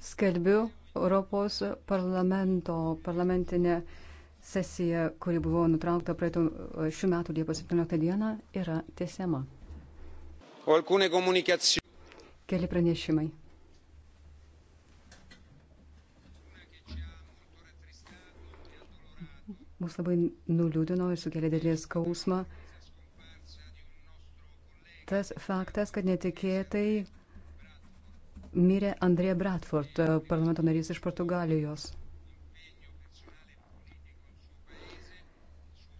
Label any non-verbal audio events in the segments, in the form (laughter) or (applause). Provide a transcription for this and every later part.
skelbiu Europos parlamento parlamentinę sesiją, kuri buvo nutraukta praeitų šių metų Liepos 17 dieną, yra tiesiama. Keli pranešimai. mus labai nuliūdino ir sukėlė dėlės skausmą tas faktas, kad netikėtai mirė Andrė Bradford, e, parlamento narys iš Portugalijos.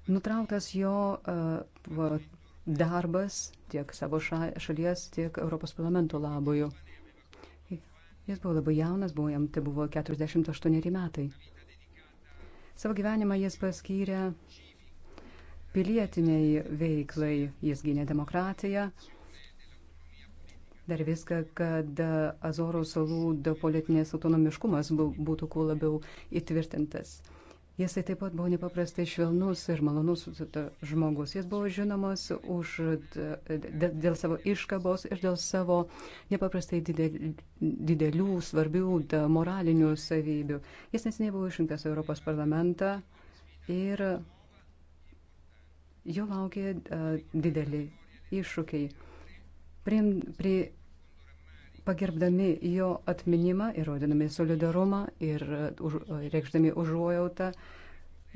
Nutrauktas jo uh, darbas tiek savo šalies, tiek Europos parlamento labojų. Jis buvo labai jaunas, buvo jam tai buvo 48 metai. Savo gyvenimą jis paskyrė pilietiniai veiklai, jis gynė demokratiją, uh, dar viską, kad Azorų salų politinės autonomiškumas būtų kuo labiau įtvirtintas. Jisai taip pat buvo nepaprastai švelnus ir malonus žmogus. Jis buvo žinomas už, dėl savo iškabos ir dėl savo nepaprastai didelių, svarbių moralinių savybių. Jis nesiniai buvo išrinktas Europos parlamentą ir jo laukia dideli iššūkiai. Prie, prie pagerbdami jo atminimą ir rodinami solidarumą ir uh, už, uh, reikšdami užuojautą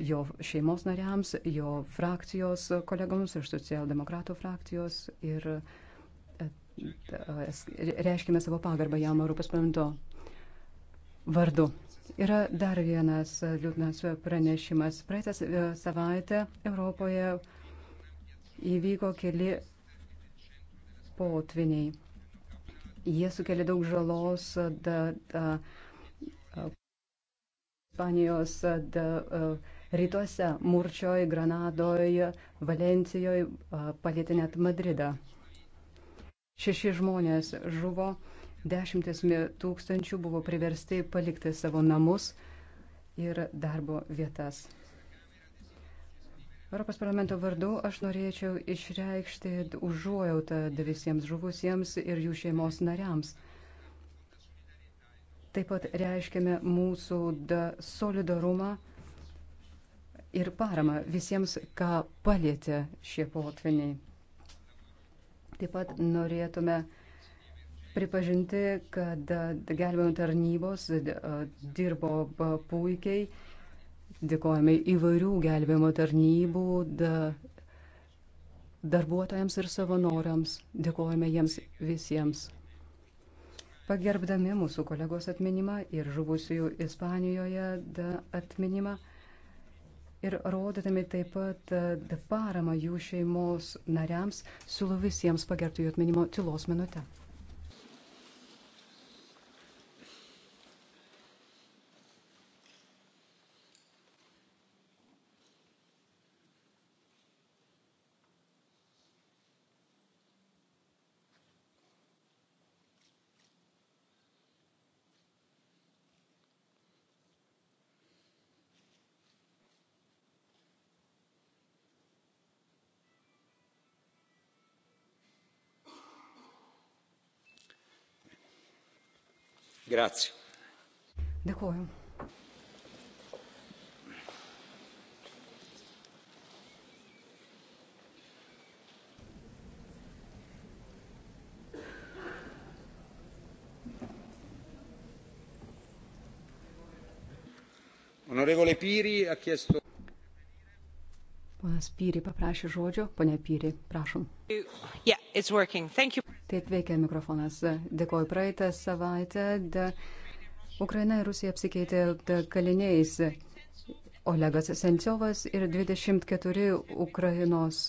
jo šeimos nariams, jo frakcijos kolegoms iš socialdemokratų frakcijos ir uh, reiškime savo pagarbą jam Europos parlamento vardu. Yra dar vienas liūdnas pranešimas. Praeitą savaitę Europoje įvyko keli potviniai. Jie sukelia daug žalos Ispanijos rytuose, Murčioje, Granadoje, Valencijoje, palėtė net Madridą. Šeši žmonės žuvo, dešimtis tūkstančių buvo priversti palikti savo namus ir darbo vietas. Europos parlamento vardu aš norėčiau išreikšti užuojautą visiems žuvusiems ir jų šeimos nariams. Taip pat reiškiame mūsų solidarumą ir paramą visiems, ką palėtė šie potviniai. Taip pat norėtume pripažinti, kad gelbėjimo tarnybos dirbo puikiai Dėkojame įvairių gelbėjimo tarnybų da, darbuotojams ir savanoriams. Dėkojame jiems visiems. Pagerbdami mūsų kolegos atminimą ir žuvusiųjų Ispanijoje da, atminimą ir rodydami taip pat da, paramą jų šeimos nariams, siūlau visiems pagerbti jų atminimo tylos minutę. Grazie. Dėkuoju. Onorevole Piri ha chiesto. Ponas Pyri paprašė žodžio. Pone Pyri, prašom. Yeah, Taip veikia mikrofonas. Dėkoju praeitą savaitę. De... Ukraina ir Rusija apsikeitė kaliniais. Olegas Sencovas ir 24 Ukrainos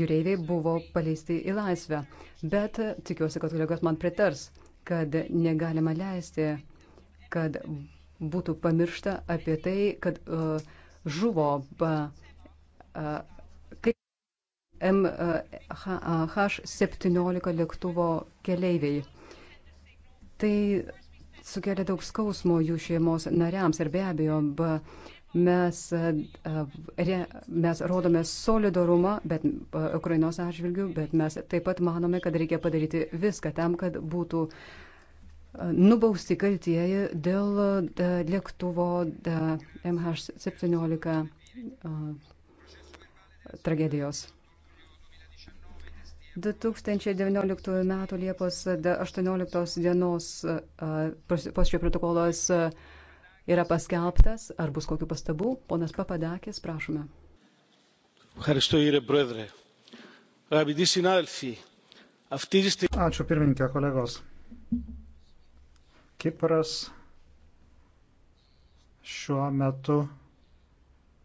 jūreiviai buvo paleisti į laisvę. Bet tikiuosi, kad kolegos man pritars, kad negalima leisti, kad būtų pamiršta apie tai, kad uh, žuvo uh, uh, MH17 lėktuvo keleiviai. Tai sukelia daug skausmo jų šeimos nariams ir be abejo, ba, mes, re, mes rodome solidarumą bet, Ukrainos atžvilgių, bet mes taip pat manome, kad reikia padaryti viską tam, kad būtų nubausti kaltieji dėl da, lėktuvo da, MH17 a, tragedijos. 2019 m. Liepos 18 dienos posčio protokolas yra paskelbtas. Ar bus kokių pastabų? Ponas Papadakis, prašome. Ačiū pirmininkė, kolegos. Kipras šiuo metu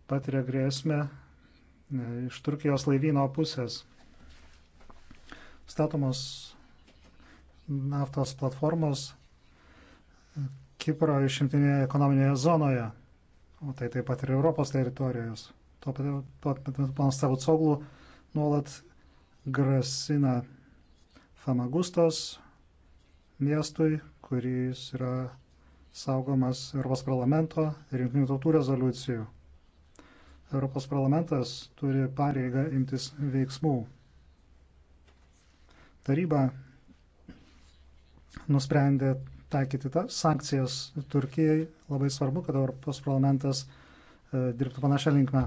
patiria grėsmę e, iš Turkijos laivyno pusės statomos naftos platformos Kipro išimtinėje ekonominėje zonoje, o tai taip pat ir Europos teritorijos. Tuo pat metu panas Savucoglų nuolat grasina Famagustos miestui, kuris yra saugomas Europos parlamento ir jungtinių tautų rezoliucijų. Europos parlamentas turi pareigą imtis veiksmų Taryba nusprendė taikyti ta, sankcijas Turkijai. Labai svarbu, kad Europos parlamentas e, dirbtų panašią linkmę.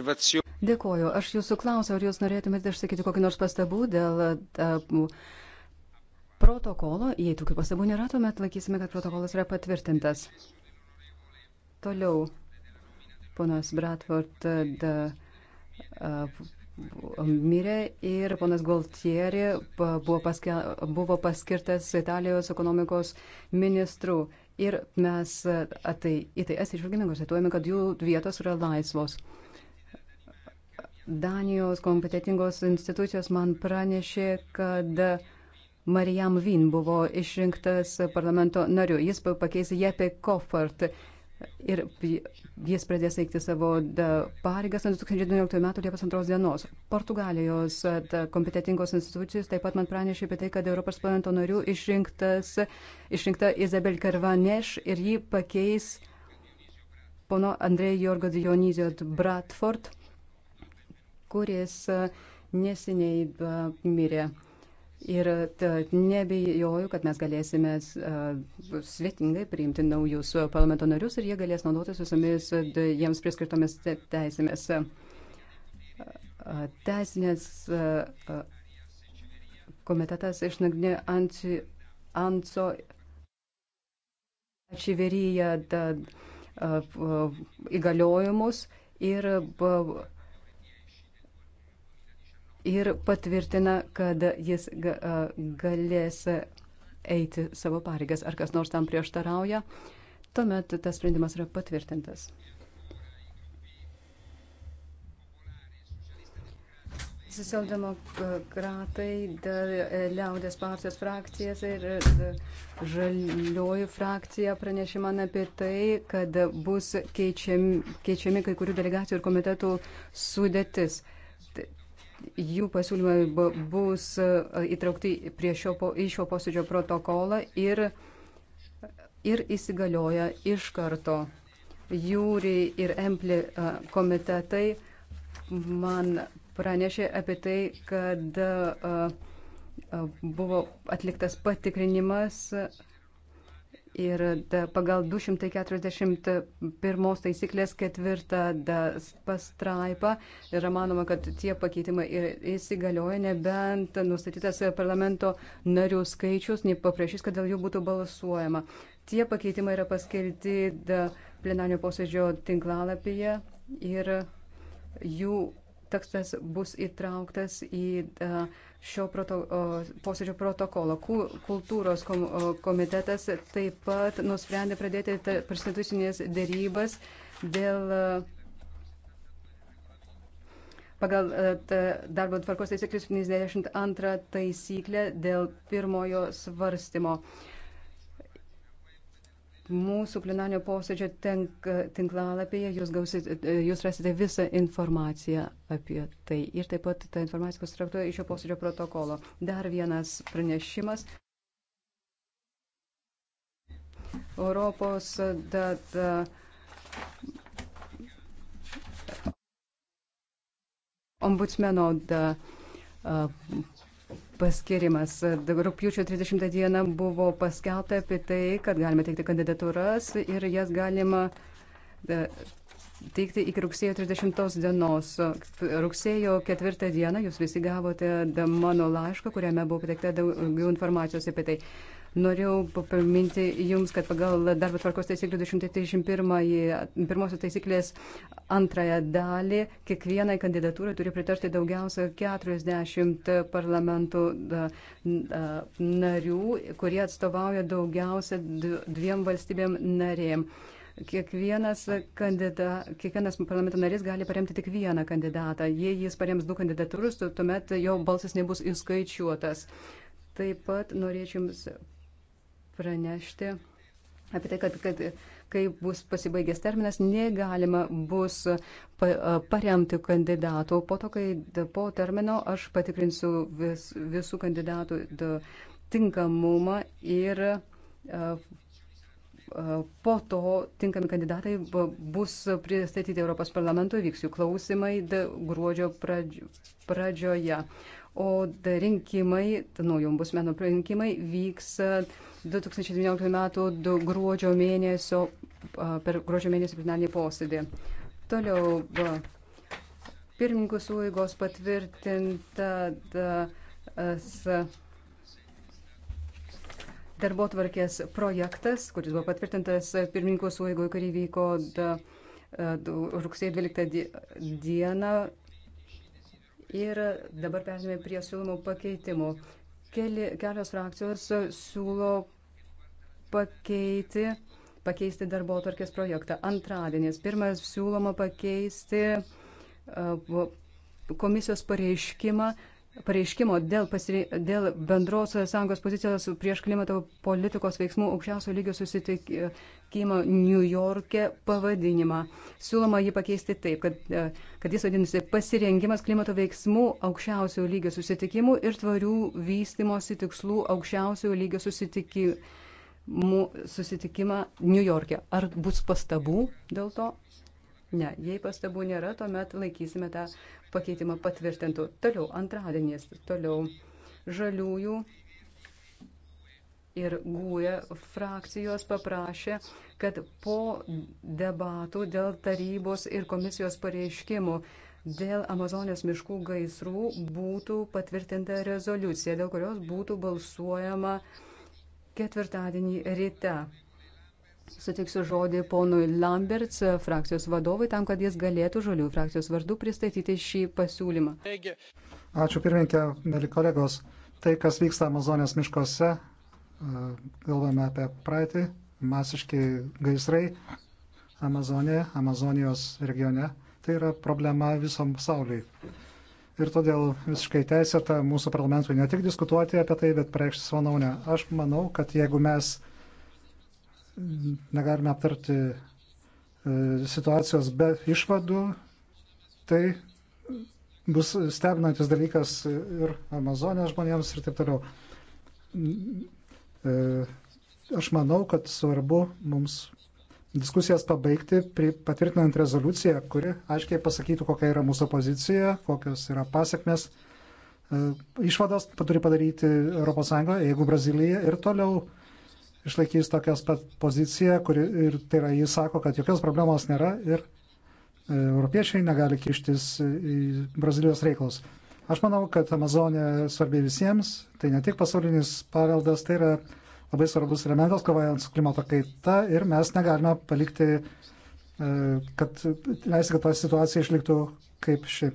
Dėkuoju. Aš jūsų klausiau, ar jūs norėtumėte išsakyti kokį nors pastabų dėl uh, protokolo. Jei tokių pastabų nėra, tuomet laikysime, kad protokolas yra patvirtintas. Toliau, ponas Bratford, e, da, uh, mirė ir ponas Gualtieri buvo, paske, buvo paskirtas Italijos ekonomikos ministru. Ir mes e, atai, į tai atsižvelgime, konstatuojame, kad jų vietos yra laisvos. Danijos kompetitingos institucijos man pranešė, kad Marijam Vin buvo išrinktas parlamento nariu. Jis pakeis Jepe Kofart Ir jis pradės eikti savo pareigas nuo 2019 m. Liepos 2 dienos. Portugalijos kompetitingos institucijos taip pat man pranešė apie tai, kad Europos parlamento narių išrinkta Izabel Karvaneš ir jį pakeis pono Andrei Jorgo Dionizio Bradford, kuris neseniai mirė. Ir nebejoju, kad mes galėsime svetingai priimti naujus parlamento narius ir jie galės naudotis visomis jiems priskirtomis teisėmis. Teisinės komitetas išnagnė Anco Ačiveryje įgaliojimus ir ir patvirtina, kad jis galės eiti savo pareigas. Ar kas nors tam prieštarauja, tuomet tas sprendimas yra patvirtintas. Socialdemokratai, e, Liaudės partijos frakcijas ir e, Žalioji frakcija pranešė man apie tai, kad bus keičiami, keičiami kai kurių delegacijų ir komitetų sudėtis jų pasiūlymai bus e, įtraukti prie šio, į šio posėdžio protokolą ir, ir įsigalioja iš karto. Jūri ir Empli e, komitetai man pranešė apie tai, kad e, buvo atliktas patikrinimas Ir pagal 241 taisyklės ketvirtą pastraipą yra manoma, kad tie pakeitimai įsigalioja, nebent nustatytas parlamento narių skaičius nepaprašys, kad dėl jų būtų balsuojama. Tie pakeitimai yra paskelbti plenarnio posėdžio tinklalapyje ir jų tekstas bus įtrauktas į e, šio proto, posėdžio protokolą. Kultūros komitetas taip pat nusprendė pradėti prostitucinės dėrybas dėl e, pagal e, darbo tvarkos taisyklės 72 taisyklę dėl pirmojo svarstymo. Mūsų plenarnio posėdžio tinklalapyje jūs, gausit, jūs rasite visą informaciją apie tai. Ir taip pat ta informacija bus traktuoja iš šio posėdžio protokolo. Dar vienas pranešimas. Europos da, da, ombudsmeno da, uh, paskirimas. Rūpjūčio 30 dieną buvo paskelbta apie tai, kad galima teikti kandidatūras ir jas galima e, teikti iki rugsėjo 30 dienos. Rugsėjo 4 dieną jūs visi gavote mano laišką, kuriame buvo pateikta daugiau informacijos apie tai. Norėjau paminti Jums, kad pagal darbo tvarkos taisyklių 231 taisyklės antrąją dalį kiekvienai kandidatūrai turi pritarti daugiausia 40 parlamentų narių, kurie atstovauja daugiausia dviem valstybėm narėm. Kiekvienas, kandida, kiekvienas parlamento narys gali paremti tik vieną kandidatą. Jei jis parems du kandidaūrus, tuomet jo balsas nebus įskaičiuotas. Taip pat norėčiau Jums pranešti apie tai, kad, kad kai bus pasibaigęs terminas, negalima bus pa, paremti kandidatų. Po to, kai po termino aš patikrinsiu vis, visų kandidatų tinkamumą ir po to tinkami kandidatai bus pristatyti Europos parlamento, vyks jų klausimai gruodžio pradžioje. O rinkimai, naujom bus meno rinkimai, vyks 2019 m. gruodžio mėnesio, per gruodžio mėnesį plenarinį posėdį. Toliau pirmininkų suėgos patvirtintas darbo tvarkės projektas, kuris buvo patvirtintas pirmininkų suėgoje, kurį vyko rugsėjo 12 dieną. Ir dabar perėmėme prie siūlomų pakeitimų keli, kelios frakcijos siūlo pakeiti, pakeisti darbo tarkės projektą. Antradienis, pirmas siūloma pakeisti uh, komisijos pareiškimą pareiškimo dėl, pasire... dėl bendros sąjungos pozicijos prieš klimato politikos veiksmų aukščiausio lygio susitikimo New York'e pavadinimą. Siūloma jį pakeisti taip, kad, uh, kad jis vadinasi pasirengimas klimato veiksmų aukščiausio lygio susitikimų ir tvarių vystimosi tikslų aukščiausio lygio susitikimų susitikimą New York'e. Ar bus pastabų dėl to? Ne, jei pastabų nėra, tuomet laikysime tą pakeitimą patvirtintų. Toliau, antradienės, toliau žaliųjų ir gūja e frakcijos paprašė, kad po debatų dėl tarybos ir komisijos pareiškimų dėl Amazonės miškų gaisrų būtų patvirtinta rezoliucija, dėl kurios būtų balsuojama uh, ketvirtadienį ryte. Sutiksiu žodį ponui Lamberts, frakcijos vadovui, tam, kad jis galėtų žalių frakcijos vardu pristatyti šį pasiūlymą. Ačiū pirmininkė, mėly kolegos. Tai, kas vyksta Amazonės miškose, e, galvojame apie praeitį, masiški gaisrai Amazonėje, Amazonijos regione, tai yra problema visom pasauliui. Ir todėl visiškai teisėta mūsų parlamentui ne tik diskutuoti apie tai, bet pareikšti savo nuomonę. Aš manau, kad jeigu mes negalime aptarti e, situacijos be išvadų, tai bus stebinantis dalykas ir Amazonės žmonėms ir taip toliau. E, aš manau, kad svarbu mums diskusijas pabaigti, patvirtinant rezoliuciją, kuri aiškiai pasakytų, kokia yra mūsų pozicija, kokios yra pasiekmes. Išvadas turi padaryti ES, jeigu Brazilija ir toliau išlaikys tokias pat poziciją, kuri ir tai yra, jis sako, kad jokios problemos nėra ir e, europiečiai negali kištis į Brazilijos reikalus. Aš manau, kad Amazonė svarbi visiems, tai ne tik pasaulinis paveldas, tai yra labai svarbus elementas kovojant su klimato kaita ir mes negalime palikti, e, kad leisti, kad ta situacija išliktų kaip ši.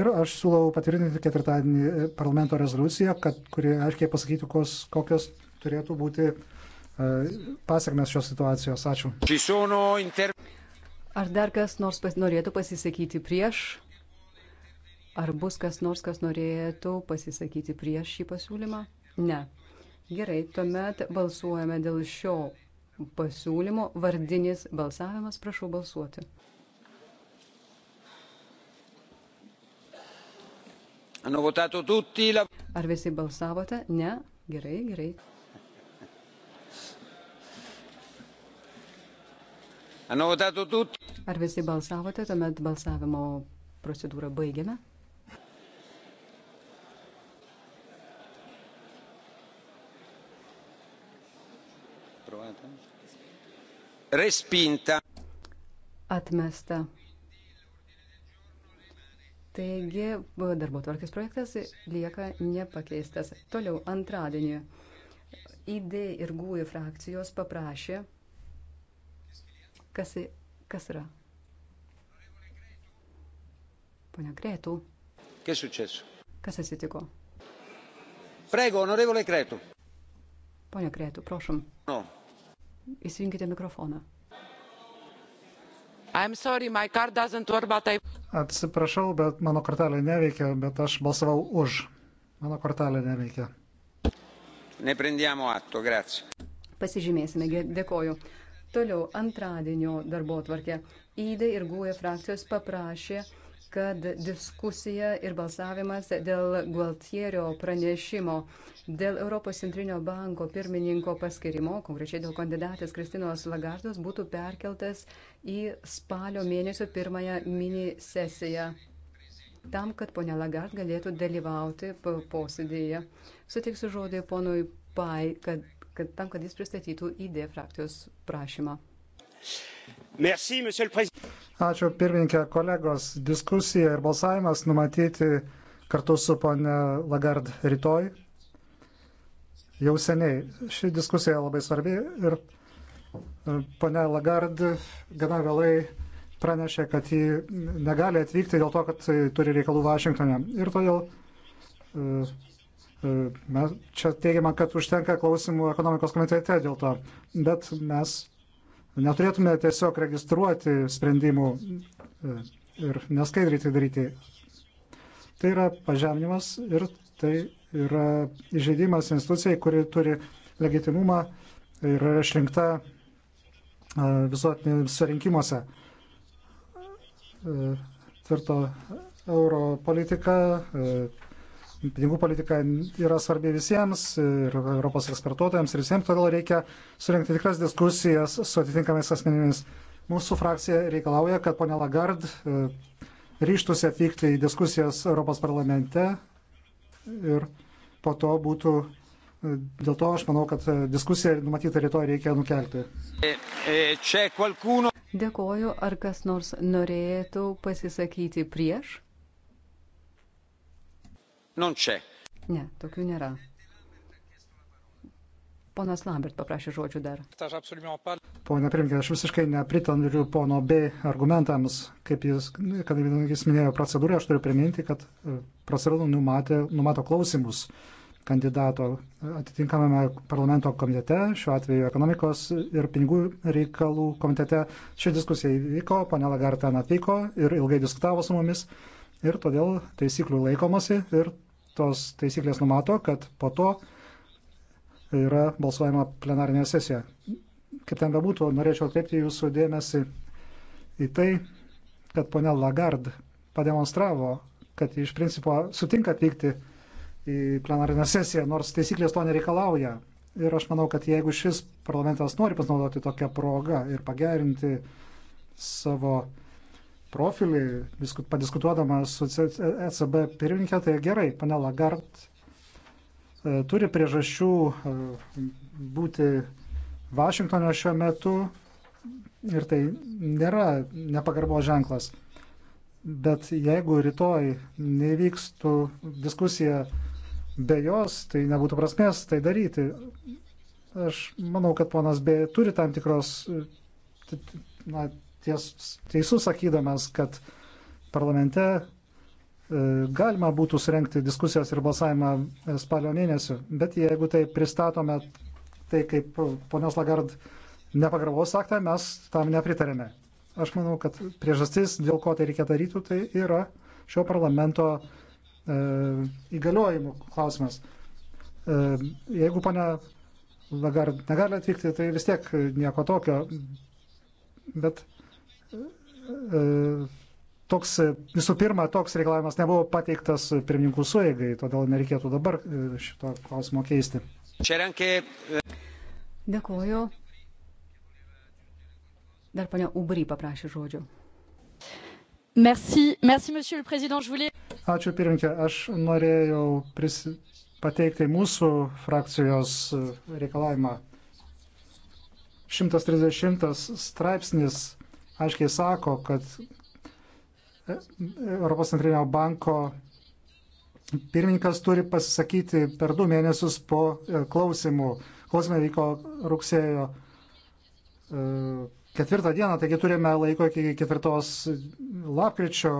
Ir aš siūlau patvirtinti ketvirtadienį e, parlamento rezoliuciją, kad, kuri aiškiai pasakytų, kos, kokios turėtų būti e, pasiekmes šios situacijos. Ačiū. Ar dar kas nors pas, norėtų pasisakyti prieš? Ar bus kas nors, kas norėtų pasisakyti prieš šį pasiūlymą? Ne. Gerai, tuomet balsuojame dėl šio pasiūlymo. Vardinis balsavimas, prašau balsuoti. Ar visi balsavote? Ne? Gerai, gerai. Ar visi balsavote, tuomet balsavimo procedūrą baigiame? Respinta. Atmesta. Taigi, darbo tvarkės projektas lieka nepakeistas. Toliau, antradienį ID ir GUI frakcijos paprašė, kas, kas yra. Pone Kretų. Kas sucesu? Kas atsitiko? Prego, onorevole Kretų. Pone Kretų, prašom. No. Įsijunkite mikrofoną. Sorry, work, I... Atsiprašau, bet mano kortelė neveikia, bet aš balsavau už. Mano kortelė neveikia. Atto, Pasižymėsime, dėkoju. Toliau antradienio darbo tvarkė. Įdai ir Gūja frakcijos paprašė kad diskusija ir balsavimas dėl Gualtierio pranešimo, dėl Europos centrinio banko pirmininko paskirimo, konkrečiai dėl kandidatės Kristinos Lagardos, būtų perkeltas į spalio mėnesio pirmąją mini sesiją. Tam, kad ponia Lagard galėtų dalyvauti posėdėje. Sutiksiu žodį ponui Pai, kad, kad tam, kad jis pristatytų ID frakcijos prašymą. Merci, Ačiū pirmininkė, kolegos. Diskusija ir balsavimas numatyti kartu su ponė Lagard rytoj. Jau seniai. Ši diskusija labai svarbi ir e, ponė Lagard gana vėlai pranešė, kad ji negali atvykti dėl to, kad tai turi reikalų Vašingtone. Ir todėl e, e, mes čia teigiama, kad užtenka klausimų ekonomikos komitete dėl to. Bet mes Neturėtume tiesiog registruoti sprendimų e, ir neskaidriai tai daryti. Tai yra pažeminimas ir tai yra įžeidimas institucijai, kuri turi legitimumą ir yra išrinkta e, visuotinėse rinkimuose. E, tvirto euro politika, Pinigų politika yra svarbi visiems, ir Europos eksportuotojams, ir visiems, todėl reikia surinkti tikras diskusijas su atitinkamais asmenimis. Mūsų frakcija reikalauja, kad ponia Lagard e, ryštųsi atvykti į diskusijas Europos parlamente ir po to būtų e, Dėl to aš manau, kad e, diskusiją numatytą rytoj reikia nukelti. Dėkoju, ar kas nors norėtų pasisakyti prieš? Non c'è. Ne, tokių nėra. Ponas Lambert paprašė žodžių dar. Pone Primkė, aš visiškai nepritandriu pono B argumentams, kaip jis, kad jis minėjo procedūrą, aš turiu priminti, kad e, procedūra numatė, numato klausimus kandidato atitinkamame parlamento komitete, šiuo atveju ekonomikos ir pinigų reikalų komitete. Ši diskusija įvyko, ponia Lagartena atvyko ir ilgai diskutavo su mumis ir todėl taisyklių laikomasi ir tos taisyklės numato, kad po to yra balsuojama plenarinė sesija. Kaip ten bebūtų, norėčiau atkreipti jūsų dėmesį į tai, kad ponia Lagarde pademonstravo, kad iš principo sutinka atvykti į plenarinę sesiją, nors taisyklės to nereikalauja. Ir aš manau, kad jeigu šis parlamentas nori pasinaudoti tokią progą ir pagerinti savo profilį, padiskutuodamas su ECB pirmininkė, tai gerai, pane Lagard e, turi priežasčių e, būti Vašingtonė šiuo metu ir tai nėra nepagarbo ženklas. Bet jeigu rytoj nevykstų diskusija be jos, tai nebūtų prasmės tai daryti. Aš manau, kad ponas B turi tam tikros e, na, ties, teisus sakydamas, kad parlamente e, galima būtų surenkti diskusijas ir balsavimą e, spalio mėnesiu, bet jeigu tai pristatome tai kaip ponios Lagard nepagarbos aktą, mes tam nepritarėme. Aš manau, kad priežastis, dėl ko tai reikia daryti, tai yra šio parlamento e, įgaliojimų klausimas. E, jeigu ponia Lagard negali atvykti, tai vis tiek nieko tokio. Bet E, toks, e, visų pirma, toks reikalavimas nebuvo pateiktas pirmininkų suėgai, todėl nereikėtų dabar e, šito klausimo keisti. Dėkuoju. Dar ponia Ubry paprašė žodžio. Merci, merci, monsieur le président. Je voulais... Ačiū pirmininkė, aš norėjau pris... pateikti mūsų frakcijos reikalavimą. 130 straipsnis aiškiai sako, kad e, Europos centrinio banko pirmininkas turi pasisakyti per du mėnesius po e, klausimų. Klausimai vyko rugsėjo e, ketvirtą dieną, taigi turime laiko iki ketvirtos lapkričio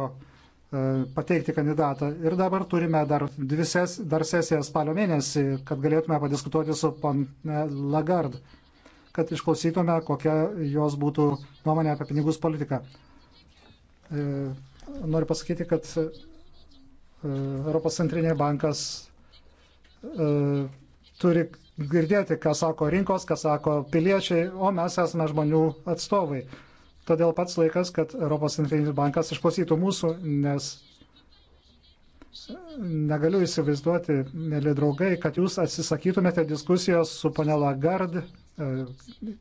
pateikti kandidatą. Ir dabar turime dar dvi ses, dar sesiją spalio mėnesį, kad galėtume padiskutuoti su pan Lagard kad išklausytume, kokia jos būtų nuomonė apie pinigus politiką. E, noriu pasakyti, kad e, Europos centrinė bankas e, turi girdėti, ką sako rinkos, ką sako piliečiai, o mes esame žmonių atstovai. Todėl pats laikas, kad Europos centrinis bankas išklausytų mūsų, nes negaliu įsivaizduoti, mėly draugai, kad jūs atsisakytumėte diskusijos su panela Gard E,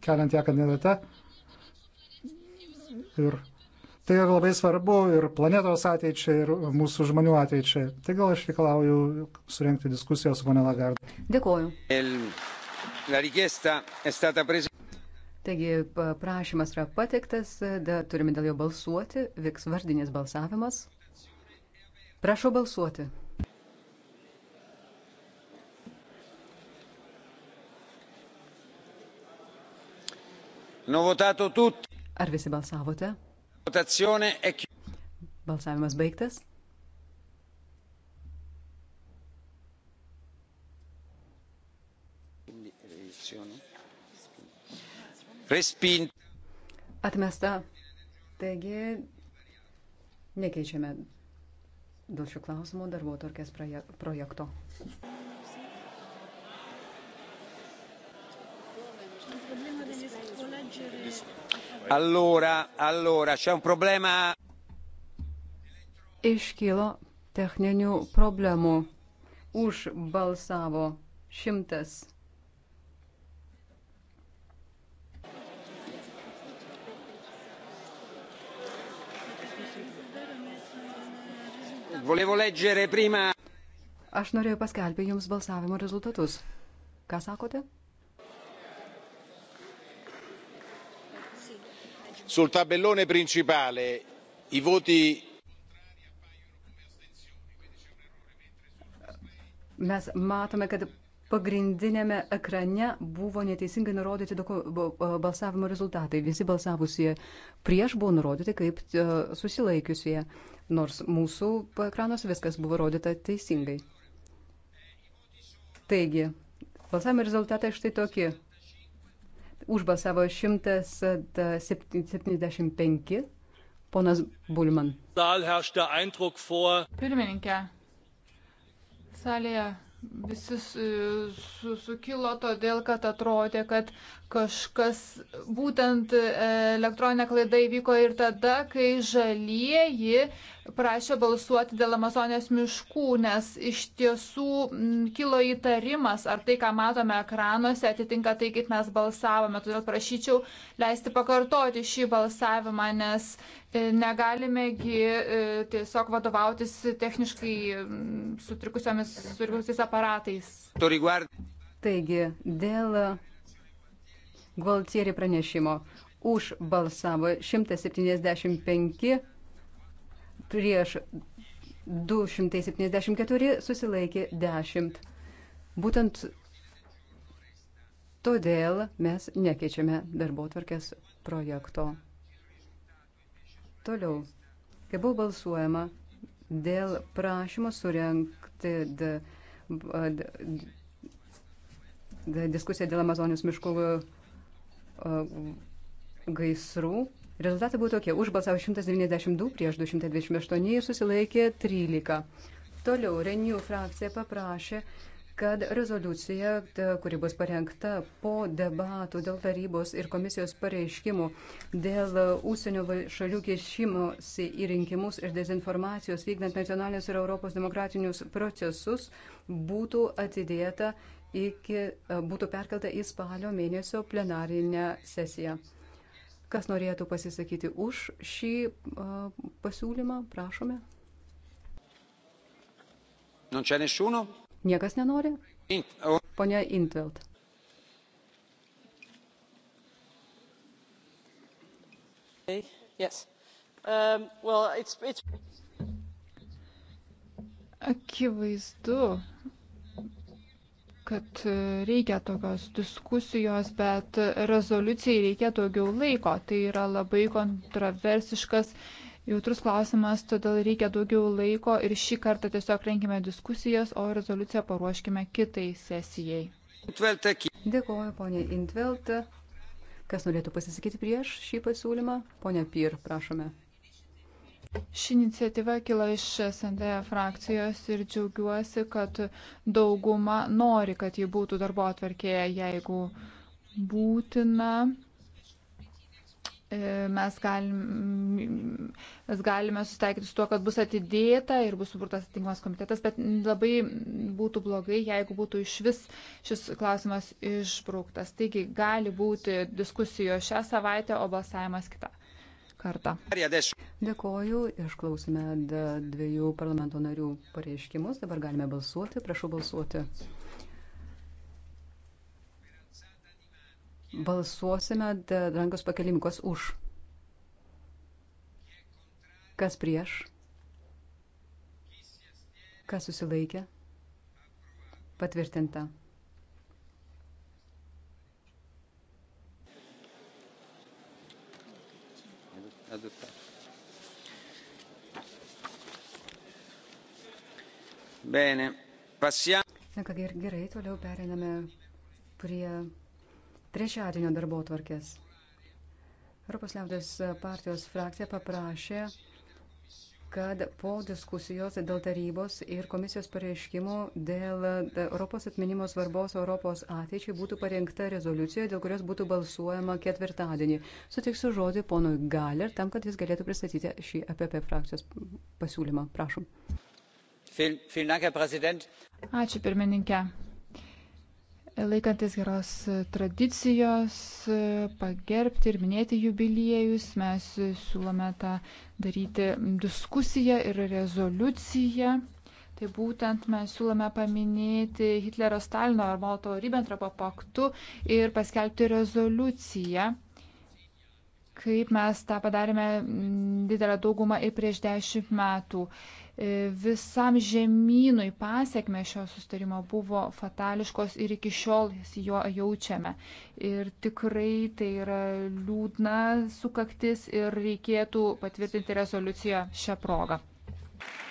keliant ją kandidate. Ir tai yra labai svarbu ir planetos ateičiai, ir mūsų žmonių ateičiai. Tai gal aš reikalauju surenkti diskusiją su ponia Lagarde. Dėkuoju. Taigi prašymas yra pateiktas, dar turime dėl jo balsuoti, vyks vardinis balsavimas. Prašau balsuoti. Ar visi balsavote? Balsavimas baigtas. Respint. Atmesta. Taigi nekeičiame dėl šių klausimų darbo tvarkės projekto. Allora, allora, c'è un problema. Iškylo techninių problemų. Už balsavo šimtas. Volevo leggere prima. Aš norėjau paskelbti jums balsavimo rezultatus. Ką sakote? sul tabellone principale i voti. mes matome kad pagrindiniame ekrane buvo neteisingai nurodyti balsavimo rezultatai. Visi balsavusie prieš buvo nurodyti kaip e, susilaikiusie, nors mūsų ekranos viskas buvo rodyta teisingai. Taigi, balsavimo rezultatai štai tokie užbalsavo 175. Ponas Bulman. Pirmininkė, salėje visi sukilo todėl, kad atrodė, kad kažkas būtent e, elektroninė klaida įvyko ir tada, kai žalieji prašė balsuoti dėl Amazonės miškų, nes iš tiesų kilo įtarimas, ar tai, ką matome ekranuose, atitinka tai, kaip mes balsavome. Todėl prašyčiau leisti pakartoti šį balsavimą, nes e, negalimegi e, tiesiog vadovautis techniškai sutrikusiamis aparatais. Taigi, dėl Gvaltieri pranešimo. Už balsavo 175, prieš 274, susilaikė 10. Būtent todėl mes nekeičiame darbo tvarkės projekto. Toliau, kai buvo balsuojama dėl prašymo surenkti d, d, d, d, diskusiją dėl Amazonijos miškų E, gaisrų. Rezultatai buvo tokie. Už balsavo 192 prieš 228 ir susilaikė 13. Toliau Renew frakcija paprašė, kad rezoliucija, e, kuri bus parengta po debatų dėl tarybos ir komisijos pareiškimų dėl užsienio e, šalių kišimosi į rinkimus ir dezinformacijos vykdant nacionalinius ir Europos demokratinius procesus, būtų atidėta iki, e, būtų perkelta į spalio mėnesio plenarinę sesiją. Kas norėtų pasisakyti už šį e, pasiūlymą, prašome. Niekas nenori? Pone Intveld. Yes. Um, well, it's, it's... Akivaizdu, kad reikia tokios diskusijos, bet rezoliucijai reikia daugiau laiko. Tai yra labai kontroversiškas, jautrus klausimas, todėl reikia daugiau laiko ir šį kartą tiesiog renkime diskusijas, o rezoliuciją paruoškime kitai sesijai. Dėkuoju, ponė Intvelt. Kas norėtų pasisakyti prieš šį pasiūlymą? Pone Pyr, prašome. Ši iniciatyva kila iš SND frakcijos ir džiaugiuosi, kad dauguma nori, kad ji būtų darbo atverkėje, jeigu būtina. E, mes galime, mes galime susitaikyti su tuo, kad bus atidėta ir bus suburtas atitinkamas komitetas, bet labai būtų blogai, jeigu būtų iš vis šis klausimas išbrauktas. Taigi gali būti diskusijos šią savaitę, o balsavimas kitą kartą. Dėkoju, išklausime dviejų parlamento narių pareiškimus. Dabar galime balsuoti. Prašau balsuoti. Balsuosime rankos pakelimikos už. Kas prieš? Kas susilaikė? Patvirtinta. adoptat. Bene, passiamo. Na ką gerai, toliau periname prie trečiadienio darbo tvarkės. Europos liaudės partijos frakcija paprašė kad po diskusijos dėl tarybos ir komisijos pareiškimų dėl e, Europos atminimo svarbos Europos ateičiai būtų parengta rezoliucija, dėl kurios būtų balsuojama ketvirtadienį. Sutiksiu žodį ponui Galer tam, kad jis galėtų pristatyti šį APP e frakcijos pasiūlymą. Prašom. Ačiū pirmininkė laikantis geros tradicijos, pagerbti ir minėti jubiliejus. Mes siūlome tą daryti diskusiją ir rezoliuciją. Tai būtent mes siūlome paminėti Hitlerio Stalino ar Molto Ribbentropo paktų ir paskelbti rezoliuciją, kaip mes tą padarėme didelę daugumą ir prieš dešimt metų. Uh, E, visam žemynui pasiekme šio sustarimo buvo fatališkos ir iki šiol jo jaučiame. Ir tikrai tai yra liūdna sukaktis ir reikėtų patvirtinti rezoliuciją šią progą.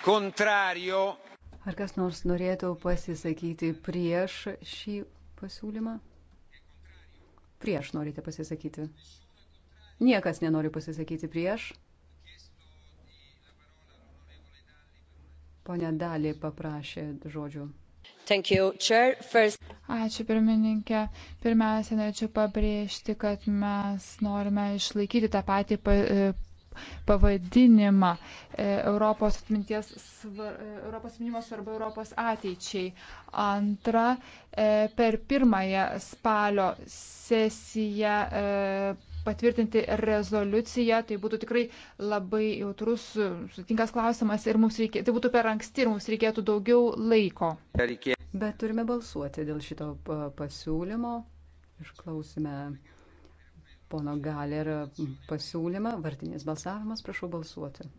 Kontrario. Ar kas nors norėtų pasisakyti prieš šį pasiūlymą? Prieš norite pasisakyti. Niekas nenori pasisakyti prieš. Pone Dalį paprašė žodžių. You, First... Ačiū pirmininkė. Pirmiausia, norėčiau pabrėžti, kad mes norime išlaikyti tą patį pa, e, pavadinimą e, Europos atminties, e, Europos minimo svarbu Europos ateičiai. Antra, per pirmąją spalio sesiją patvirtinti rezoliuciją, tai būtų tikrai labai jautrus, sutinkas klausimas ir mums reikėtų, tai būtų per anksti ir mums reikėtų daugiau laiko. Bet turime balsuoti dėl šito pasiūlymo. Išklausime pono Galer pasiūlymą. Vardinis balsavimas, prašau balsuoti.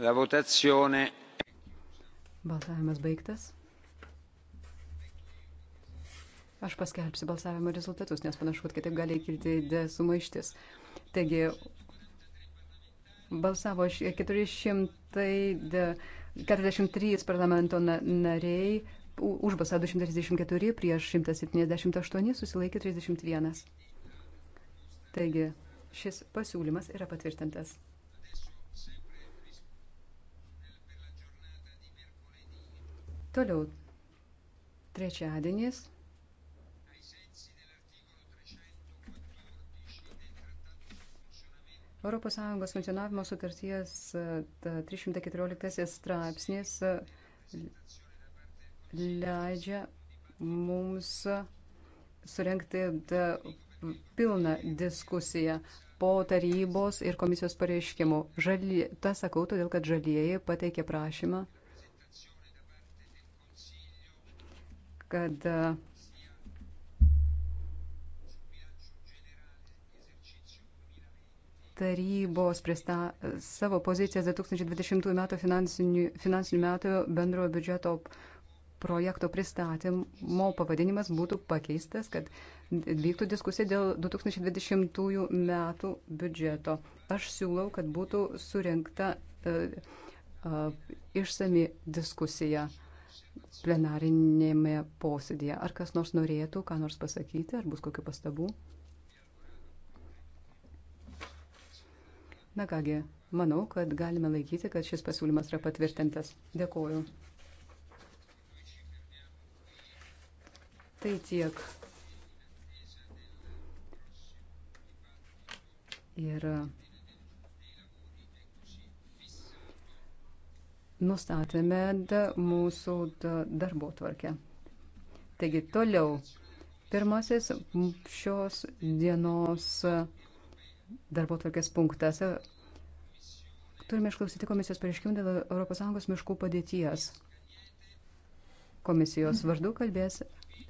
La votazione. Balsavimas baigtas. Aš paskelbsiu balsavimo rezultatus, nes panašu, kad kitaip gali kilti sumaištis. Taigi, balsavo 443 parlamento nariai, už balsą 234, prieš 178, susilaikė 31. Taigi, šis pasiūlymas yra patvirtintas. Toliau, trečiadienis. ES funkcionavimo sutarties 314 e, straipsnis e, leidžia mums surenkti e, pilną diskusiją po tarybos ir komisijos pareiškimų. Žalie, tą sakau, todėl kad žalieji pateikė prašymą, kad uh, tarybos prista savo pozicijas 2020 m. finansinių, finansinių metų bendrojo biudžeto projekto pristatymo pavadinimas būtų pakeistas, kad vyktų diskusija dėl 2020 metų biudžeto. Aš siūlau, kad būtų surinkta uh, uh, išsami diskusija plenarinėme posėdėje. Ar kas nors norėtų, ką nors pasakyti, ar bus kokiu pastabu? Na kągi, manau, kad galime laikyti, kad šis pasiūlymas yra patvirtintas. Dėkuoju. Tai tiek. Ir nustatėme mūsų darbo tvarkę. Taigi toliau. Pirmasis šios dienos darbo tvarkės punktas. Turime išklausyti komisijos pareiškimą dėl ES miškų padėties. Komisijos vardu kalbės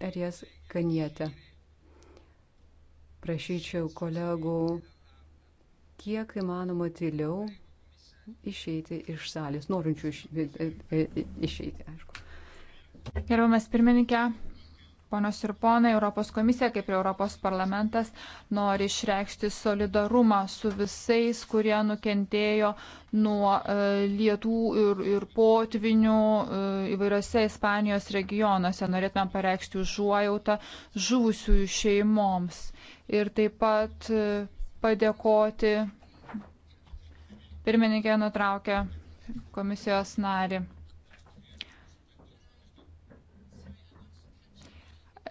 Erijas Kanietė. Prašyčiau kolegų kiek įmanoma tyliau išeiti iš salės, norinčių iš, išeiti, aišku. Gerbamas pirmininkė, Ponios ir ponai, Europos komisija, kaip ir Europos parlamentas, nori išreikšti solidarumą su visais, kurie nukentėjo nuo e, lietų ir, ir potvinių e, įvairiose Ispanijos regionuose. Norėtume pareikšti užuojautą žuvusiųjų šeimoms. Ir taip pat e, padėkoti. Pirmininkė nutraukė komisijos narį.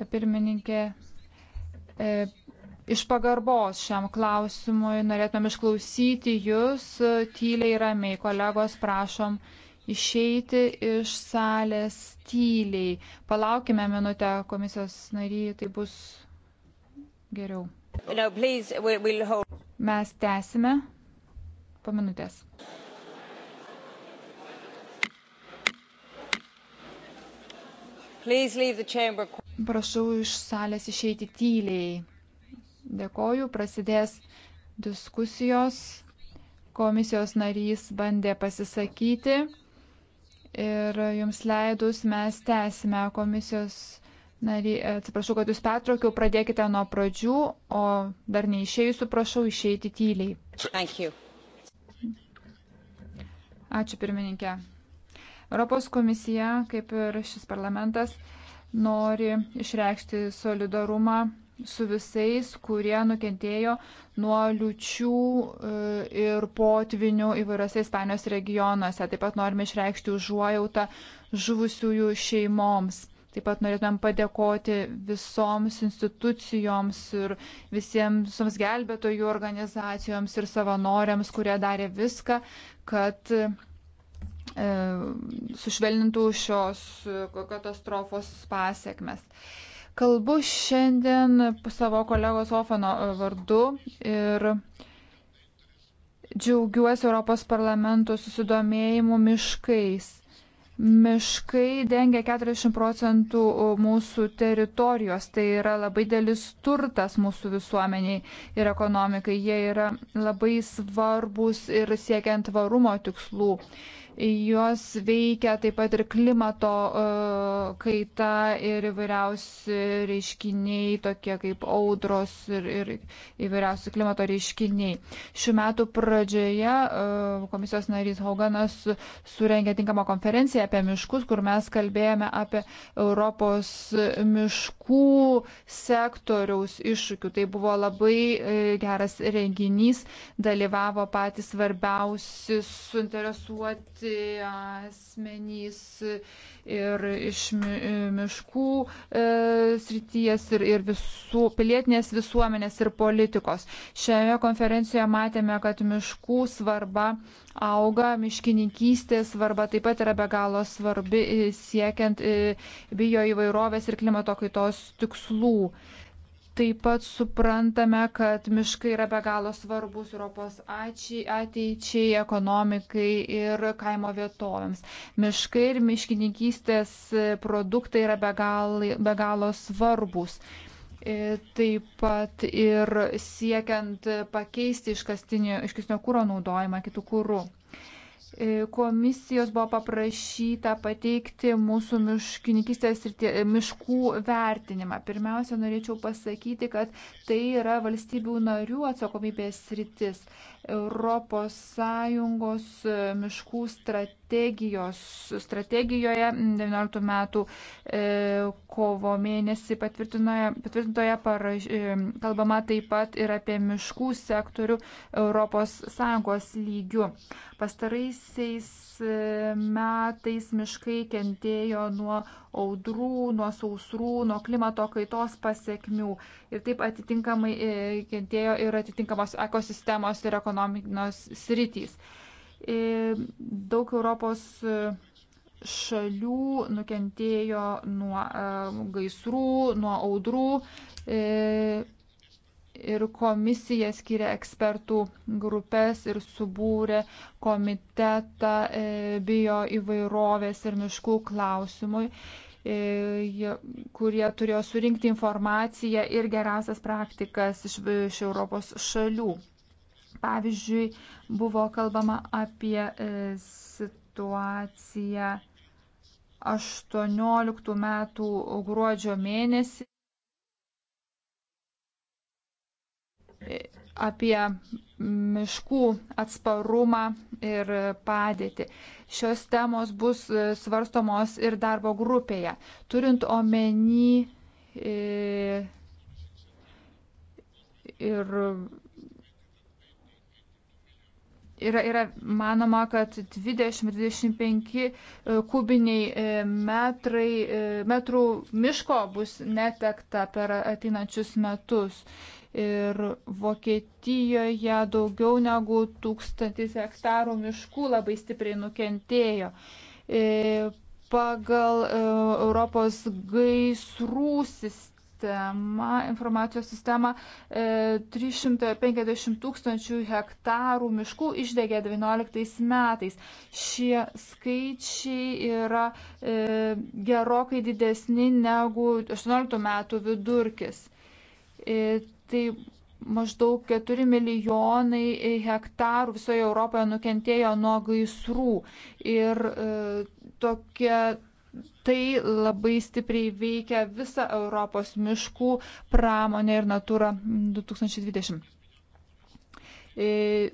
pirmininkė. E, iš pagarbos šiam klausimui norėtumėm išklausyti jūs e, tyliai ramiai. Kolegos, prašom išeiti iš salės tyliai. Palaukime minutę komisijos nary, tai bus geriau. No, please, we'll hold... Mes tęsime po minutės. Please leave the chamber quickly. Prašau iš salės išeiti tyliai. Dėkoju, prasidės diskusijos. Komisijos narys bandė pasisakyti ir jums leidus mes tęsime komisijos narį. Atsiprašau, kad jūs pertraukiau, pradėkite nuo pradžių, o dar neišėjusiu prašau išeiti tyliai. Ačiū pirmininkė. Europos komisija, kaip ir šis parlamentas, nori išreikšti solidarumą su visais, kurie nukentėjo nuo liučių e, ir potvinių įvairiose Ispanijos regionuose. Taip pat norime išreikšti užuojautą žuvusiųjų šeimoms. Taip pat norėtumėm padėkoti visoms institucijoms ir visiems visoms gelbėtojų organizacijoms ir savanoriams, kurie darė viską, kad E, sušvelnintų šios katastrofos pasiekmes. Kalbu šiandien savo kolegos Ofano vardu ir džiaugiuosi Europos parlamento susidomėjimu miškais. Miškai dengia 40 procentų mūsų teritorijos, tai yra labai dėlis turtas mūsų visuomeniai ir ekonomikai. Jie yra labai svarbus ir siekiant varumo tikslų. Jos veikia taip pat ir klimato e, kaita ir įvairiausi reiškiniai, tokie kaip audros ir, ir įvairiausi klimato reiškiniai. Šiuo metu pradžioje e, komisijos narys Hoganas surengė tinkamą konferenciją apie miškus, kur mes kalbėjome apie Europos miškų sektoriaus iššūkių. Tai buvo labai e, geras renginys, dalyvavo patys svarbiausi suinteresuoti visi asmenys ir iš miškų e, srities ir, ir visų pilietinės visuomenės ir politikos. Šioje konferencijoje matėme, kad miškų svarba auga, miškininkystės svarba taip pat yra be galo svarbi siekiant e, bio įvairovės ir klimato kaitos tikslų. Taip pat suprantame, kad miškai yra be galo svarbus Europos ateičiai, ekonomikai ir kaimo vietovėms. Miškai ir miškininkystės produktai yra be galo, be galo svarbus. E, taip pat ir siekiant pakeisti iškastinio kūro naudojimą kitų kūrų. E, komisijos buvo paprašyta pateikti mūsų miškininkistės ir tie, miškų vertinimą. Pirmiausia, norėčiau pasakyti, kad tai yra valstybių narių atsakomybės rytis. ES e, miškų strategijoje 19 metų e, kovo mėnesį patvirtintoje paraž... E, kalbama taip pat ir apie miškų sektorių ES lygių. Pastaraisiais metais miškai kentėjo nuo audrų, nuo sausrų, nuo klimato kaitos pasiekmių. Ir taip atitinkamai e, kentėjo ir atitinkamos ekosistemos ir ekonominos sritys. E, daug Europos e, šalių nukentėjo nuo gaisrų, nuo audrų ir komisija skiria ekspertų grupės ir subūrė komitetą e, bio įvairovės ir miškų klausimui, e, kurie turėjo surinkti informaciją ir geriausias praktikas iš, iš Europos šalių. Pavyzdžiui, buvo kalbama apie e, situaciją 18 metų gruodžio mėnesį. apie miškų atsparumą ir padėtį. Šios temos bus svarstomos ir darbo grupėje. Turint omeny e, ir yra, yra manoma, kad 20-25 e, kubiniai e, metrai, metrų miško bus netekta per ateinančius metus ir Vokietijoje daugiau negu tūkstantis hektarų miškų labai stipriai nukentėjo. E, pagal e, Europos gaisrų sistemą, informacijos sistemą, 350 e, tūkstančių hektarų miškų išdegė 19 metais. Šie skaičiai yra gerokai didesni negu 18 metų vidurkis tai maždaug 4 milijonai hektarų visoje Europoje nukentėjo nuo gaisrų. Ir e, tokia, tai labai stipriai veikia visą Europos miškų pramonę ir natūrą 2020. E,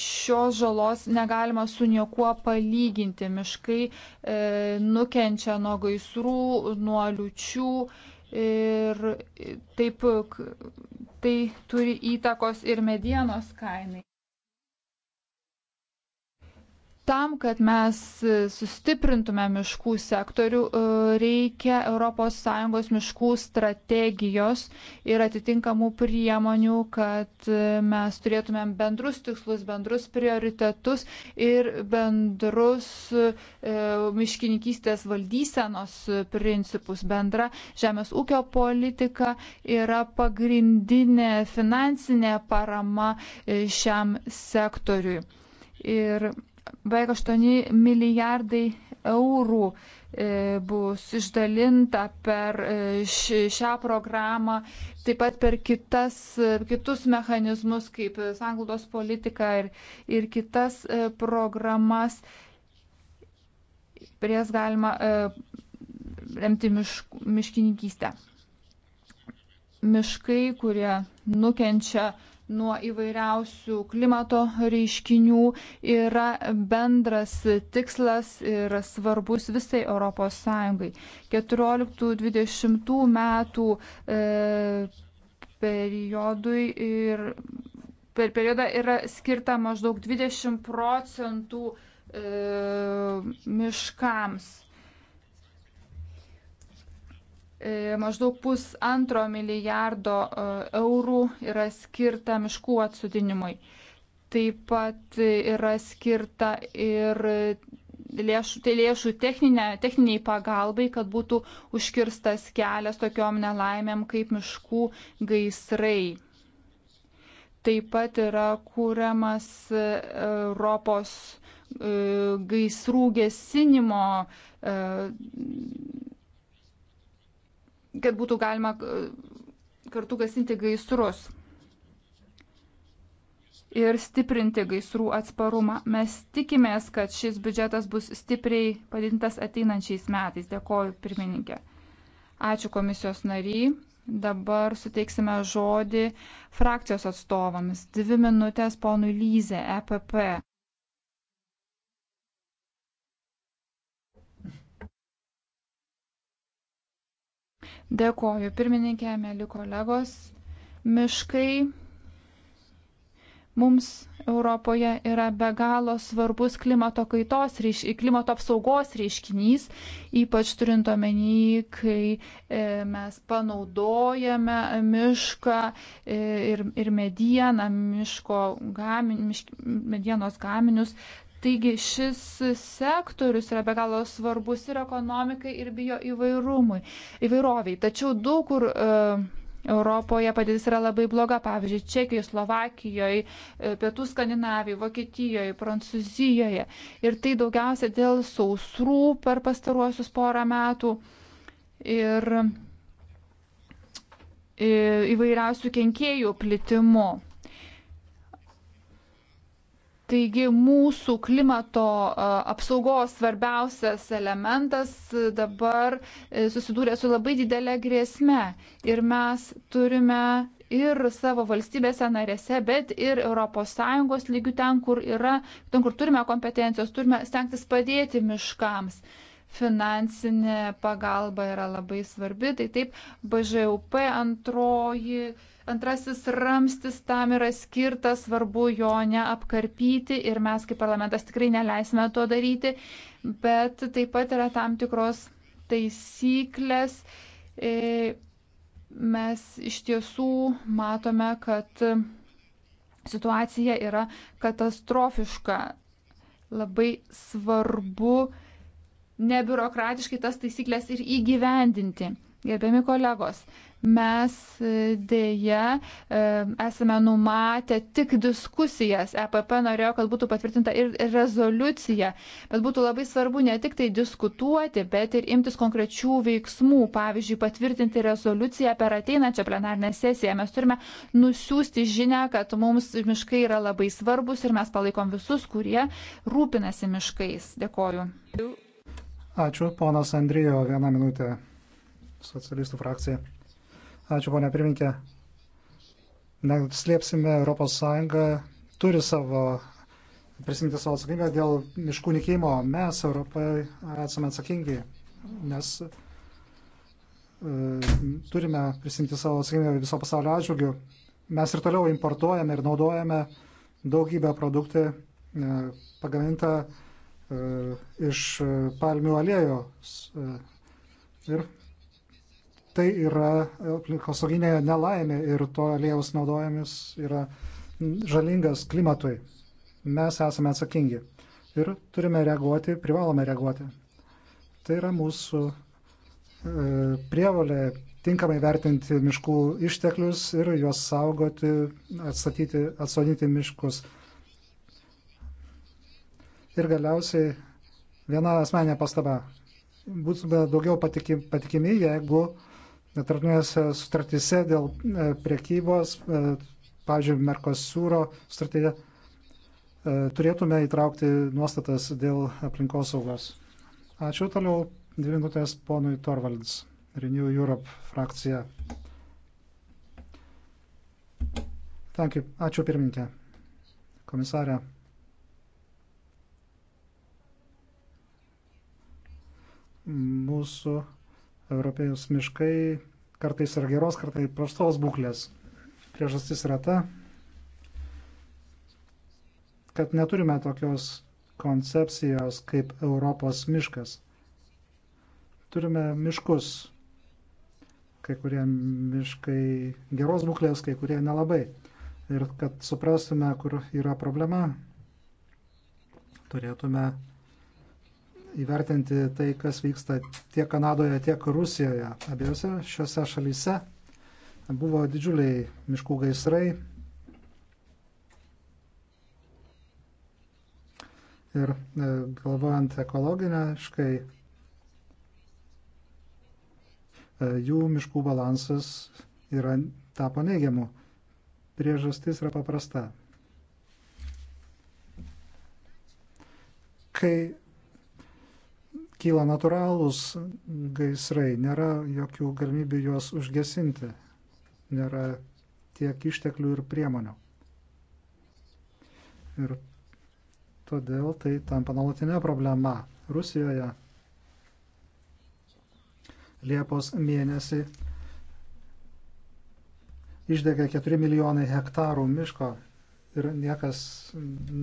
šios žalos negalima su niekuo palyginti. Miškai e, nukenčia nuo gaisrų, nuo liučių ir taip tai turi įtakos ir medienos kainai. Tam, kad mes sustiprintume miškų sektorių, e, reikia ES miškų strategijos ir atitinkamų priemonių, kad e, mes turėtumėm bendrus tikslus, bendrus prioritetus ir bendrus e, miškininkystės valdysenos principus. Bendra žemės ūkio politika yra pagrindinė finansinė parama e, šiam sektoriui. Ir beveik 8 milijardai eurų e, bus išdalinta per e, šią programą, taip pat per kitas, e, kitus mechanizmus, kaip sanglaudos politika ir, ir kitas programas. Prie jas galima remti mišk, miškininkystę. Miškai, kurie nukenčia nuo įvairiausių klimato reiškinių yra bendras tikslas ir svarbus visai ES. 14-20 metų e, periodui ir per periodą yra skirta maždaug 20 procentų e, miškams. E, maždaug pusantro milijardo e, eurų yra skirta miškų atsudinimui. Taip pat yra skirta ir lėšų, tai lėšų techninė, techniniai pagalbai, kad būtų užkirstas kelias tokiom nelaimėm kaip miškų gaisrai. Taip pat yra kūriamas e, Europos gaisrų gesinimo kad būtų galima e, kartu gasinti gaisrus ir stiprinti gaisrų atsparumą. Mes tikimės, kad šis biudžetas bus stipriai padidintas ateinančiais metais. Dėkoju, pirmininkė. Ačiū komisijos nariai. Dabar suteiksime žodį frakcijos atstovams. Dvi minutės ponui Lyze, EPP. Dėkoju pirmininkė, mėly kolegos. Miškai mums Europoje yra be galo svarbus klimato kaitos, klimato apsaugos reiškinys, ypač turint omeny, kai e, mes panaudojame mišką e, ir, ir medieną, miško gamin, mišk, medienos gaminius Taigi šis sektorius yra be galo svarbus ir ekonomikai, ir bio įvairumui, įvairoviai. Tačiau daug kur e, Europoje padėtis yra labai bloga. Pavyzdžiui, Čekijoje, Slovakijoje, e, Pietų Skandinavijoje, Vokietijoje, Prancūzijoje. Ir tai daugiausia dėl sausrų per pastaruosius porą metų. Ir e, įvairiausių kenkėjų plitimu. Taigi mūsų klimato apsaugos svarbiausias elementas dabar e, susidūrė su labai didelė grėsme ir mes turime ir savo valstybėse narėse, bet ir ES lygių ten, kur yra, ten, kur turime kompetencijos, turime stengtis padėti miškams. Finansinė pagalba yra labai svarbi, tai taip, BŽUP antroji Antrasis ramstis tam yra skirtas, svarbu jo neapkarpyti ir mes kaip parlamentas tikrai neleisime to daryti, bet taip pat yra tam tikros taisyklės. E, mes iš tiesų matome, kad situacija yra katastrofiška. Labai svarbu nebiurokratiškai tas taisyklės ir įgyvendinti. Gerbiami kolegos, mes e, dėja e, esame numatę tik diskusijas. EPP norėjo, kad būtų patvirtinta ir rezoliucija, bet būtų labai svarbu ne tik tai diskutuoti, bet ir imtis konkrečių veiksmų. Pavyzdžiui, patvirtinti rezoliuciją per ateinančią plenarnę sesiją. Mes turime nusiųsti žinę, kad mums miškai yra labai svarbus ir mes palaikom visus, kurie rūpinasi miškais. Dėkoju. Ačiū, ponas Andrijo, vieną minutę. Socialistų frakcija. Ačiū, ponia pirminkė. Neslėpsime, ES turi savo, prisimti savo atsakomybę dėl miškų nikimo. Mes Europoje esame atsakingi, nes e, turime prisimti savo atsakomybę viso pasaulio atžvilgių. Mes ir toliau importuojame ir naudojame daugybę produktų e, pagamintą e, iš e, palmių aliejų. E, ir tai yra aplinkosauginė nelaimė ir to aliejaus naudojimas yra žalingas klimatui. Mes esame atsakingi ir turime reaguoti, privalome reaguoti. Tai yra mūsų e, prievalė tinkamai vertinti miškų išteklius ir juos saugoti, atstatyti, atsodinti miškus. Ir galiausiai viena asmenė pastaba. Būtume daugiau patikimi, jeigu tarptautinėse sutartyse dėl e, priekybos, e, pavyzdžiui, Merkosūro sutartyje, e, turėtume įtraukti nuostatas dėl aplinkosaugos. Ačiū toliau. Dvi minutės ponui Torvalds, Renew Europe frakcija. Tankiu. Ačiū pirmininkė. Komisarė. Mūsų Europėjos miškai kartais yra geros, kartais prastos būklės. Priežastis yra ta, kad neturime tokios koncepcijos kaip Europos miškas. Turime miškus. Kai kurie miškai geros būklės, kai kurie nelabai. Ir kad suprastume, kur yra problema, turėtume įvertinti tai, kas vyksta tiek Kanadoje, tiek Rusijoje. Abiejose šiose šalyse buvo didžiuliai miškų gaisrai. Ir e, galvojant ekologiniškai, e, jų miškų balansas yra tapo neigiamu. Priežastis yra paprasta. Kai kyla natūralūs gaisrai, nėra jokių galimybių juos užgesinti, nėra tiek išteklių ir priemonių. Ir todėl tai tampa nuolatinė problema. Rusijoje Liepos mėnesį išdegė 4 milijonai hektarų miško ir niekas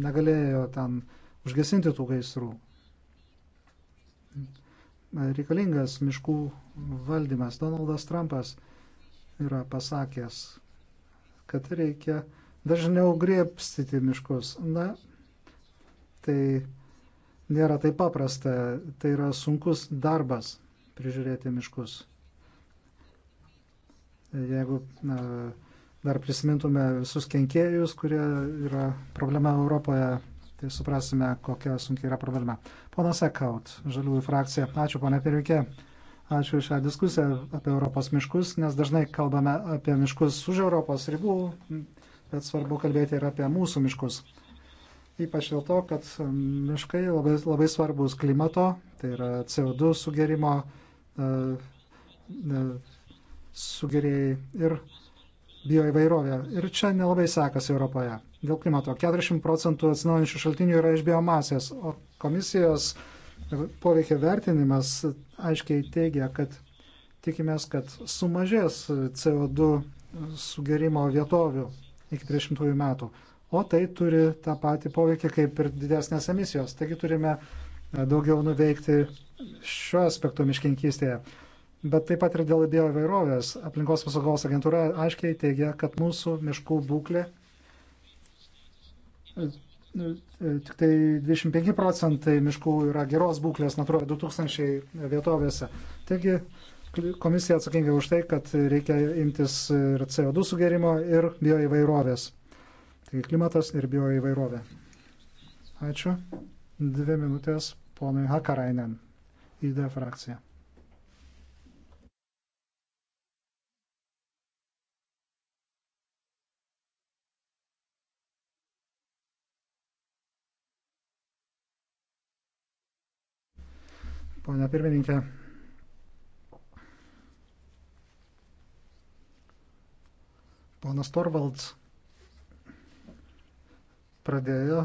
negalėjo ten užgesinti tų gaisrų reikalingas miškų valdymas. Donaldas Trumpas yra pasakęs, kad reikia dažniau griepstyti miškus. Na, tai nėra taip paprasta, tai yra sunkus darbas prižiūrėti miškus. Jeigu na, dar prisimintume visus kenkėjus, kurie yra problema Europoje tai suprasime, kokia sunkiai yra problema. Ponas Ekaut, Žaliųjų frakcija, ačiū ponė Pirvikė, ačiū šią diskusiją apie Europos miškus, nes dažnai kalbame apie miškus už Europos ribų, bet svarbu kalbėti ir apie mūsų miškus. Ypač dėl to, kad miškai labai, labai svarbus klimato, tai yra CO2 sugerimo e, e, sugerėjai ir bioįvairovė. Ir čia nelabai sekasi Europoje dėl klimato. 40 procentų atsinaujančių šaltinių yra iš biomasės, o komisijos poveikia vertinimas aiškiai teigia, kad tikimės, kad sumažės CO2 sugerimo vietovių iki 30 metų, o tai turi tą patį poveikį kaip ir didesnės emisijos. Taigi turime e, daugiau nuveikti šiuo aspektu miškinkystėje. Bet taip pat ir dėl bioįvairovės aplinkos apsaugos agentūra aiškiai teigia, kad mūsų miškų būklė tik tai 25 procentai miškų yra geros būklės Natura 2000 vietovėse. Taigi komisija atsakinga už tai, kad reikia imtis ir CO2 sugerimo, ir bioįvairovės. Taigi klimatas ir bioįvairovė. Ačiū. Dvi minutės ponui Hakarainen į D e frakciją. Pone pirmininkė. Ponas Torvalds pradėjo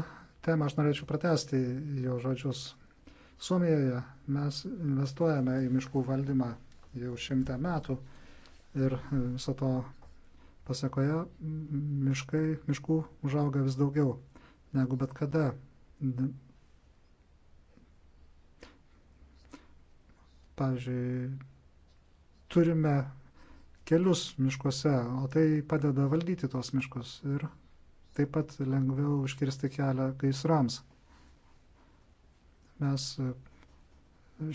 temą, aš norėčiau pratesti jo žodžius. Suomijoje mes investuojame į miškų valdymą jau šimtą metų ir viso to pasakoje miškai, miškų užauga vis daugiau negu bet kada Pavyzdžiui, turime kelius miškuose, o tai padeda valdyti tos miškus ir taip pat lengviau užkirsti kelią gaisrams. Mes e,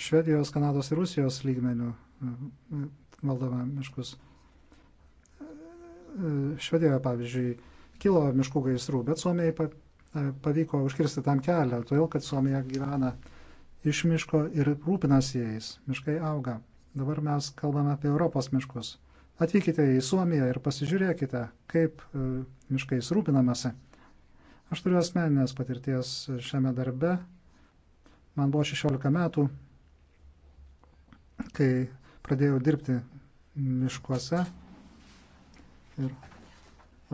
Švedijos, Kanados ir Rusijos lygmenių e, valdome miškus. E, Švedijoje, pavyzdžiui, kilo miškų gaisrų, bet Suomijai pavyko užkirsti tam kelią, todėl kad Suomija gyvena iš miško ir rūpinasi jais. Miškai auga. Dabar mes kalbame apie Europos miškus. Atvykite į Suomiją ir pasižiūrėkite, kaip e, miškais rūpinamasi. Aš turiu asmeninės patirties šiame darbe. Man buvo 16 metų, kai pradėjau dirbti miškuose. Ir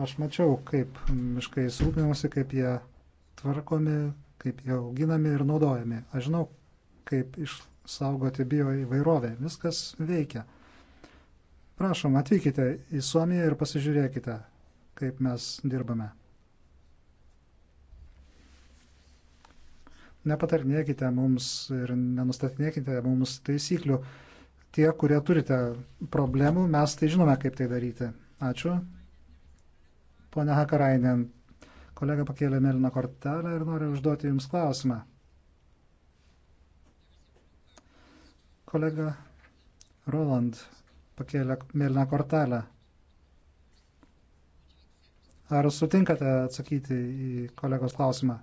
aš mačiau, kaip miškais rūpinamasi, kaip jie tvarkomi, kaip jie auginami ir naudojami. Aš žinau, kaip išsaugoti bio įvairovę. Viskas veikia. Prašom, atvykite į Suomiją ir pasižiūrėkite, kaip mes dirbame. Nepatarnėkite mums ir nenustatinėkite mums taisyklių. Tie, kurie turite problemų, mes tai žinome, kaip tai daryti. Ačiū. Pone Hakarainen, Kolega pakėlė mėlyną kortelę ir noriu užduoti Jums klausimą. Kolega Roland pakėlė mėlyną kortelę. Ar sutinkate atsakyti į kolegos klausimą?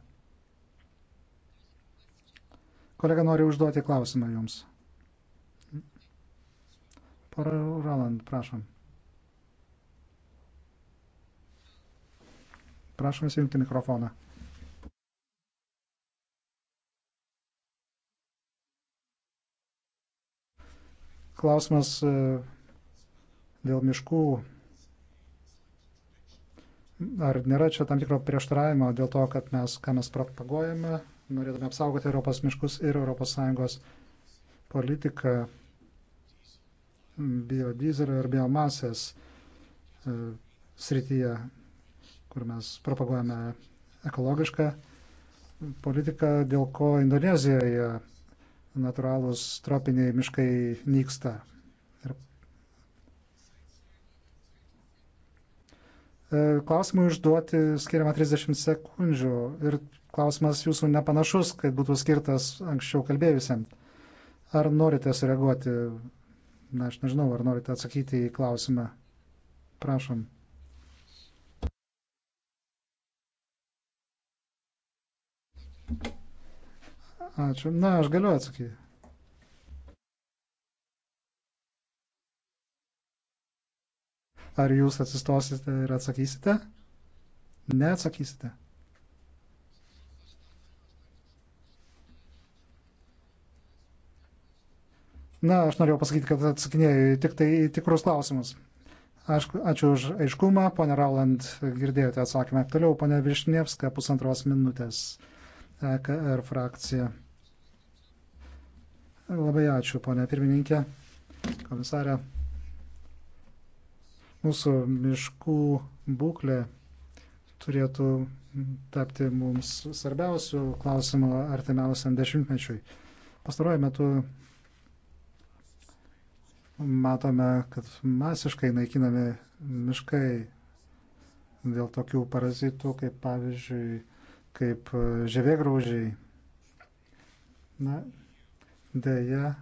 Kolega nori užduoti klausimą Jums. Pora Roland, prašom. Prašom įsijungti mikrofoną. Klausimas e, dėl miškų. Ar nėra čia tam tikro prieštaravimo dėl to, kad mes, ką mes propaguojame, norėdami apsaugoti Europos miškus ir ES politiką biodizelio ir biomasės e, srityje kur mes propaguojame ekologišką politiką, dėl ko Indonezijoje natūralūs tropiniai miškai nyksta. Ir e, Klausimui užduoti skiriama 30 sekundžių ir klausimas jūsų nepanašus, kad būtų skirtas anksčiau kalbėjusiam. Ar norite sureaguoti? Na, aš nežinau, ar norite atsakyti į klausimą. Prašom. Ačiū. Na, aš galiu atsakyti. Ar jūs atsistosite ir atsakysite? Neatsakysite. Na, aš norėjau pasakyti, kad atsakinėjau tik tai tikrus klausimus. Aš, ačiū už aiškumą, ponė Rauland, girdėjote atsakymą. Toliau, ponė Višnievska, pusantros minutės. EKR frakcija. Labai ačiū, ponė pirmininkė, komisarė. Mūsų miškų būklė turėtų tapti mums svarbiausių klausimų artimiausiam dešimtmečiui. Pastaruoju metu matome, kad masiškai naikinami miškai dėl tokių parazitų, kaip pavyzdžiui, kaip ževėgraužiai. Na, Deja,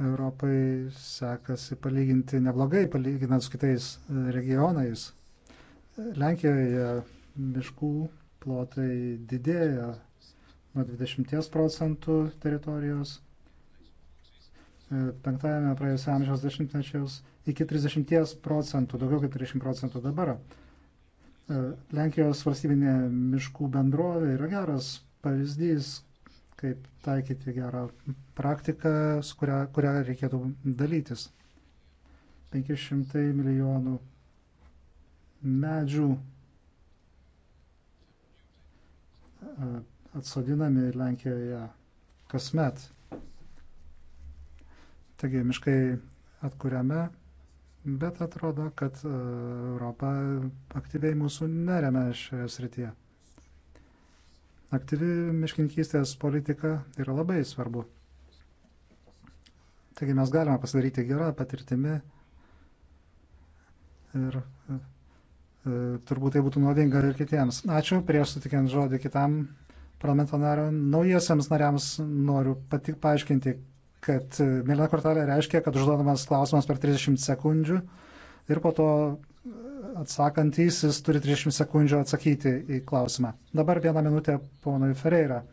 Europai sekasi palyginti neblogai, palyginant su kitais e, regionais. E, Lenkijoje miškų plotai didėja nuo 20 procentų teritorijos e, penktajame praėjusio amžiaus dešimtmečiaus iki 30 procentų, daugiau kaip 30 procentų dabar. Lenkijos valstybinė miškų bendrovė yra geras pavyzdys, kaip taikyti gerą praktiką, kuria, kurią reikėtų dalytis. 500 milijonų medžių atsodinami Lenkijoje kasmet. Taigi miškai atkuriame, bet atrodo, kad Europa aktyviai mūsų neremia šioje srityje. Aktyvi miškininkystės politika yra labai svarbu. Taigi mes galime pasidaryti gerą patirtimi ir e, e, turbūt tai būtų naudinga ir kitiems. Ačiū, prieš sutikiant žodį kitam parlamento nariui. Naujiesiams nariams noriu pati paaiškinti, kad e, mėlyna kortelė reiškia, kad užduodamas klausimas per 30 sekundžių ir po to atsakantysis turi 30 sekundžių atsakyti į klausimą. Dabar vieną minutę ponui Ferreira, e,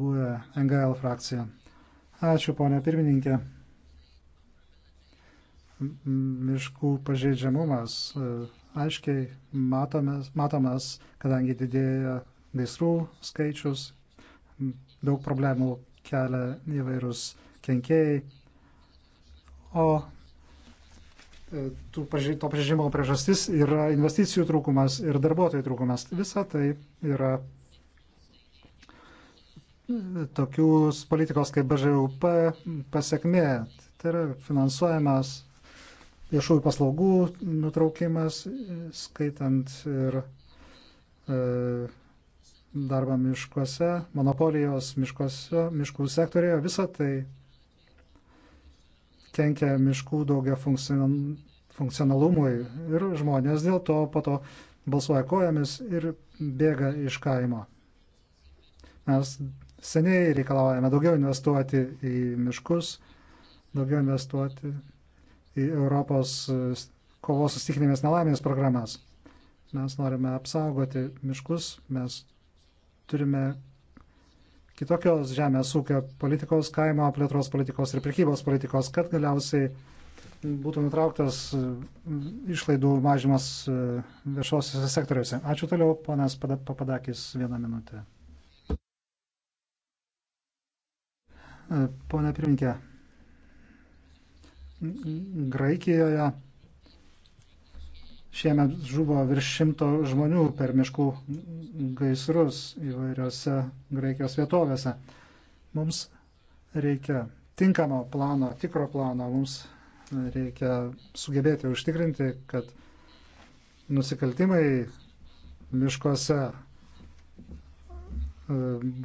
GUE NGL frakcija. Ačiū, ponė pirmininkė. Miškų pažeidžiamumas e, aiškiai matomas, matomas kadangi didėja gaisrų skaičius, daug problemų kelia įvairūs kenkėjai, o E, tų, to pažeidimo priežastis yra investicijų trūkumas ir darbuotojų trūkumas. Visa tai yra e, tokius politikos kaip BŽUP pasiekmė. Tai yra finansuojamas viešųjų paslaugų nutraukimas, skaitant ir e, darbą miškuose, monopolijos miškuose, miškų sektorėje. Visa tai kenkia miškų daugia funkcionalumui ir žmonės dėl to po to balsuoja kojomis ir bėga iš kaimo. Mes seniai reikalavome daugiau investuoti į miškus, daugiau investuoti į Europos kovos su stiklinėmis nelaimės programas. Mes norime apsaugoti miškus, mes turime kitokios žemės ūkio politikos, kaimo plėtros politikos ir prekybos politikos, kad galiausiai būtų nutrauktas išlaidų mažymas e, viešosiuose sektoriuose. Ačiū toliau, ponas Papadakis, vieną minutę. E, pone pirminkė, Graikijoje Šiemet žuvo virš šimto žmonių per miškų gaisrus įvairiose Graikijos vietovėse. Mums reikia tinkamo plano, tikro plano, mums reikia sugebėti užtikrinti, kad nusikaltimai miškuose e,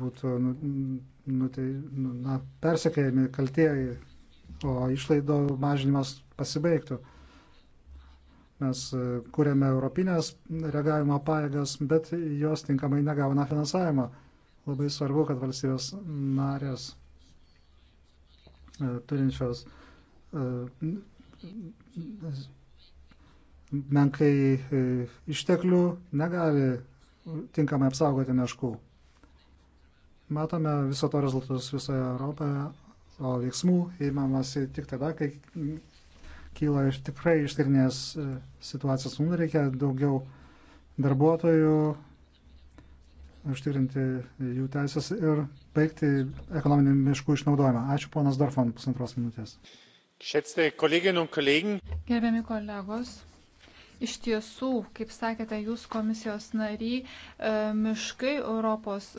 būtų nu, tai, nu, na, persekėjami kaltieji, o išlaido mažinimas pasibaigtų. Mes e, kūrėme europinės reagavimo pajėgas, bet jos tinkamai negauna finansavimo. Labai svarbu, kad valstybės narės e, turinčios e, menkai išteklių negali tinkamai apsaugoti meškų. Matome viso to rezultatus visoje Europoje, o veiksmų įmamasi tik tada, kai kyla iš tikrai ištikrinės e, situacijos. Mums reikia daugiau darbuotojų, užtikrinti jų teisės ir baigti ekonominį miškų išnaudojimą. Ačiū ponas Dorfan, pusantros minutės. Gerbiami kolegos, Iš tiesų, kaip sakėte jūs komisijos nariai, e, miškai ES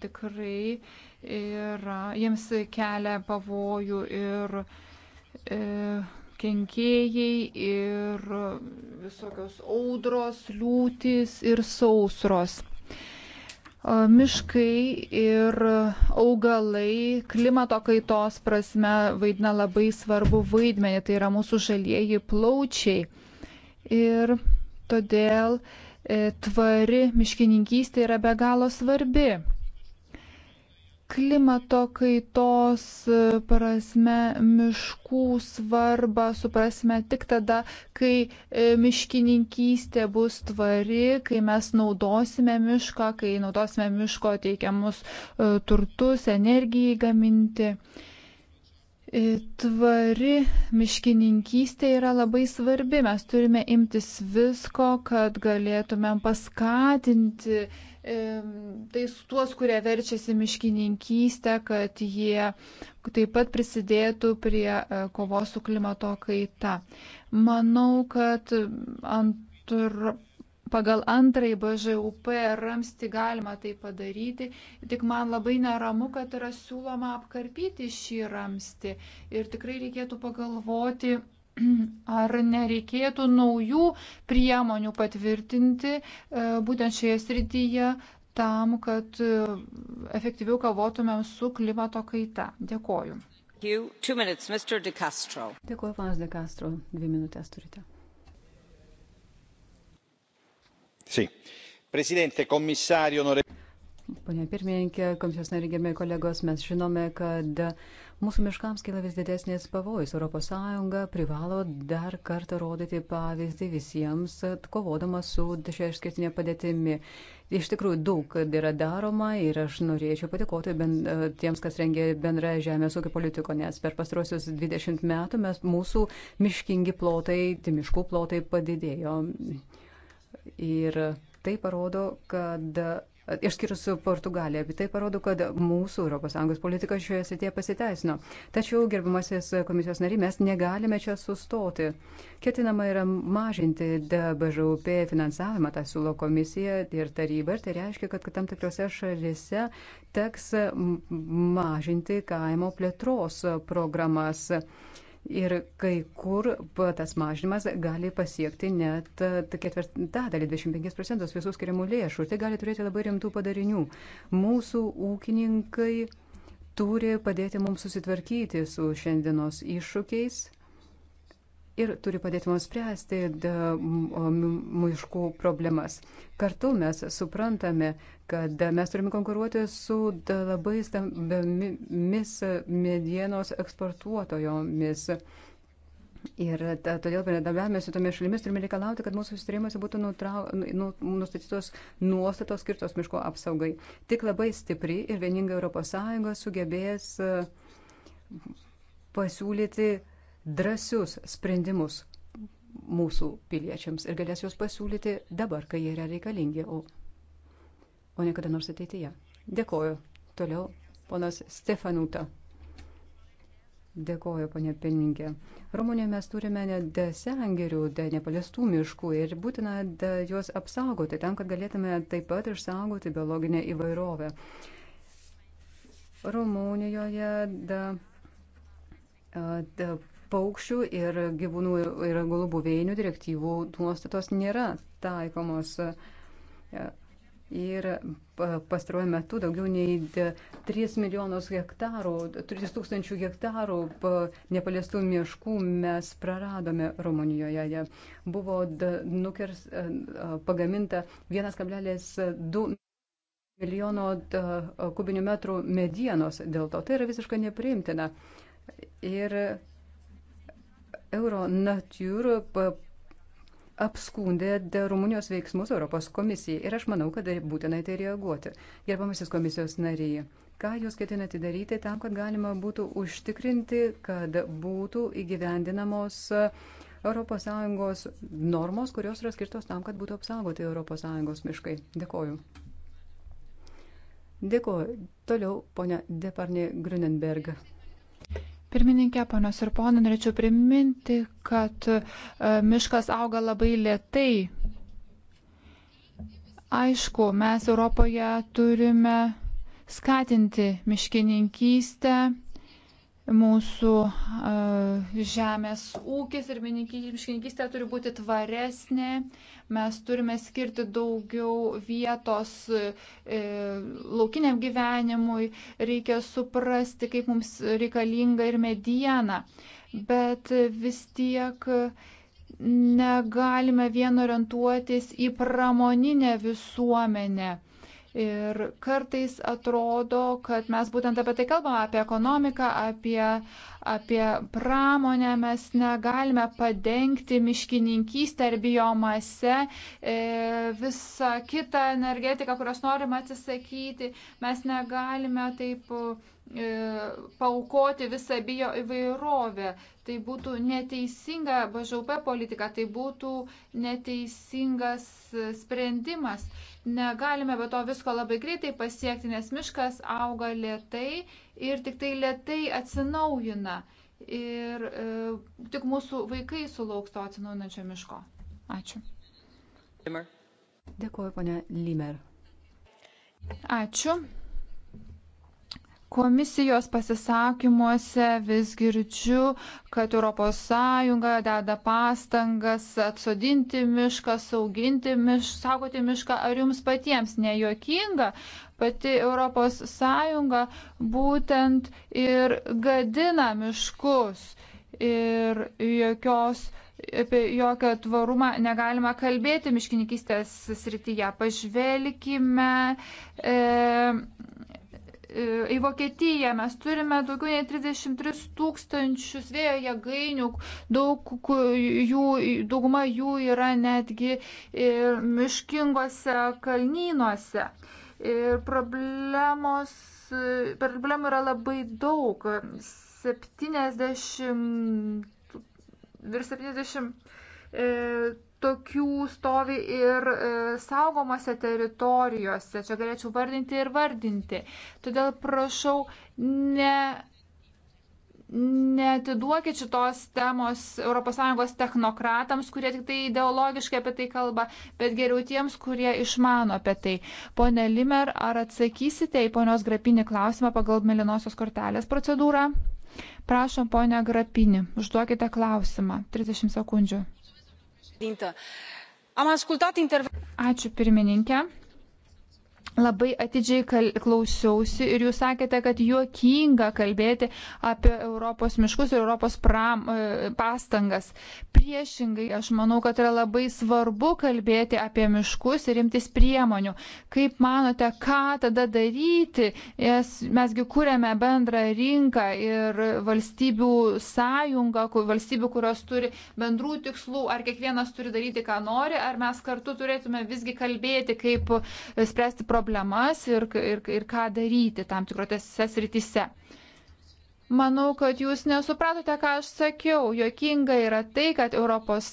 tikrai yra, jiems kelia pavojų ir E, kenkėjai ir visokios audros, liūtis ir sausros. E, miškai ir augalai klimato kaitos prasme vaidina labai svarbu vaidmenį, tai yra mūsų žalieji plaučiai. Ir todėl e, tvari miškininkystė yra be galo svarbi klimato kaitos e, prasme miškų svarbą suprasime tik tada, kai e, miškininkystė bus tvari, kai mes naudosime mišką, kai naudosime miško teikiamus e, turtus, energijai gaminti. Tvari miškininkystė yra labai svarbi. Mes turime imtis visko, kad galėtumėm paskatinti tais tuos, kurie verčiasi miškininkystę, kad jie taip pat prisidėtų prie e, kovos su klimato kaita. Manau, kad antr, pagal antrąjį BŽUP ramsti galima tai padaryti, tik man labai neramu, kad yra siūloma apkarpyti šį ramsti ir tikrai reikėtų pagalvoti (clears throat) ar nereikėtų naujų priemonių patvirtinti e, būtent šioje srityje tam, kad e, efektyviau kovotumėm su klimato kaita. Dėkoju. Minutes, Dėkuoju, panas De Castro. Dvi minutės turite. Sí. Presidente, komisario, norėjau. Pone pirmininkė, komisijos nariai, gerbėjai kolegos, mes žinome, kad uh, Mūsų miškams kila vis didesnės pavojus. ES privalo dar kartą rodyti pavyzdį visiems, kovodama su šia išskirtinė padėtimi. Iš tikrųjų, daug yra daroma ir aš norėčiau patikoti ben, e, tiems, kas rengė bendrą žemės ūkio politiką, nes per pastarosius 20 metų mes, mūsų miškingi plotai, tai miškų plotai padidėjo. Ir tai parodo, kad išskyrus Portugaliją. Tai parodo, kad mūsų ES politika šioje srityje pasiteisino. Tačiau, gerbimasis komisijos nariai, mes negalime čia sustoti. Ketinama yra mažinti BŽUP finansavimą, tą siūlo komisija ir taryba. Ir tai reiškia, kad tam tikrose šalise teks mažinti kaimo plėtros programas. Ir kai kur tas mažinimas gali pasiekti net e, ketvirtadalį, 25 procentus visų skiriamų lėšų. Ir tai gali turėti labai rimtų padarinių. Mūsų ūkininkai turi padėti mums susitvarkyti su šiandienos iššūkiais ir turi padėti mums spręsti miškų problemas. Kartu mes suprantame, kad mes turime konkuruoti su labai stambiomis medienos eksportuotojomis. Ir ta, todėl bendradarbiavime su tomis šalimis turime reikalauti, kad mūsų susitarimuose būtų nutrau, nu, nustatytos nuostatos skirtos miško apsaugai. Tik labai stipri ir vieninga ES sugebės e, pasiūlyti uh, drąsius sprendimus mūsų piliečiams ir galės juos pasiūlyti dabar, kai jie yra reikalingi, o, o ne kada nors ateityje. Dėkoju. Toliau ponas Stefanuta. Dėkoju, ponė Peninkė. Rumunijoje mes turime ne sengerių, ne paliestų miškų ir būtina juos apsaugoti tam, kad galėtume taip pat išsaugoti biologinę įvairovę. Rumunijoje da, da, paukščių ir gyvūnų ir angulų buveinių direktyvų nuostatos nėra taikomos. Ir pastaruoju metu daugiau nei 3 milijonus hektarų, 3 tūkstančių hektarų nepaliestų miškų mes praradome Rumunijoje. Buvo nukers, e, pagaminta 1,2 milijono e, kubinių metrų medienos dėl to. Tai yra visiškai nepriimtina. Ir Euronature apskundė Rumunijos veiksmus Europos komisijai ir aš manau, kad tai būtinai tai reaguoti. Gerbamasis komisijos nariai, ką jūs ketinate daryti tam, kad galima būtų užtikrinti, kad būtų įgyvendinamos ES normos, kurios yra skirtos tam, kad būtų apsaugoti ES miškai. Dėkoju. Dėkoju. Toliau, ponia Deparnė Grunenberg. Pirmininkė, ponios ir ponai, norėčiau priminti, kad e, miškas auga labai lietai. Aišku, mes Europoje turime skatinti miškininkystę mūsų uh, žemės ūkis ir miškininkystė turi būti tvaresnė. Mes turime skirti daugiau vietos uh, laukiniam gyvenimui. Reikia suprasti, kaip mums reikalinga ir mediena. Bet vis tiek negalime vien orientuotis į pramoninę visuomenę Ir kartais atrodo, kad mes būtent apie tai kalbame, apie ekonomiką, apie, apie pramonę, mes negalime padengti miškininkystę ar biomase, e, visą kitą energetiką, kurios norime atsisakyti, mes negalime taip e, paukoti visą bio įvairovę. Tai būtų neteisinga BŽP politika, tai būtų neteisingas sprendimas. Negalime be to visko labai greitai pasiekti, nes miškas auga lietai ir tik tai lietai atsinaujina. Ir e, tik mūsų vaikai sulauks to atsinaujinančio miško. Ačiū. Limer. Dėkuoju, ponia Limer. Ačiū. Komisijos pasisakymuose vis girdžiu, kad ES deda pastangas atsodinti mišką, sauginti mišką, saugoti mišką. Ar jums patiems nejuokinga pati ES būtent ir gadina miškus ir jokios, apie jokio tvarumą negalima kalbėti miškininkystės srityje. Pažvelkime. E, E, į Vokietiją. Mes turime daugiau nei 33 tūkstančius vėjo jėgainių, daug jų, dauguma jų yra netgi e, miškingose kalnynuose. Ir problemos, problemų yra labai daug. 70, virš 70 tokių stovi ir e, saugomose teritorijose. Čia galėčiau vardinti ir vardinti. Todėl prašau, ne, netiduokit šitos temos ES technokratams, kurie tik tai ideologiškai apie tai kalba, bet geriau tiems, kurie išmano apie tai. Pone Limer, ar atsakysite į ponios grapinį klausimą pagal melinosios kortelės procedūrą? Prašom, ponia Grapini, užduokite klausimą. 30 sekundžių. Ačiū pirmininkė. Labai atidžiai klausiausi ir jūs sakėte, kad juokinga kalbėti apie Europos miškus ir Europos pram, e, pastangas. Priešingai, aš manau, kad yra labai svarbu kalbėti apie miškus ir imtis priemonių. Kaip manote, ką tada daryti, nes mesgi kūrėme bendrą rinką ir valstybių sąjungą, valstybių, kurios turi bendrų tikslų, ar kiekvienas turi daryti, ką nori, ar mes kartu turėtume visgi kalbėti, kaip e, spręsti problemą problemas ir, ir, ir ką daryti tam tikrotėse srityse. Manau, kad jūs nesupratote, ką aš sakiau. Jokinga yra tai, kad ES,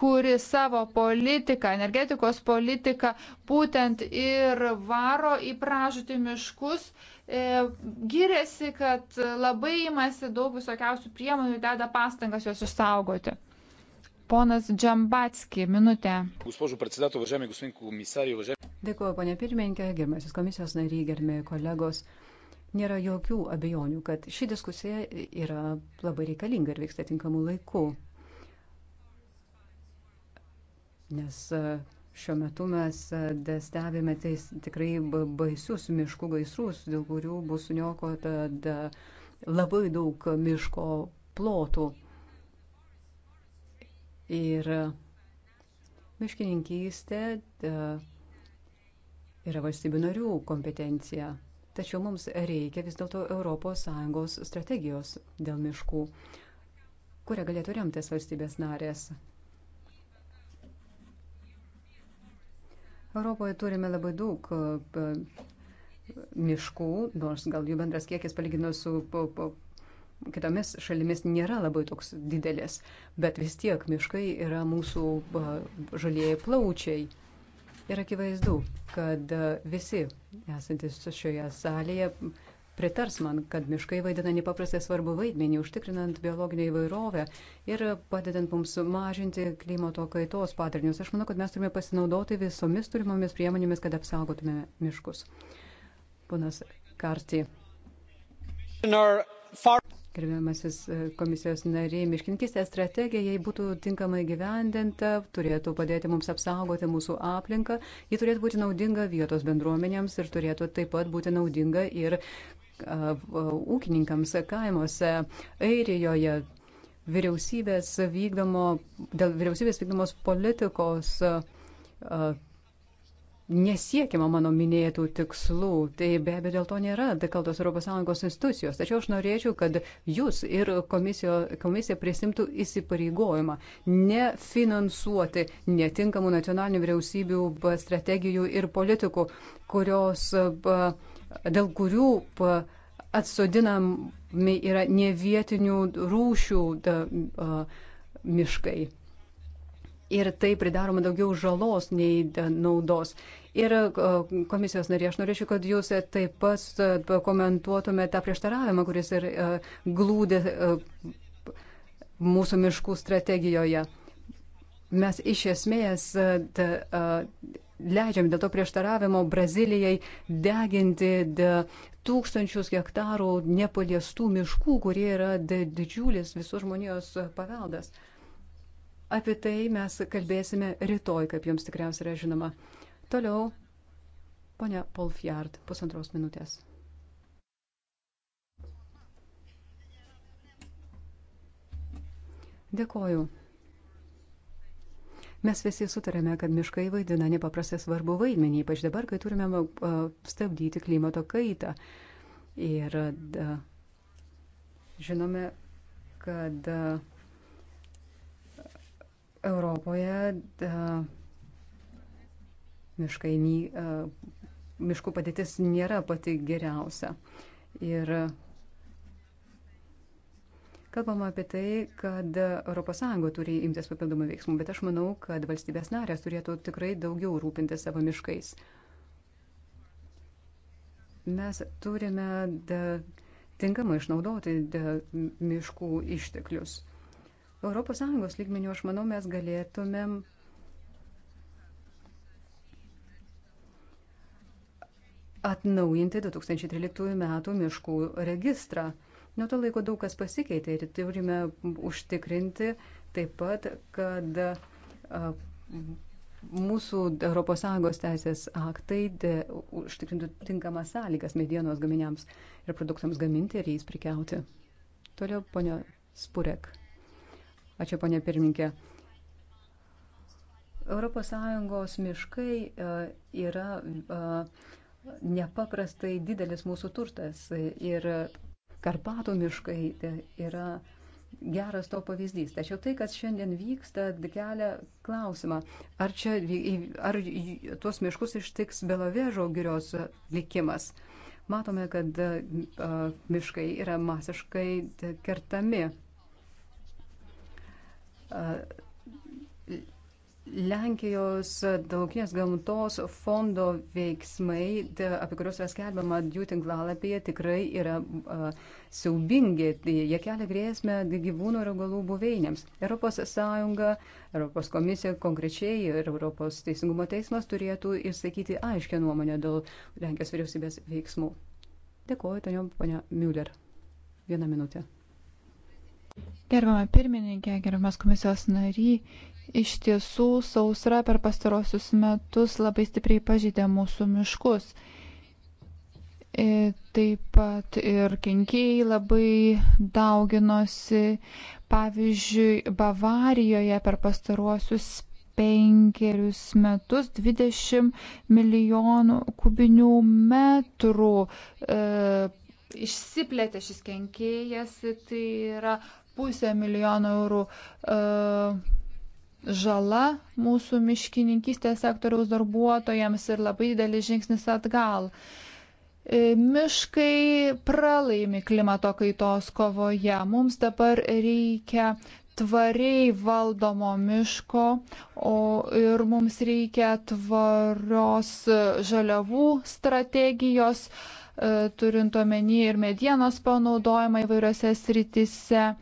kuri savo politiką, energetikos politiką būtent ir varo į pražutį miškus, e, giriasi, kad labai imasi daug visokiausių priemonių, deda pastangas juos išsaugoti. Ponas Džambatski, minutė. Dėkuoju, ponė pirmininkė, gerbiamasis komisijos nariai, gerbiami kolegos. Nėra jokių abejonių, kad ši diskusija yra labai reikalinga ir vyksta tinkamu laiku. Nes e, šiuo metu mes e, stebime tai tikrai baisius miškų gaisrus, dėl kurių bus suniokota labai daug miško plotų. Ir e, miškininkystė e, yra valstybių narių kompetencija. Tačiau mums reikia vis dėlto ES strategijos dėl miškų, kurią galėtų remtis valstybės narės. Europoje turime labai daug e, miškų, nors gal jų bendras kiekis palyginus su kitomis šalimis nėra labai toks didelis, bet vis tiek miškai yra mūsų žalieji plaučiai. Ir akivaizdu, kad visi esantis šioje salėje pritars man, kad miškai vaidina nepaprastai svarbu vaidmenį, užtikrinant biologinę įvairovę ir padedant mums mažinti klimato kaitos patarnius. Aš manau, kad mes turime pasinaudoti visomis turimomis priemonėmis, kad apsaugotume miškus. Ponas Karti. Gerbiamasis e, komisijos nariai, miškinkistės strategija, jei būtų tinkamai gyvendinta, turėtų padėti mums apsaugoti mūsų aplinką, ji turėtų būti naudinga vietos bendruomenėms ir turėtų taip pat būti naudinga ir uh, ūkininkams kaimuose, Airijoje. Vyriausybės, vykdomo, dėl vyriausybės vykdomos politikos uh, nesiekiama mano minėtų tikslų. Tai be abejo dėl to nėra kaltos ES institucijos. Tačiau aš norėčiau, kad jūs ir komisijo, komisija prisimtų įsipareigojimą nefinansuoti netinkamų nacionalinių vyriausybių strategijų ir politikų, kurios, dėl kurių atsodinami yra nevietinių rūšių da, a, miškai ir tai pridaroma daugiau žalos nei naudos. Ir komisijos narė, aš norėčiau, kad jūs taip pat e, komentuotumėte tą prieštaravimą, kuris ir e, glūdė e, mūsų miškų strategijoje. Mes iš esmės leidžiam dėl to prieštaravimo Brazilijai deginti tūkstančius hektarų nepaliestų miškų, kurie yra didžiulis visų žmonijos paveldas. Apie tai mes kalbėsime rytoj, kaip jums tikriausiai yra žinoma. Toliau, ponia Polfjard, pusantros minutės. Dėkoju. Mes visi sutarėme, kad miškai vaidina nepaprastai svarbu vaidmenį, ypač dabar, kai turime stabdyti klimato kaitą. Ir da, žinome, kad da, Europoje da, miškai, e, miškų padėtis nėra pati geriausia. Ir kalbama apie tai, kad ES turi imtis papildomų veiksmų, bet aš manau, kad valstybės narės turėtų tikrai daugiau rūpintis savo miškais. Mes turime tinkamai išnaudoti miškų išteklius. ES lygmenių, aš manau, mes galėtumėm atnaujinti 2013 m. miškų registrą. Nuo to laiko daug kas pasikeitė ir turime užtikrinti taip pat, kad mūsų ES teisės aktai užtikrintų tinkamas sąlygas medienos gaminiams ir produktams gaminti ir jais prikiauti. Toliau, ponia Spurek. Ačiū, ponia pirmininkė. ES miškai yra nepaprastai didelis mūsų turtas ir Karpatų miškai yra geras to pavyzdys. Tačiau tai, kas šiandien vyksta, kelia klausimą, ar, čia, ar tuos miškus ištiks Belovežo girios likimas. Matome, kad miškai yra masiškai kertami Lenkijos dauginės gamtos fondo veiksmai, tai apie kuriuos yra skelbiama jų tinklalapyje, tikrai yra a, siaubingi. Jie kelia grėsmę gyvūnų ir augalų buveinėms. Europos Sąjunga, Europos komisija konkrečiai ir Europos Teisingumo teismas turėtų išsakyti aiškę nuomonę dėl Lenkijos vyriausybės veiksmų. Dėkuoju, toniom, ponia Müller. Vieną minutę. Gerbama pirmininkė, gerbamas komisijos nariai. Iš tiesų, sausra per pastarosius metus labai stipriai pažydė mūsų miškus. E, taip pat ir kenkėjai labai dauginosi. Pavyzdžiui, Bavarijoje per pastaruosius penkerius metus 20 milijonų kubinių metrų e, išsiplėtė šis kenkėjas, tai yra pusę milijono eurų. E, žala mūsų miškininkystės sektoriaus darbuotojams ir labai didelis žingsnis atgal. E, miškai pralaimi klimato kaitos kovoje. Mums dabar reikia tvariai valdomo miško o, ir mums reikia tvarios žaliavų strategijos, e, turint omeny ir medienos panaudojimą įvairiose sritise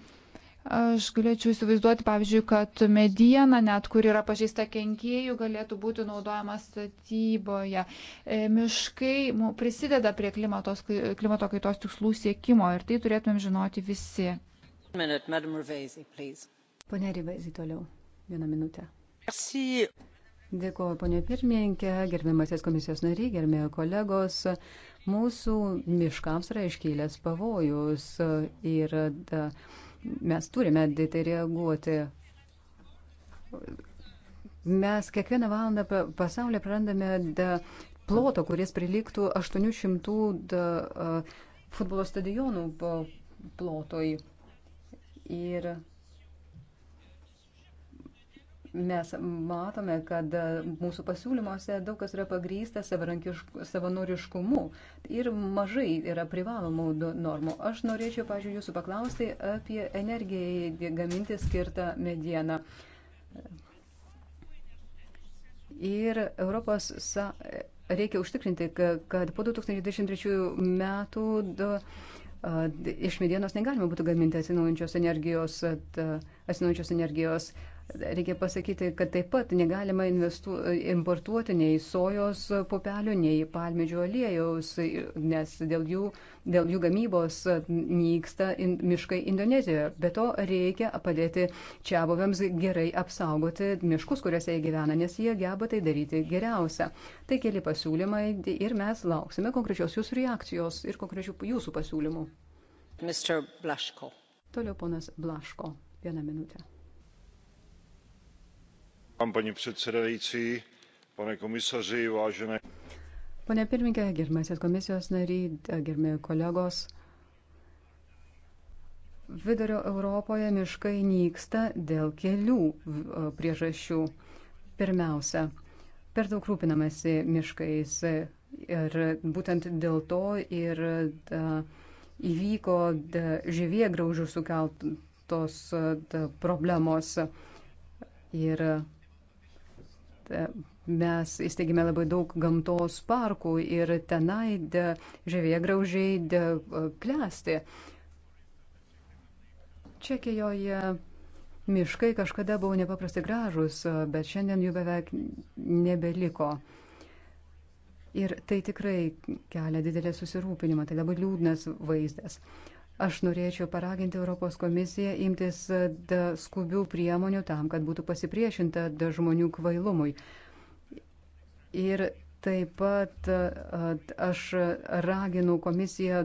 Aš galėčiau įsivaizduoti, pavyzdžiui, kad mediena, net kur yra pažeista kenkėjų, galėtų būti naudojama statyboje. E, miškai prisideda prie klimatos, klimato kaitos tikslų siekimo ir tai turėtumėm žinoti visi. Pone Rivaizi, toliau. Vieną minutę. Merci. Dėkuoju, ponė pirmininkė, gerbiamasis komisijos nariai, gerbėjai kolegos. Mūsų miškams yra iškylęs pavojus ir da, Mes turime tai reaguoti. Mes kiekvieną valandą pasaulyje prarandame plotą, kuris priliktų 800 da, futbolo stadionų plotoj. Ir mes matome, kad mūsų pasiūlymuose daug kas yra pagrysta savanoriškumu ir mažai yra privalomų normų. Aš norėčiau, pažiūrėjau, jūsų paklausti apie energijai gaminti skirtą medieną. Ir Europos sa... reikia užtikrinti, kad po 2023 metų iš medienos negalima būtų gaminti atsinaujančios energijos, atsinaujančios energijos Reikia pasakyti, kad taip pat negalima investu, importuoti nei sojos pupelių, nei palmidžio aliejaus, nes dėl jų, dėl jų gamybos nyksta in, miškai Indonezijoje. Be to reikia padėti čia buvėms gerai apsaugoti miškus, kuriuose jie gyvena, nes jie geba tai daryti geriausia. Tai keli pasiūlymai ir mes lauksime konkrečios jūsų reakcijos ir konkrečių jūsų pasiūlymų. Toliau ponas Blaško. Vieną minutę. Paní předsedající, pane komisaři, vážené. Pone pirmininkė, gerbiamasis komisijos nariai, gerbiami kolegos. Vidurio Europoje miškai nyksta dėl kelių priežasčių. Pirmiausia, per daug rūpinamasi miškais ir būtent dėl to ir da, įvyko da, žyvie graužių sukeltos da, problemos. Ir E, mes įsteigėme labai daug gamtos parkų ir tenai žvėvė graužiai klesti. E, Čekijoje miškai kažkada buvo nepaprastai gražus, e, bet šiandien jų beveik nebeliko. Ir tai tikrai kelia didelį susirūpinimą, tai labai liūdnas vaizdas. Aš norėčiau paraginti Europos komisiją imtis e, skubių priemonių tam, kad būtų pasipriešinta žmonių kvailumui. Ir taip pat e, aš raginu komisiją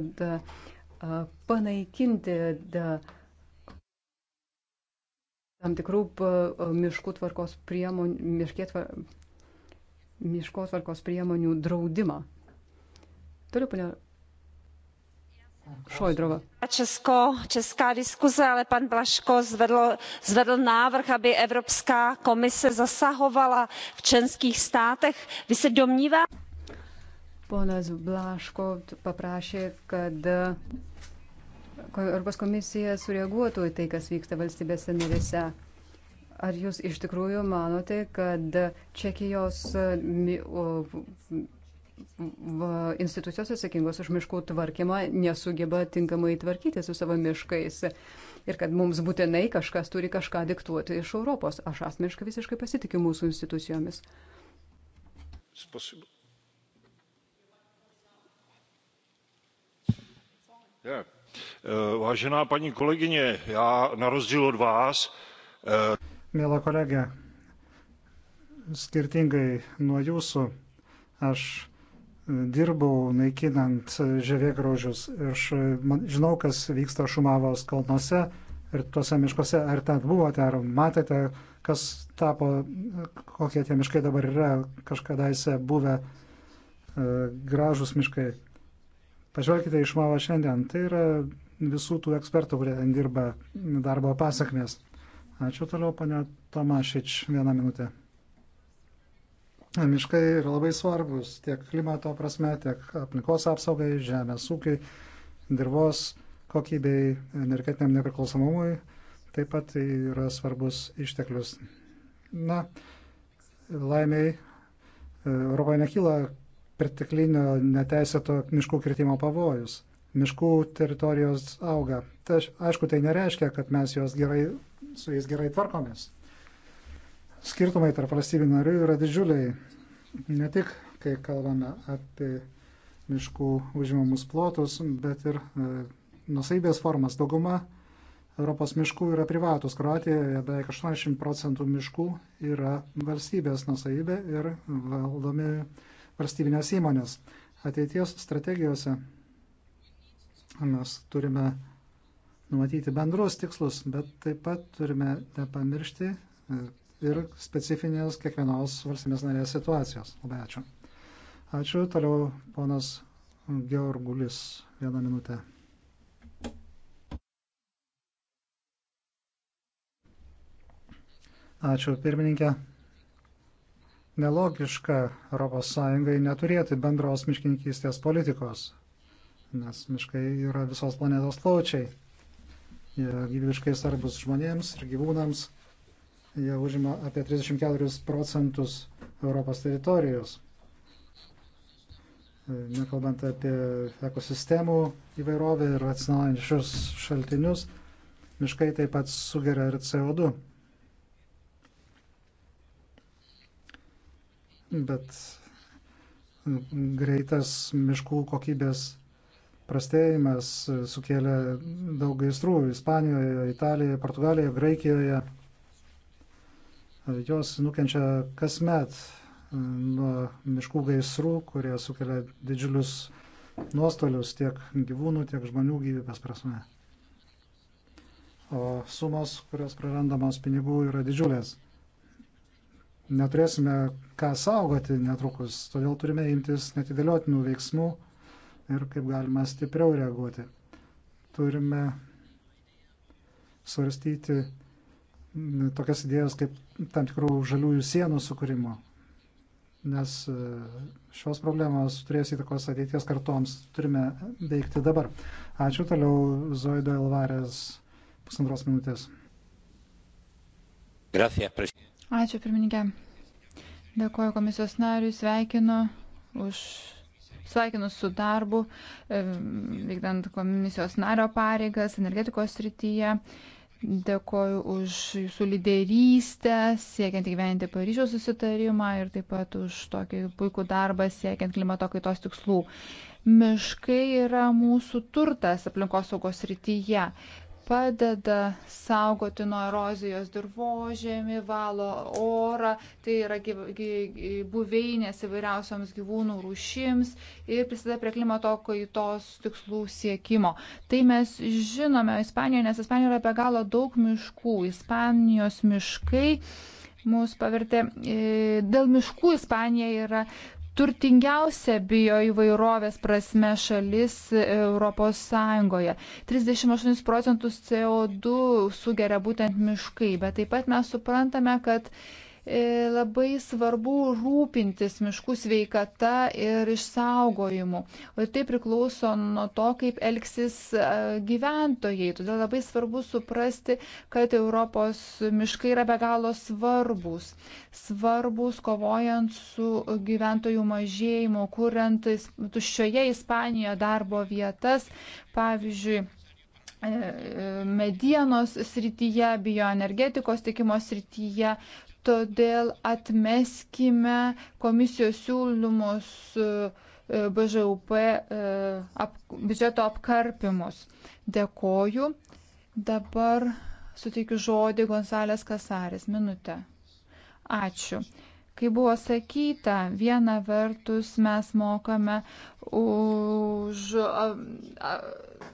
panaikinti tam tikrų miškų tvarkos priemonių, miškė tvar, miškos tvarkos priemonių draudimą. Toliau, ponia Šojdrova. Česko, česká diskuze, ale pan Blaško zvedl, zvedl návrh, aby Evropská komise zasahovala v členských státech. Vy se domníváte? Ponas Blaško paprašė, kad Europos komisija sureaguotų į tai, kas vyksta valstybėse narėse. Ar jūs iš tikrųjų manote, kad Čekijos institucijos atsakingos už miškų tvarkymą nesugeba tinkamai tvarkyti su savo miškais ir kad mums būtinai kažkas turi kažką diktuoti iš Europos. Aš asmeniškai visiškai pasitikiu mūsų institucijomis. Sposib... Yeah. Vážená paní kolegyně, já na rozdíl od vás. E, Mėla kolegė, skirtingai nuo jūsų, aš dirbau naikinant žievėgraužius. Aš žinau, kas vyksta Šumavos kalnuose ir tuose miškuose. Ar ten buvote, ar matėte, kas tapo, kokie tie miškai dabar yra, kažkadaise buvę e, gražus miškai. Pažvelkite iš Mavo šiandien. Tai yra visų tų ekspertų, kurie ten dirba darbo pasakmės. Ačiū toliau, ponia Tomašič, vieną minutę miškai yra labai svarbus tiek klimato prasme, tiek aplinkos apsaugai, žemės ūkiai, dirvos kokybei, energetiniam nepriklausomumui. Taip pat yra svarbus išteklius. Na, laimiai e, Europoje nekyla perteklinio neteisėto miškų kirtimo pavojus. Miškų teritorijos auga. Tai aišku, tai nereiškia, kad mes juos gerai, su jais gerai tvarkomės skirtumai tarp valstybių narių yra didžiuliai. Ne tik, kai kalbame apie miškų užimamus plotus, bet ir e, nusaibės formas. Dauguma Europos miškų yra privatus. Kroatijoje beveik 80 procentų miškų yra valstybės nusaibė ir valdomi valstybinės įmonės. Ateities strategijose mes turime numatyti bendrus tikslus, bet taip pat turime nepamiršti e, ir specifinės kiekvienos valstybės narės situacijos. Labai ačiū. Ačiū. Toliau ponas Georgulis. Vieną minutę. Ačiū pirmininkė. Nelogiška ES neturėti bendros miškininkystės politikos, nes miškai yra visos planetos plaučiai. Jie gyvybiškai svarbus žmonėms ir gyvūnams jie užima apie 34 procentus Europos teritorijos. Nekalbant apie ekosistemų įvairovę ir atsinaujančius šaltinius, miškai taip pat sugeria ir CO2. Bet greitas miškų kokybės prastėjimas sukėlė daug gaistrų Ispanijoje, Italijoje, Portugalijoje, Graikijoje. Jos nukenčia kasmet e, nuo miškų gaisrų, kurie sukelia didžiulius nuostolius tiek gyvūnų, tiek žmonių gyvybės prasme. O sumos, kurios prarandamos pinigų, yra didžiulės. Neturėsime ką saugoti netrukus, todėl turime imtis netidėliotinų veiksmų ir kaip galima stipriau reaguoti. Turime svarstyti tokias idėjas kaip tam tikrų žaliųjų sienų sukūrimo, nes e, šios problemos turės įtakos ateities kartoms, turime veikti dabar. Ačiū toliau Zoido Elvarės pusantros minutės. Ačiū pirmininkė. Dėkuoju komisijos nariui, sveikinu už sveikinu su darbu, e, vykdant komisijos nario pareigas energetikos srityje. Dėkoju už jūsų lyderystę, siekiant įgyventi Paryžiaus susitarimą ir taip pat už tokį puikų darbą siekiant klimato kaitos tikslų. Miškai yra mūsų turtas aplinkosaugos rytyje padeda saugoti nuo erozijos dirbožėmį, valo orą, tai yra buveinės įvairiausioms gyvūnų rūšims ir prisideda prie klimato kaitos tikslų siekimo. Tai mes žinome Ispanijoje, nes Ispanijoje yra be galo daug miškų. Ispanijos miškai mus pavertė. E, dėl miškų Ispanija yra turtingiausia bioįvairovės prasme šalis Europos Sąjungoje. 38 procentus CO2 sugeria būtent miškai, bet taip pat mes suprantame, kad E, labai svarbu rūpintis miškų sveikata ir išsaugojimu. Ir tai priklauso nuo to, kaip elgsis e, gyventojai. Todėl labai svarbu suprasti, kad Europos miškai yra be galo svarbus. Svarbus kovojant su gyventojų mažėjimu, kuriant tuščioje Ispanijoje darbo vietas. Pavyzdžiui, e, medienos srityje, bioenergetikos tikimo srityje, Todėl atmeskime komisijos siūlymus e, BŽUP e, ap, biudžeto apkarpimus. Dėkoju. Dabar suteikiu žodį Gonzalės Kasarės. Minutę. Ačiū. Kai buvo sakyta, viena vertus mes mokame už. A, a,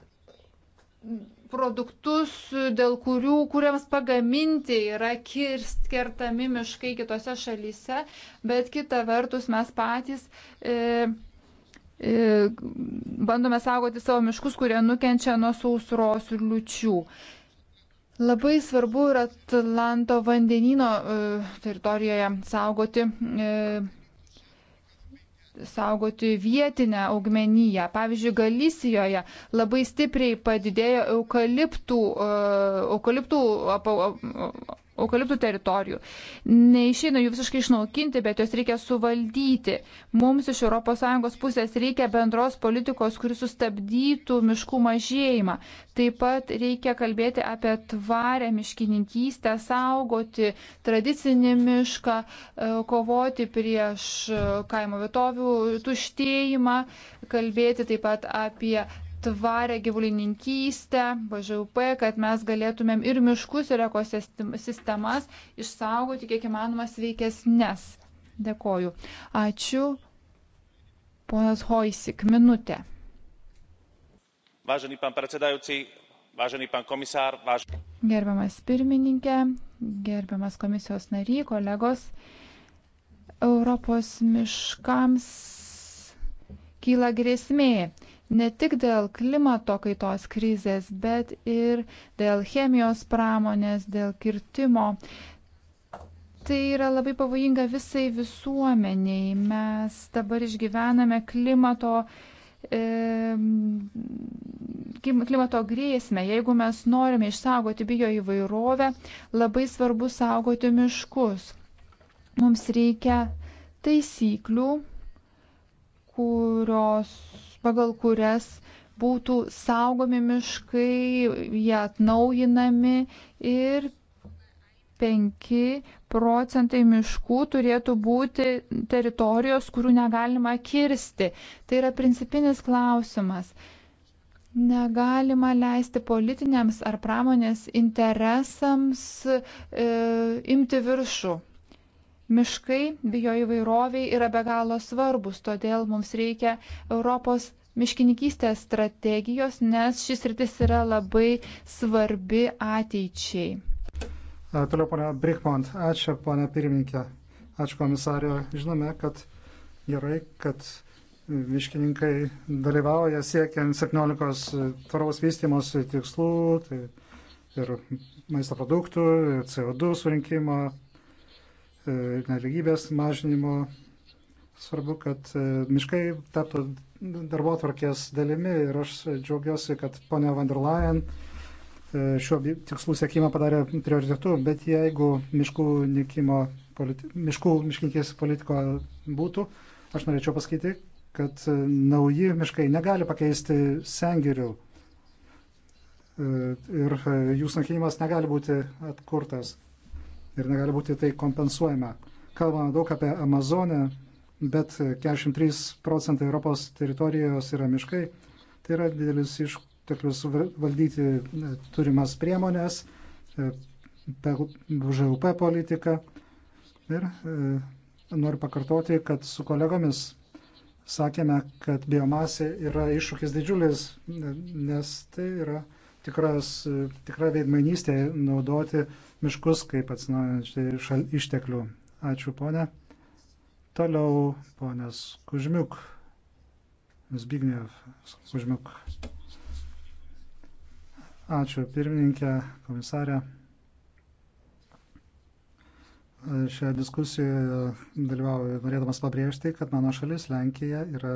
produktus, dėl kurių, kuriems pagaminti yra kirst, kertami miškai kitose šalyse, bet kita vertus mes patys e, e, bandome saugoti savo miškus, kurie nukenčia nuo sausros ir liučių. Labai svarbu ir Atlanto vandenino e, teritorijoje saugoti. E, saugoti vietinę augmeniją. Pavyzdžiui, Galisijoje labai stipriai padidėjo eukaliptų, e, eukaliptų eukaliptų teritorijų. Neišeina jų visiškai išnaukinti, bet jos reikia suvaldyti. Mums iš ES pusės reikia bendros politikos, kuris sustabdytų miškų mažėjimą. Taip pat reikia kalbėti apie tvarę miškininkystę, saugoti tradicinį mišką, e, kovoti prieš e, kaimo vietovių tuštėjimą, kalbėti taip pat apie tvarę gyvulininkystę, BŽUP, kad mes galėtumėm ir miškus, ir ekosistemas išsaugoti kiek įmanoma sveikesnės. Dėkoju. Ačiū. Ponas Hoisik, minutė. Vážený pán predsedajúci, vážený pán komisár, vážený. Gerbiamas pirmininkė, gerbiamas komisijos nary, kolegos, Europos miškams kyla grėsmė ne tik dėl klimato kaitos krizės, bet ir dėl chemijos pramonės, dėl kirtimo. Tai yra labai pavojinga visai visuomeniai. Mes dabar išgyvename klimato, e, klimato grėsmę. Jeigu mes norime išsaugoti bio įvairovę, labai svarbu saugoti miškus. Mums reikia taisyklių, kurios pagal kurias būtų saugomi miškai, jie atnaujinami ir 5 procentai miškų turėtų būti teritorijos, kurių negalima kirsti. Tai yra principinis klausimas. Negalima leisti politiniams ar pramonės interesams e, imti viršų. Miškai bioįvairoviai yra be galo svarbus, todėl mums reikia Europos miškininkystės strategijos, nes šis rytis yra labai svarbi ateičiai. Toliau, ponia Brickmont, ačiū, ponia pirmininkė, ačiū komisario. Žinome, kad gerai, kad miškininkai dalyvauja siekiant 17 tvaraus vystimos tikslų tai ir maisto produktų, CO2 surinkimo, E, nelygybės mažinimo. Svarbu, kad e, miškai taptų darbo tvarkės dalimi ir aš džiaugiuosi, kad ponia van der Leyen e, šiuo tikslų sėkimą padarė prioritetu, bet jeigu miškų, nikimo, politi miškų miškinkės politiko būtų, aš norėčiau pasakyti, kad nauji miškai negali pakeisti sengirių ir jų sunaikinimas negali būti atkurtas ir negali būti tai kompensuojama. Kalbame daug apie Amazonę, bet 43 procentai Europos teritorijos yra miškai. Tai yra didelis išteklius valdyti e, turimas priemonės, BŽUP e, politiką. Ir e, noriu pakartoti, kad su kolegomis sakėme, kad biomasė yra iššūkis didžiulis, nes tai yra tikras, tikra veidmainystė naudoti miškus kaip atsinaujančių išteklių. Ačiū, ponė. Toliau ponas Kužmiuk. Zbigniev Kužmiuk. Ačiū pirmininkė, komisarė. Šioje diskusijoje dalyvauju norėdamas pabrėžti, kad mano šalis Lenkija yra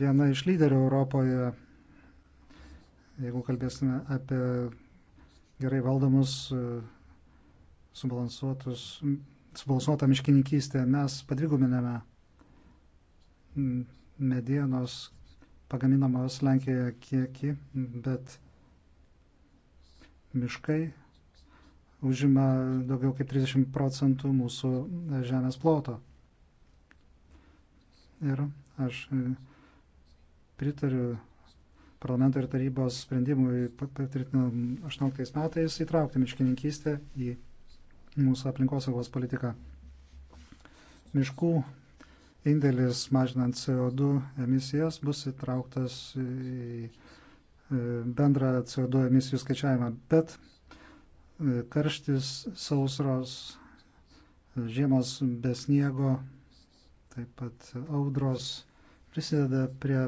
viena iš lyderių Europoje, jeigu kalbėsime apie gerai valdomus, e, subalansuotą miškininkystę. Mes padviguminame medienos pagaminamos Lenkijoje kiekį, bet miškai užima daugiau kaip 30 procentų mūsų žemės ploto. Ir aš e, pritariu parlamento ir tarybos sprendimui patvirtinam 18 metais įtraukti miškininkystę į mūsų aplinkosaugos politiką. Miškų indėlis mažinant CO2 emisijas bus įtrauktas į e, bendrą CO2 emisijų skaičiavimą, bet e, karštis, sausros, žiemos be sniego, taip pat audros prisideda prie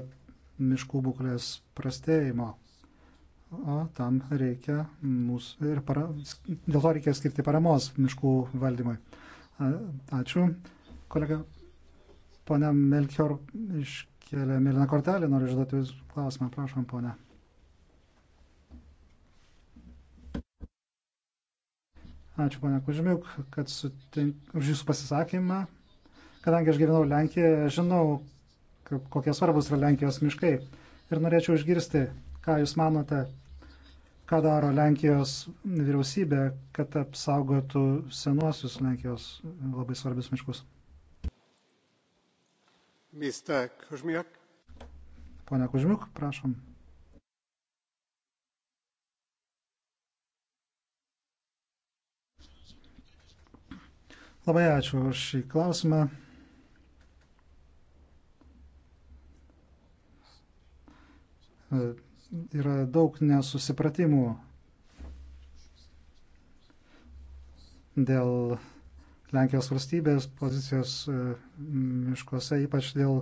miškų būklės prastėjimo. O tam reikia mūsų ir para, dėl to reikia skirti paramos miškų valdymui. Ačiū. Kolega, ponia Melchior iškėlė Milina kortelį, noriu žodoti Jūs klausimą, prašom, ponia. Ačiū, ponia Kužmiuk, kad sutink, už Jūsų pasisakymą. Kadangi aš gyvenau Lenkijoje, žinau, kokie svarbus yra Lenkijos miškai. Ir norėčiau išgirsti, ką Jūs manote, ką daro Lenkijos vyriausybė, kad apsaugotų senuosius Lenkijos labai svarbius miškus. Mr. Kužmiuk. Pone Kužmiuk, prašom. Labai ačiū už šį klausimą. yra daug nesusipratimų dėl Lenkijos valstybės pozicijos e, miškuose, ypač dėl,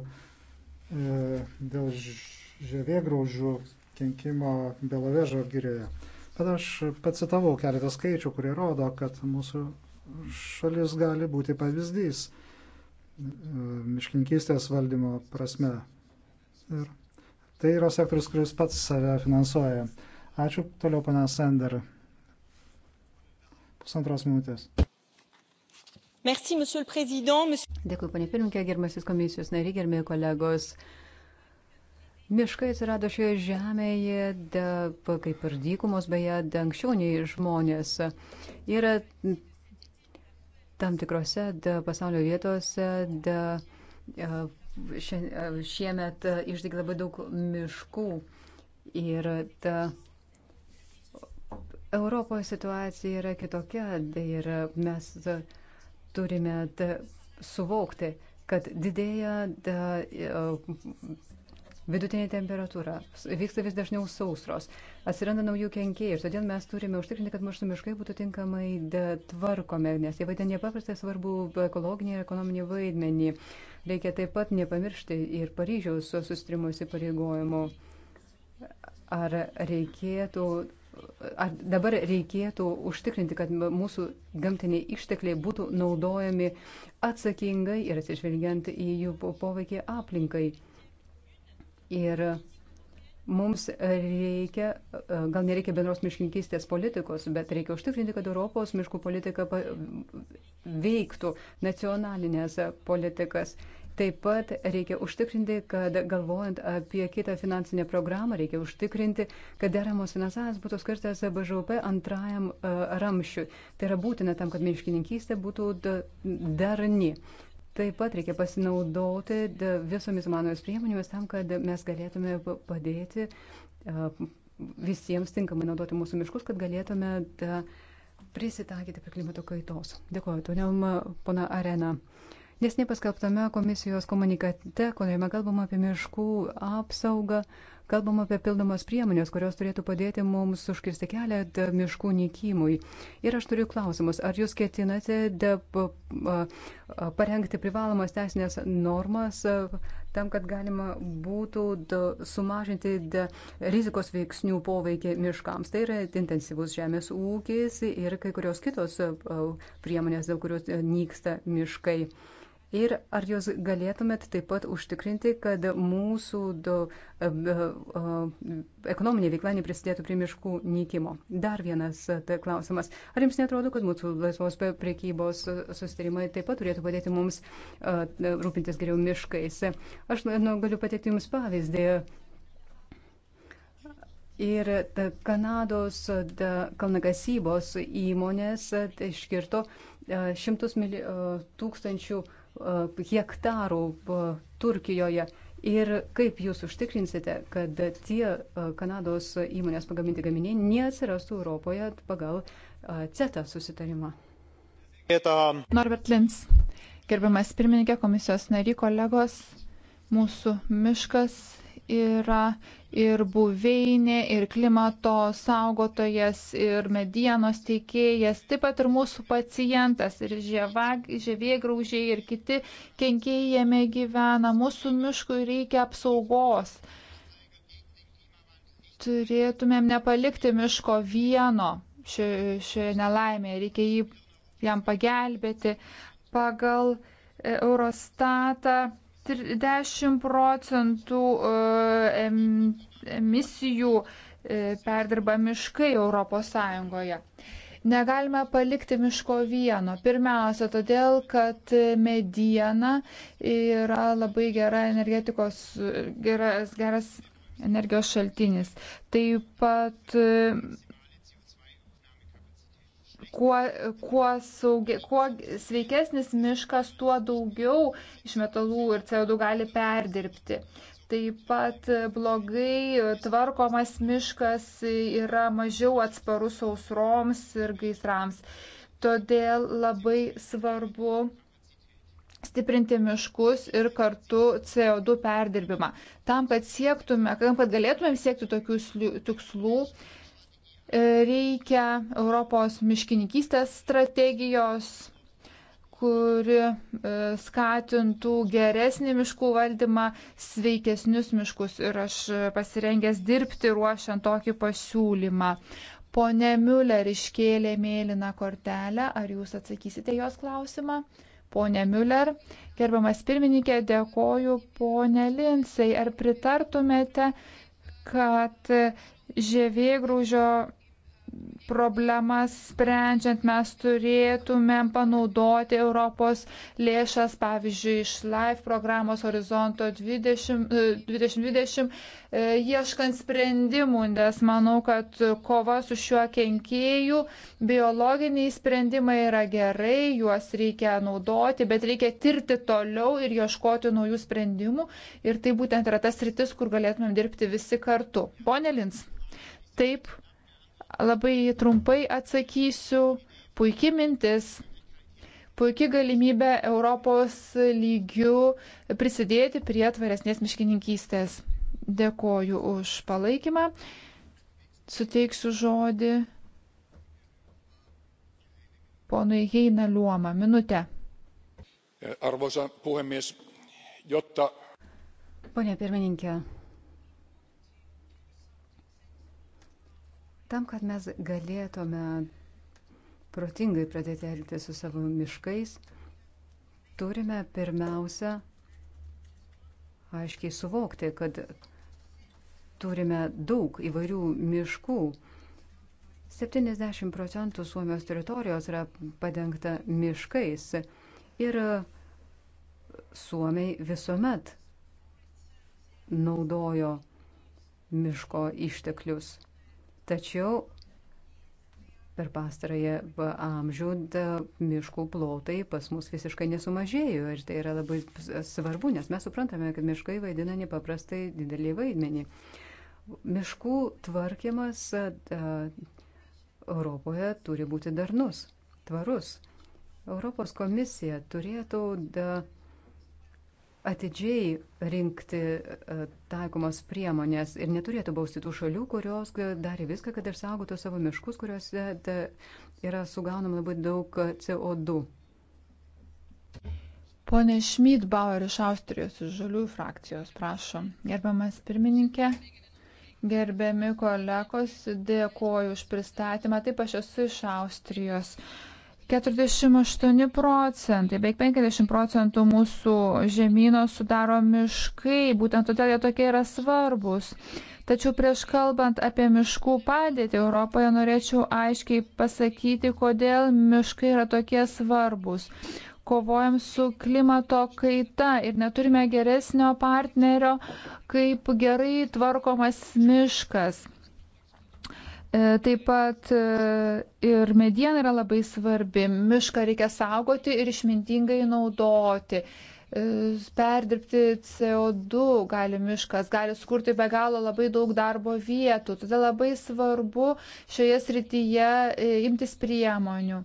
e, dėl žievėgraužių kenkimo Belovežo girioje. Bet aš pacitavau keletą skaičių, kurie rodo, kad mūsų šalis gali būti pavyzdys e, miškinkystės valdymo prasme. Ir Tai yra sektorius, kuris pats save finansuoja. Ačiū. Toliau pana Sender. Pusantros minutės. Merci, monsieur le président. Monsieur... Dėkui, panė pirmininkė, gerbiamasis komisijos nariai, gerbėjai kolegos. Miškai atsirado šioje žemėje, de, kaip ir dykumos, beje, anksčiau nei žmonės. Yra tam tikrose de, pasaulio vietose de, šiemet e, išdegė labai daug miškų ir ta Europoje situacija yra kitokia ir tai mes e, turime suvokti, kad didėja da, e, vidutinė temperatūra, vyksta vis dažniau sausros, atsiranda naujų kenkėjų ir todėl mes turime užtikrinti, kad mūsų miškai būtų tinkamai tvarkomi, nes jie vaidina nepaprastai svarbu ekologinį ir ekonominį vaidmenį. Reikia taip pat nepamiršti ir Paryžiaus sustrimo įsipareigojimo. Ar reikėtų. Ar dabar reikėtų užtikrinti, kad mūsų gamtiniai ištekliai būtų naudojami atsakingai ir atsižvelgiant į jų poveikį aplinkai. Ir Mums reikia, e, gal nereikia bendros miškininkystės politikos, bet reikia užtikrinti, kad Europos miškų politika veiktų nacionalinės politikas. Taip pat reikia užtikrinti, kad galvojant apie kitą finansinę programą, reikia užtikrinti, kad deramos finansavimas būtų skirtas BŽP antrajam e, ramšiui. Tai yra būtina tam, kad miškininkystė būtų darni. Da Taip pat reikia pasinaudoti visomis įmanomis priemonėmis tam, kad mes galėtume padėti visiems tinkamai naudoti mūsų miškus, kad galėtume prisitaikyti prie klimato kaitos. Dėkuoju, toliau pana Arena. Nesnei paskelbtame komisijos komunikate, kuriame kalbama apie miškų apsaugą, Kalbam apie pildomas priemonės, kurios turėtų padėti mums užkirsti kelią miškų nykimui. Ir aš turiu klausimus. Ar jūs ketinate de, parengti privalomas teisinės normas tam, kad galima būtų da, sumažinti da, rizikos veiksnių poveikį miškams. Tai yra intensyvus žemės ūkis ir kai kurios kitos priemonės, dėl kurios nyksta miškai. Ir ar jūs galėtumėt taip pat užtikrinti, kad mūsų do, e, e, e ekonominė veikla neprisidėtų prie miškų nykimo? Dar vienas e, tai klausimas. Ar jums netrodo, kad mūsų laisvos priekybos sustarimai taip pat turėtų padėti mums e, e rūpintis geriau miškais? Aš nu, nu, galiu pateikti jums pavyzdį. Ir Kanados da, kalnagasybos įmonės tai iškirto šimtus mili, tūkstančių uh, E, hektarų e, Turkijoje. Ir kaip jūs užtikrinsite, kad tie e, Kanados įmonės pagaminti gaminiai neatsirastų Europoje pagal CETA susitarimą? Norbert Lins, gerbiamas pirmininkė, komisijos nary, kolegos, mūsų miškas yra ir buveinė, ir klimato saugotojas, ir medienos teikėjas, taip pat ir mūsų pacientas, ir žievėgraužiai, ir kiti kenkėjai jame gyvena. Mūsų miškui reikia apsaugos. Turėtumėm nepalikti miško vieno šioje nelaimėje, reikia jį, jam pagelbėti pagal Eurostatą 10 procentų e, emisijų e, perdirba miškai Europos Sąjungoje. Negalime palikti miško vieno. Pirmiausia, todėl, kad mediena yra labai gera energetikos, geras, geras energijos šaltinis. Taip pat kuo, kuo, saugi, kuo sveikesnis miškas, tuo daugiau iš metalų ir CO2 gali perdirbti. Taip pat blogai tvarkomas miškas yra mažiau atsparus sausroms ir gaisrams. Todėl labai svarbu stiprinti miškus ir kartu CO2 perdirbimą. Tam, kad siektume, kad galėtumėm siekti tokių tikslų, Reikia Europos miškininkystės strategijos, kuri e, skatintų geresnį miškų valdymą, sveikesnius miškus. Ir aš pasirengęs dirbti ruošiant tokį pasiūlymą. Pone Müller iškėlė mėlyną kortelę. Ar jūs atsakysite jos klausimą? Pone Müller, gerbiamas pirmininkė, dėkoju pone Linsai. Ar pritartumėte, kad žievėgrūžio problemas sprendžiant mes turėtumėm panaudoti Europos lėšas, pavyzdžiui, iš LIFE programos Horizonto 2020, 2020 e, e, ieškant sprendimų, nes manau, kad kova su šiuo kenkėju, biologiniai sprendimai yra gerai, juos reikia naudoti, bet reikia tirti toliau ir ieškoti naujų sprendimų. Ir tai būtent yra tas rytis, kur galėtumėm dirbti visi kartu. Pone Lins, taip Labai trumpai atsakysiu. Puikiai mintis puikia galimybė Europos lygių prisidėti prie tvaresnės miškininkystės. Dėkoju už palaikymą. Suteiksiu žodį ponui Heina Liuoma. Minutę. Arvoisa puhemies, jotta. Pone pirmininkė, Tam, kad mes galėtume protingai pradėti elgti su savo miškais, turime pirmiausia aiškiai suvokti, kad turime daug įvairių miškų. 70 procentų Suomijos teritorijos yra padengta miškais ir Suomiai visuomet naudojo miško išteklius. Tačiau per pastarąją amžių miškų plotai pas mus visiškai nesumažėjo ir tai yra labai svarbu, nes mes suprantame, kad miškai vaidina nepaprastai didelį vaidmenį. Miškų tvarkymas Europoje turi būti darnus, tvarus. Europos komisija turėtų da, atidžiai rinkti e, taikomas priemonės ir neturėtų bausti tų šalių, kurios darė viską, kad išsaugotų savo miškus, kuriuose e, yra sugaunama labai daug e, CO2. Pone Šmidbauer iš Austrijos, iš Žaliųjų frakcijos, prašom. Gerbiamas pirmininkė, gerbiami kolegos, dėkoju už pristatymą. Taip, aš esu iš Austrijos. Uh, 48 procentai, beveik 50 procentų mūsų žemynų sudaro miškai, būtent todėl jie tokie yra svarbus. Tačiau prieš kalbant apie miškų padėtį Europoje norėčiau aiškiai pasakyti, kodėl miškai yra tokie svarbus. Kovojam su klimato kaita ir neturime geresnio partnerio, kaip gerai tvarkomas miškas. E, taip pat e, ir mediena yra labai svarbi. Mišką reikia saugoti ir išmintingai naudoti. E, perdirbti CO2 gali miškas, gali skurti be galo labai daug darbo vietų. Todėl labai svarbu šioje srityje imtis priemonių.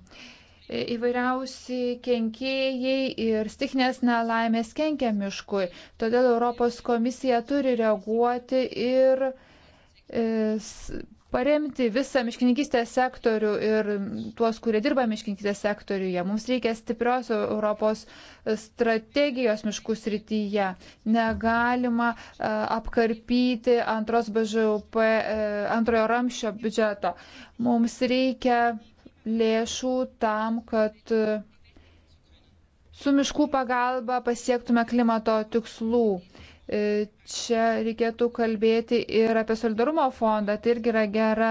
Įvairiausi kenkėjai ir stiknės nelaimės kenkia miškui. Todėl Europos komisija turi reaguoti ir paremti visą miškininkystės sektorių ir tuos, kurie dirba miškininkystės sektoriuje. Mums reikia stiprios Europos strategijos miškų srityje. Negalima e, apkarpyti antros BŽUP, e, antrojo ramščio biudžeto. Mums reikia lėšų tam, kad e, su miškų pagalba pasiektume klimato tikslų. E, čia reikėtų kalbėti ir apie solidarumo fondą. Tai irgi yra gera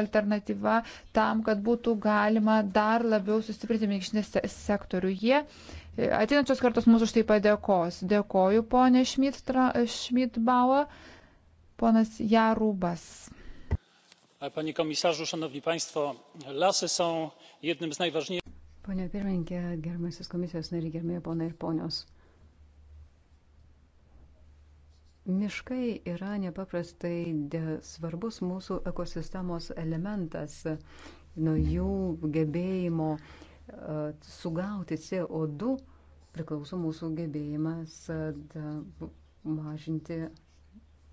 alternatyva tam, kad būtų galima dar labiau sustiprinti minkštinį sektorių. Jie e, ateinančios kartos mūsų už tai padėkos. Dėkoju, ponė Šmitbauer, ponas Jarubas panie komisarzu szanowni państwo! lasy są jednym z najważniejszych. pone pirmininke gerbiamasis komisijos nary gerbiami ponai ir ponios Miškai yra nepaprastai svarbus mūsų ekosistemos elementas, nuo jų gebėjimo sugauti CO2 priklauso mūsų gebėjimas mažinti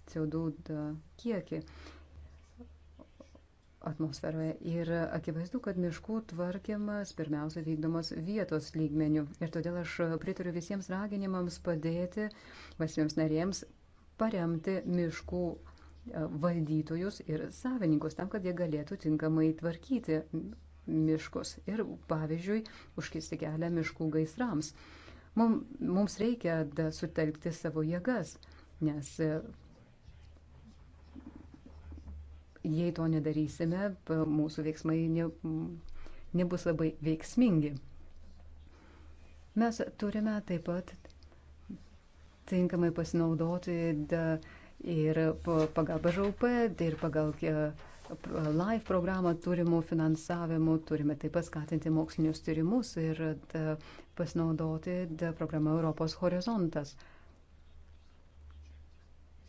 CO2 kiekį atmosferoje. Ir akivaizdu, kad miškų tvarkymas pirmiausia vykdomas vietos lygmenių. Ir todėl aš pritariu visiems raginimams padėti valstybėms narėms paremti miškų e, valdytojus ir savininkus tam, kad jie galėtų tinkamai tvarkyti miškus ir, pavyzdžiui, užkisti kelią miškų gaisrams. Mums reikia sutelkti savo jėgas, nes e, jei to nedarysime, mūsų veiksmai ne, nebus labai veiksmingi. Mes turime taip pat tinkamai pasinaudoti ir pagal BŽUP, e, ir pagal LIFE programą turimų finansavimų. Turime taip pat skatinti mokslinius tyrimus ir pasinaudoti programą Europos horizontas.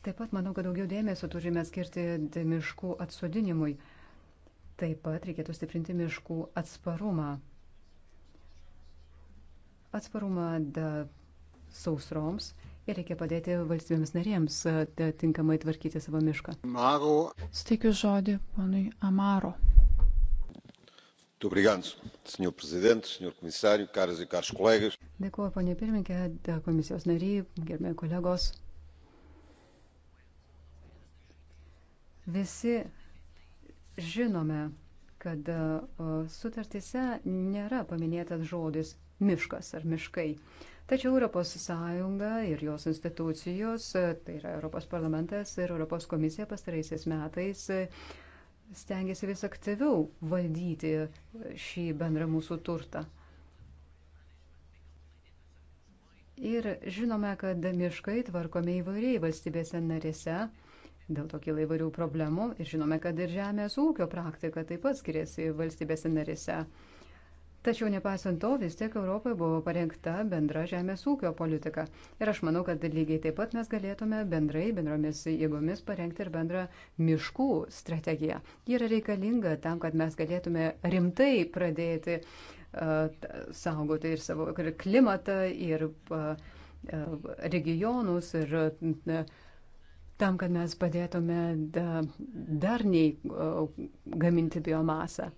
Taip pat manau, kad daugiau dėmesio turime skirti miškų atsodinimui. Taip pat reikėtų stiprinti miškų atsparumą. Atsparumą sausroms ir reikia padėti valstybėms narėms e, tinkamai tvarkyti savo mišką. Maro. Steikiu žodį ponui Amaro. Dėkuoju, ponė pirmininkė, komisijos nariai, gerbėjai kolegos. Visi žinome, kad e, sutartise nėra paminėtas žodis miškas ar miškai. Tačiau ES ir jos institucijos, tai yra Europos parlamentas ir Europos komisija pastaraisiais metais stengiasi vis aktyviau valdyti šį bendrą mūsų turtą. Ir žinome, kad miškai tvarkomi įvairiai valstybėse narėse, dėl to kyla įvairių problemų. Ir žinome, kad ir žemės ūkio praktika taip pat skiriasi valstybėse narėse. Tačiau nepaisant to, vis tiek Europoje buvo parengta bendra žemės ūkio politika. Ir aš manau, kad lygiai taip pat mes galėtume bendrai, bendromis jėgomis parengti ir bendrą miškų strategiją. Ji yra reikalinga tam, kad mes galėtume rimtai pradėti uh, saugoti ir savo ir klimatą, ir uh, regionus, ir uh, tam, kad mes padėtume da, darniai uh, gaminti biomasą.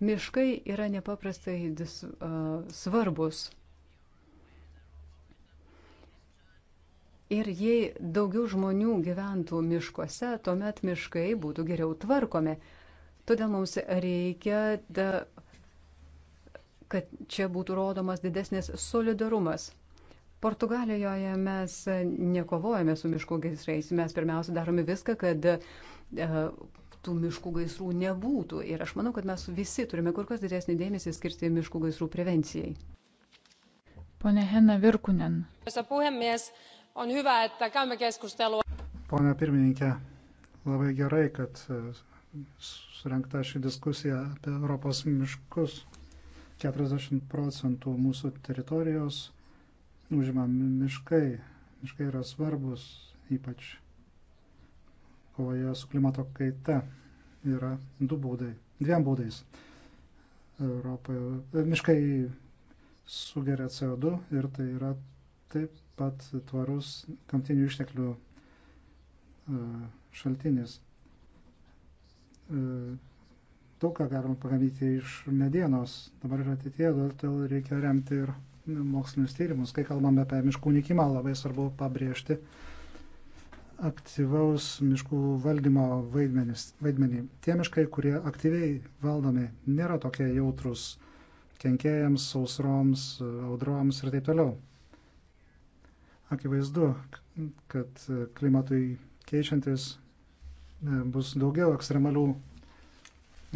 Miškai yra nepaprastai dis, uh, svarbus. Ir jei daugiau žmonių gyventų miškuose, tuomet miškai būtų geriau tvarkomi. Todėl mums reikia, da, kad čia būtų rodomas didesnis solidarumas. Portugalijoje mes nekovojame su miškų gaisrais, mes pirmiausia darome viską, kad tų miškų gaisrų nebūtų. Ir aš manau, kad mes visi turime kur kas didesnį dėmesį skirti miškų gaisrų prevencijai. Pone Henna Virkunen. Pone pirmininkė, labai gerai, kad e, surinkta ši diskusija apie Europos miškus. 40 procentų mūsų teritorijos užima miškai. Miškai yra svarbus, ypač kovoje su klimato kaita yra du būdai, dviem būdais. Europoje e, miškai sugeria CO2 ir tai yra taip pat tvarus gamtinių išteklių e, šaltinis. E, daug ką galima pagaminti iš medienos, dabar ir ateitie, todėl reikia remti ir mokslinius tyrimus. Kai kalbame apie miškų nikimą, labai svarbu pabrėžti, aktyvaus miškų valdymo vaidmenis, vaidmenį. Tie miškai, kurie aktyviai valdomi, nėra tokie jautrus kenkėjams, sausroms, audroms ir taip toliau. Akivaizdu, kad klimatui keičiantis e, bus daugiau ekstremalių e,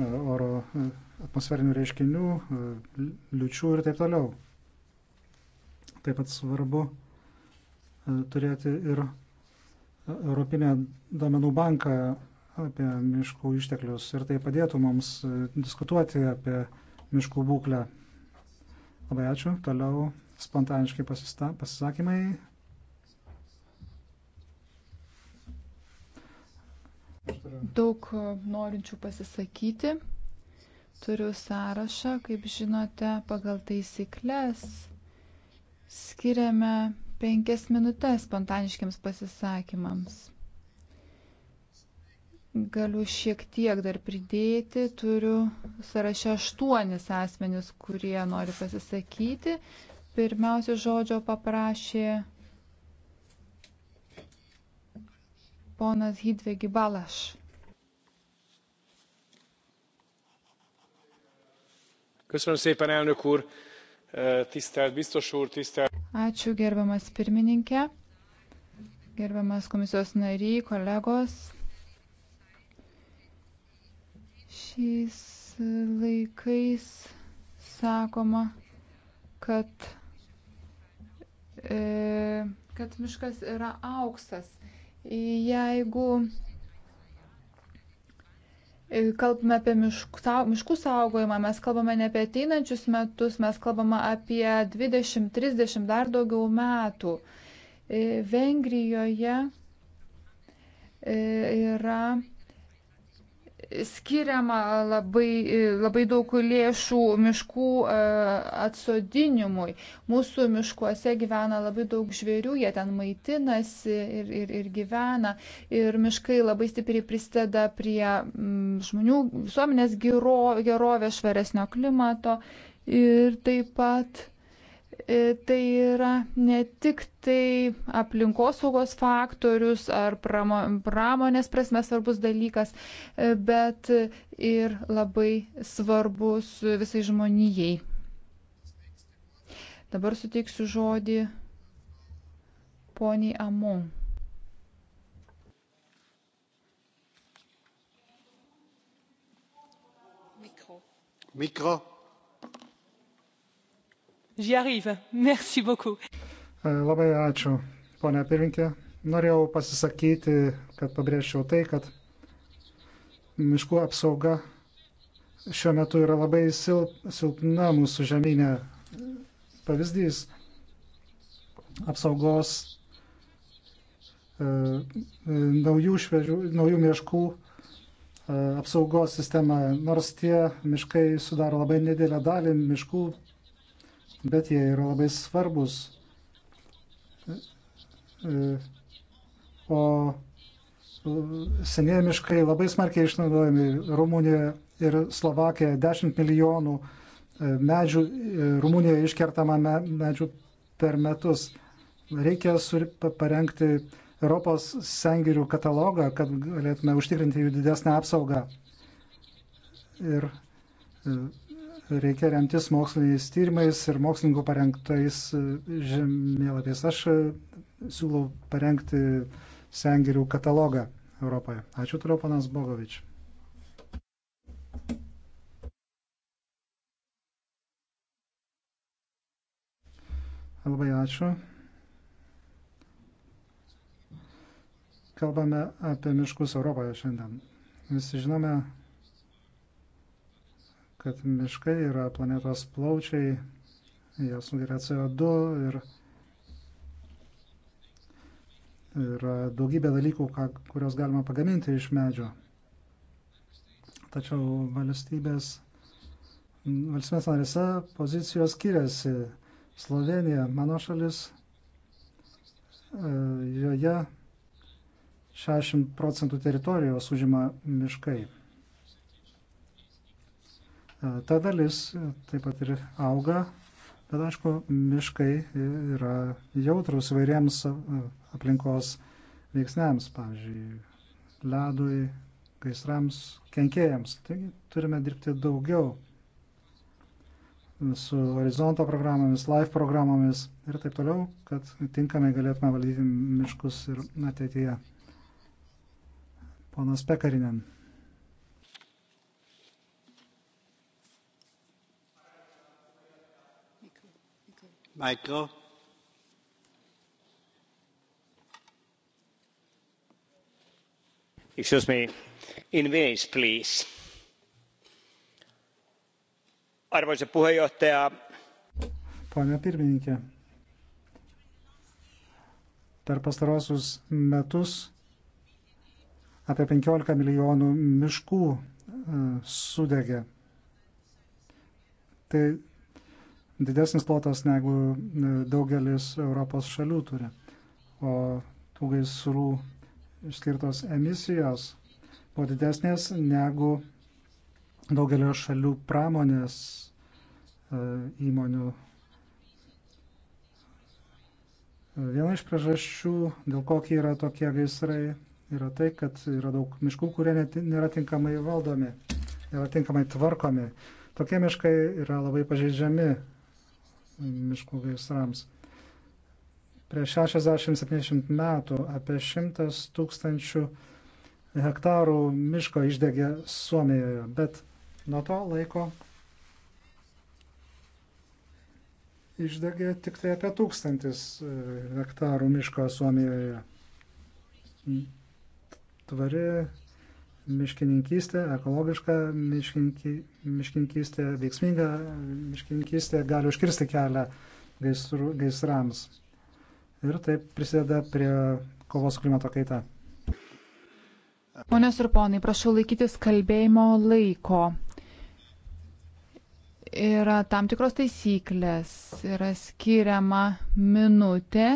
oro e, atmosferinių reiškinių, liučių ir taip toliau. Taip pat svarbu turėti ir Europinę domenų banką apie miškų išteklius ir tai padėtų mums e, diskutuoti apie miškų būklę. Labai ačiū. Toliau spontaniškai pasista, pasisakymai. Daug e, norinčių pasisakyti. Turiu sąrašą, kaip žinote, pagal taisyklės skiriame penkias minutės spontaniškiams pasisakymams. Galiu šiek tiek dar pridėti, turiu sąraše aštuonis asmenis, kurie nori pasisakyti. Pirmiausia žodžio paprašė ponas Hidvegi Balaš. Köszönöm szépen, elnök úr, tisztelt biztos úr, tisztelt. Ačiū gerbiamas pirmininkė, gerbiamas komisijos nariai, kolegos. Šiais laikais sakoma, kad, e, kad miškas yra auksas. Jeigu E, kalbame apie miškų, miškų saugojimą, mes kalbame ne apie ateinančius metus, mes kalbame apie 20, 30, dar daugiau metų. E, Vengrijoje e, yra skiriama labai, labai daug lėšų miškų e, atsodinimui. Mūsų miškuose gyvena labai daug žvėrių, jie ten maitinasi ir, ir, ir gyvena. Ir miškai labai stipriai prisideda prie mm, žmonių visuomenės gerovės, švaresnio klimato ir taip pat E, tai yra ne tik tai aplinkosaugos faktorius ar pramonės prasme svarbus dalykas, e, bet ir labai svarbus visai žmonijai. Dabar suteiksiu žodį poniai Amon. Mikro. Mikro. Žiaryve, merci beaucoup. E, labai ačiū, ponia pirminkė. Norėjau pasisakyti, kad pabrėžčiau tai, kad miškų apsauga šiuo metu yra labai silp, silpna mūsų žemynė. Pavyzdys apsaugos e, e naujų, švežių, naujų miškų e, apsaugos sistema, nors tie miškai sudaro labai nedėlę dalį miškų bet jie yra labai svarbus. O senieji miškai labai smarkiai išnaudojami Rumunijoje ir Slovakijoje 10 milijonų e, medžių, e, Rumunijoje iškertama medžių per metus. Reikia parengti Europos sengirių katalogą, kad galėtume užtikrinti jų didesnę apsaugą. Ir e, reikia remtis moksliniais tyrimais ir mokslininkų parengtais e, žemėlapiais. Aš e, siūlau parengti sengirių katalogą Europoje. Ačiū toliau, panas Bogovič. Labai ačiū. Kalbame apie miškus Europoje šiandien. Visi žinome, kad miškai yra planetos plaučiai, jie sugeria CO2 ir yra daugybė dalykų, ką, kurios galima pagaminti iš medžio. Tačiau valstybės, valstybės narėse pozicijos skiriasi. Slovenija, mano šalis, e, joje 60 procentų teritorijos užima miškai. E, ta dalis e, taip pat ir auga, bet aišku, miškai yra jautrus vairiems e, aplinkos veiksniams, pavyzdžiui, ledui, gaisrams, kenkėjams. Taigi turime dirbti daugiau su horizonto programomis, live programomis ir taip toliau, kad tinkamai galėtume valdyti miškus ir ateityje. Ponas Pekarinen. Michael. excuse me in venice please. arvoisa puheenjohtaja pone pirmininke per pastaruosius metus apie penkiolika milijonų miškų e, sudegė tai didesnis plotas negu e, daugelis Europos šalių turi. O tų gaisrų išskirtos emisijos buvo didesnės negu daugelio šalių pramonės e, įmonių. Viena iš priežasčių, dėl kokie yra tokie gaisrai, yra tai, kad yra daug miškų, kurie net, nėra tinkamai valdomi, nėra tinkamai tvarkomi. Tokie miškai yra labai pažeidžiami miškų gaisrams. Prieš 60-70 metų apie 100 tūkstančių hektarų miško išdegė Suomijoje, bet nuo to laiko išdegė tik tai apie tūkstantis e, hektarų miško Suomijoje. Tvari miškininkystė, ekologiška miškinki, miškininkystė, veiksminga miškininkystė gali užkirsti kelią gaisru, gaisrams ir taip prisideda prie kovos su klimato kaita. Ponios ir ponai, prašau laikytis kalbėjimo laiko. Yra tam tikros taisyklės, yra skiriama minutė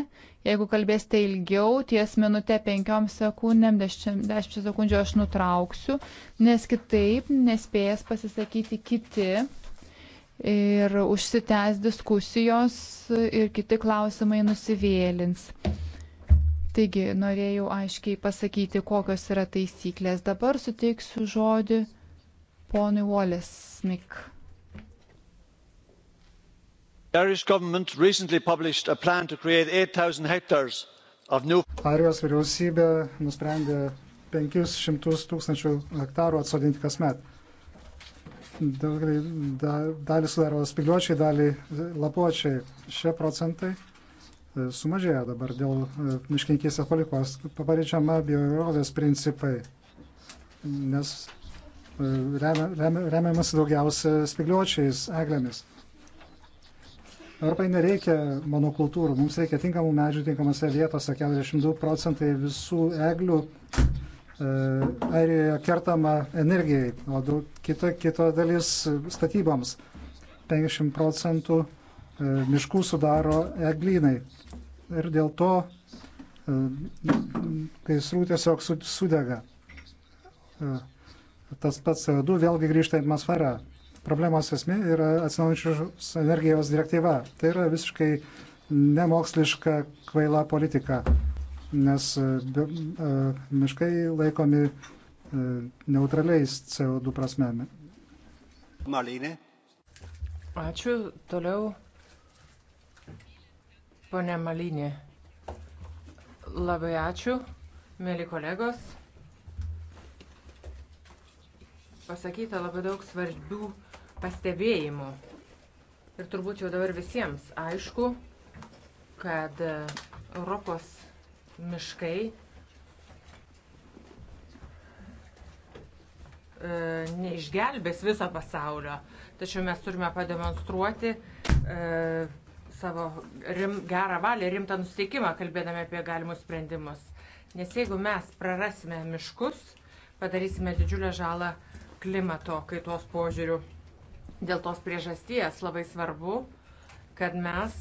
Jeigu kalbėsite ilgiau, ties minutę 5 sekundėm, 10 sekundžių aš nutrauksiu, nes kitaip nespėjęs pasisakyti kiti ir užsitęs diskusijos ir kiti klausimai nusivėlins. Taigi, norėjau aiškiai pasakyti, kokios yra taisyklės. Dabar suteiksiu žodį ponui Wolesnik. The Irish government recently published a plan to create 8,000 hectares of new. Airijos vyriausybė nusprendė 500 tūkstančių hektarų atsodinti kasmet. Daugelį dalį sudaro spigliuočiai, dalį lapuočiai. Šie procentai e, sumažėjo dabar dėl e, miškininkystės palikos. Papareičiama bioįvairovės principai, nes e, remiamasi daugiausia spigliuočiais eglėmis. Europai nereikia monokultūrų, mums reikia tinkamų medžių tinkamose vietose. 42 procentai visų eglių e, airijoje kertama energijai, o kita, kita dalis statyboms. 50 procentų e, miškų sudaro eglynai. Ir dėl to e, gaisrų tiesiog sudega. E, tas pats CO2 vėlgi grįžta į atmosferą problemos esmė yra atsinaujančios energijos direktyva. Tai yra visiškai nemoksliška kvaila politika, nes e, miškai laikomi e, neutraliais CO2 prasme. Malinė. Ačiū. Toliau. Pone Malinė. Labai ačiū, mėly kolegos. Pasakyta labai daug svarbių pastebėjimų. Ir turbūt jau dabar visiems aišku, kad e, Europos miškai e, neišgelbės viso pasaulio. Tačiau mes turime pademonstruoti e, savo rim, gerą valią, rimtą nusteikimą, kalbėdami apie galimus sprendimus. Nes jeigu mes prarasime miškus, padarysime didžiulę žalą klimato kaitos požiūrių. Dėl tos priežasties labai svarbu, kad mes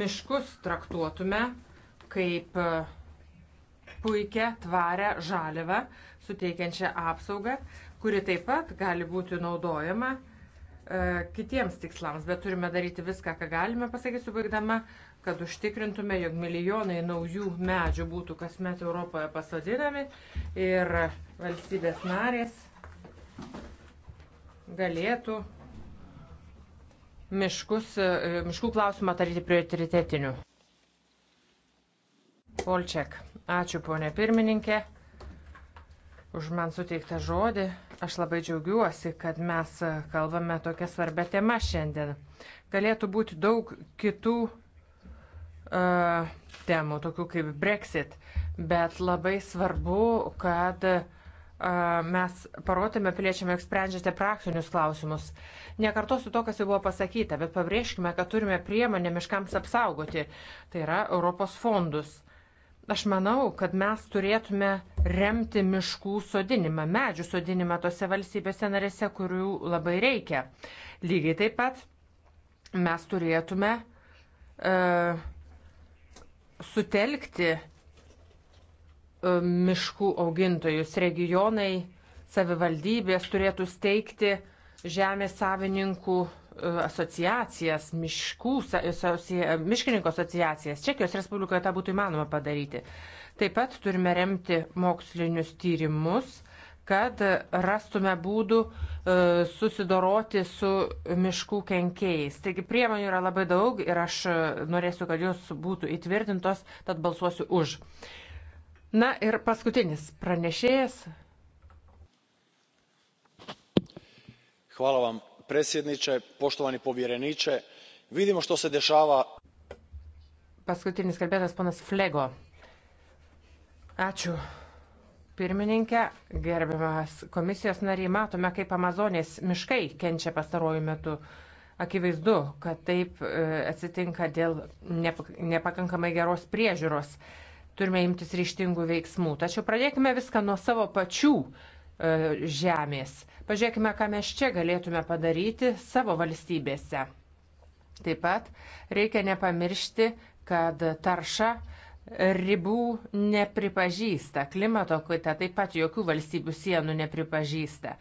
miškus traktuotume kaip e, puikia, tvarę žalivą, suteikiančią apsaugą, kuri taip pat gali būti naudojama e, kitiems tikslams, bet turime daryti viską, ką galime, pasakysiu baigdama, kad užtikrintume, jog milijonai naujų medžių būtų kasmet Europoje pasodinami ir valstybės narės galėtų miškus, e, miškų klausimą daryti prioritetiniu. Polčiak, ačiū ponė pirmininkė už man suteiktą žodį. Aš labai džiaugiuosi, kad mes kalbame tokią svarbę temą šiandien. Galėtų būti daug kitų uh, temų, tokių kaip Brexit, bet labai svarbu, kad uh, mes parodėme piliečiam, jog sprendžiate praktinius klausimus. Nekartosiu to, kas jau buvo pasakyta, bet pabrėžkime, kad turime priemonę miškams apsaugoti, tai yra Europos fondus. Aš manau, kad mes turėtume remti miškų sodinimą, medžių sodinimą tose valstybėse narėse, kurių labai reikia. Lygiai taip pat mes turėtume uh, sutelkti uh, miškų augintojus. Regionai, savivaldybės turėtų steigti žemės savininkų e, asociacijas, miškų, asocija, miškininkų asociacijas. Čekijos Respublikoje tą būtų įmanoma padaryti. Taip pat turime remti mokslinius tyrimus, kad rastume būdų e, susidoroti su miškų kenkėjais. Taigi priemonių yra labai daug ir aš norėsiu, kad jos būtų įtvirtintos, tad balsuosiu už. Na ir paskutinis pranešėjas. Hvala vam, predsjedniče, poštovani povjereniče. Vidimo, što se dešava. Paskutinis kalbėtas ponas Flego. Ačiū. Pirmininkė, gerbiamas komisijos nariai, matome, kaip Amazonės miškai kenčia pastaruoju metu. Akivaizdu, kad taip e, atsitinka dėl nepakankamai geros priežiūros. Turime imtis ryštingų veiksmų. Tačiau pradėkime viską nuo savo pačių e, žemės. Pažiūrėkime, ką mes čia galėtume padaryti savo valstybėse. Taip pat reikia nepamiršti, kad tarša ribų nepripažįsta, klimato kaita taip pat jokių valstybių sienų nepripažįsta.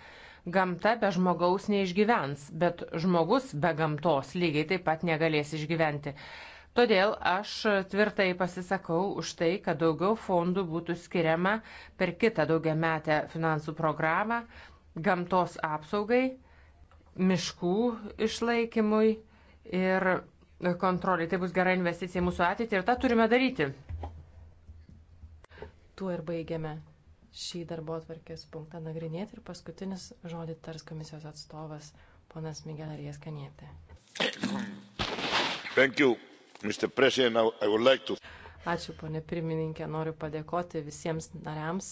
Gamta be žmogaus neišgyvens, bet žmogus be gamtos lygiai taip pat negalės išgyventi. Todėl aš tvirtai pasisakau už tai, kad daugiau fondų būtų skiriama per kitą daugiametę finansų programą gamtos apsaugai, miškų išlaikymui ir kontroliai. Tai bus gera investicija į mūsų ateitį ir tą turime daryti. Tuo ir baigiame šį darbo atvarkės punktą nagrinėti ir paskutinis žodį tars komisijos atstovas ponas Miguel Arieskanėtė. Thank you. Like to... Ačiū, ponė pirmininkė. Noriu padėkoti visiems nariams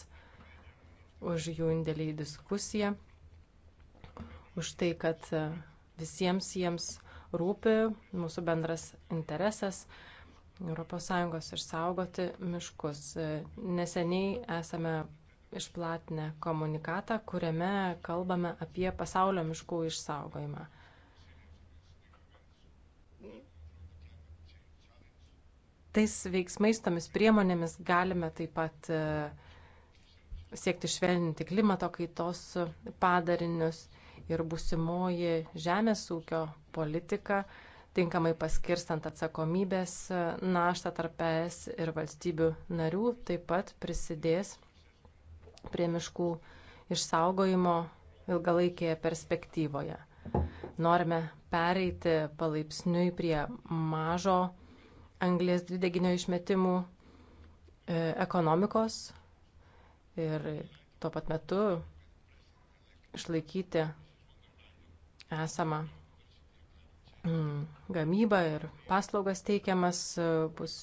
už jų indėlį į diskusiją, už tai, kad e, visiems jiems rūpi mūsų bendras interesas ES išsaugoti miškus. E, neseniai esame išplatinę komunikatą, kuriame kalbame apie pasaulio miškų išsaugojimą. Tais veiksmais, tomis priemonėmis galime taip pat e, siekti švelninti klimato kaitos padarinius ir busimoji žemės ūkio politika, tinkamai paskirstant atsakomybės e, naštą tarp ES ir valstybių narių, taip pat prisidės prie miškų išsaugojimo ilgalaikėje perspektyvoje. Norime pereiti palaipsniui prie mažo anglės dvideginio išmetimų e, ekonomikos ir tuo pat metu išlaikyti esamą mm, gamybą ir paslaugas teikiamas e, bus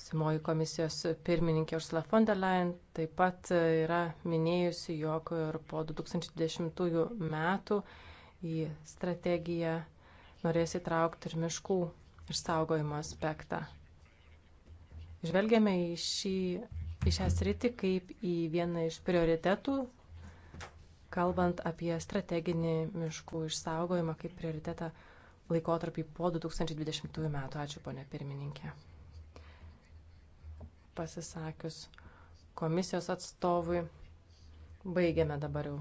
Simoji komisijos pirmininkė Ursula von der Leyen taip pat e, yra minėjusi, jog ir po 2020 metų į strategiją norės įtraukti ir miškų išsaugojimo aspektą. Žvelgiame į, šį, į šią sritį kaip į vieną iš prioritetų, kalbant apie strateginį miškų išsaugojimą kaip prioritetą laikotarpį po 2020 metų. Ačiū, ponė pirmininkė. Pasisakius komisijos atstovui, baigiame dabar jau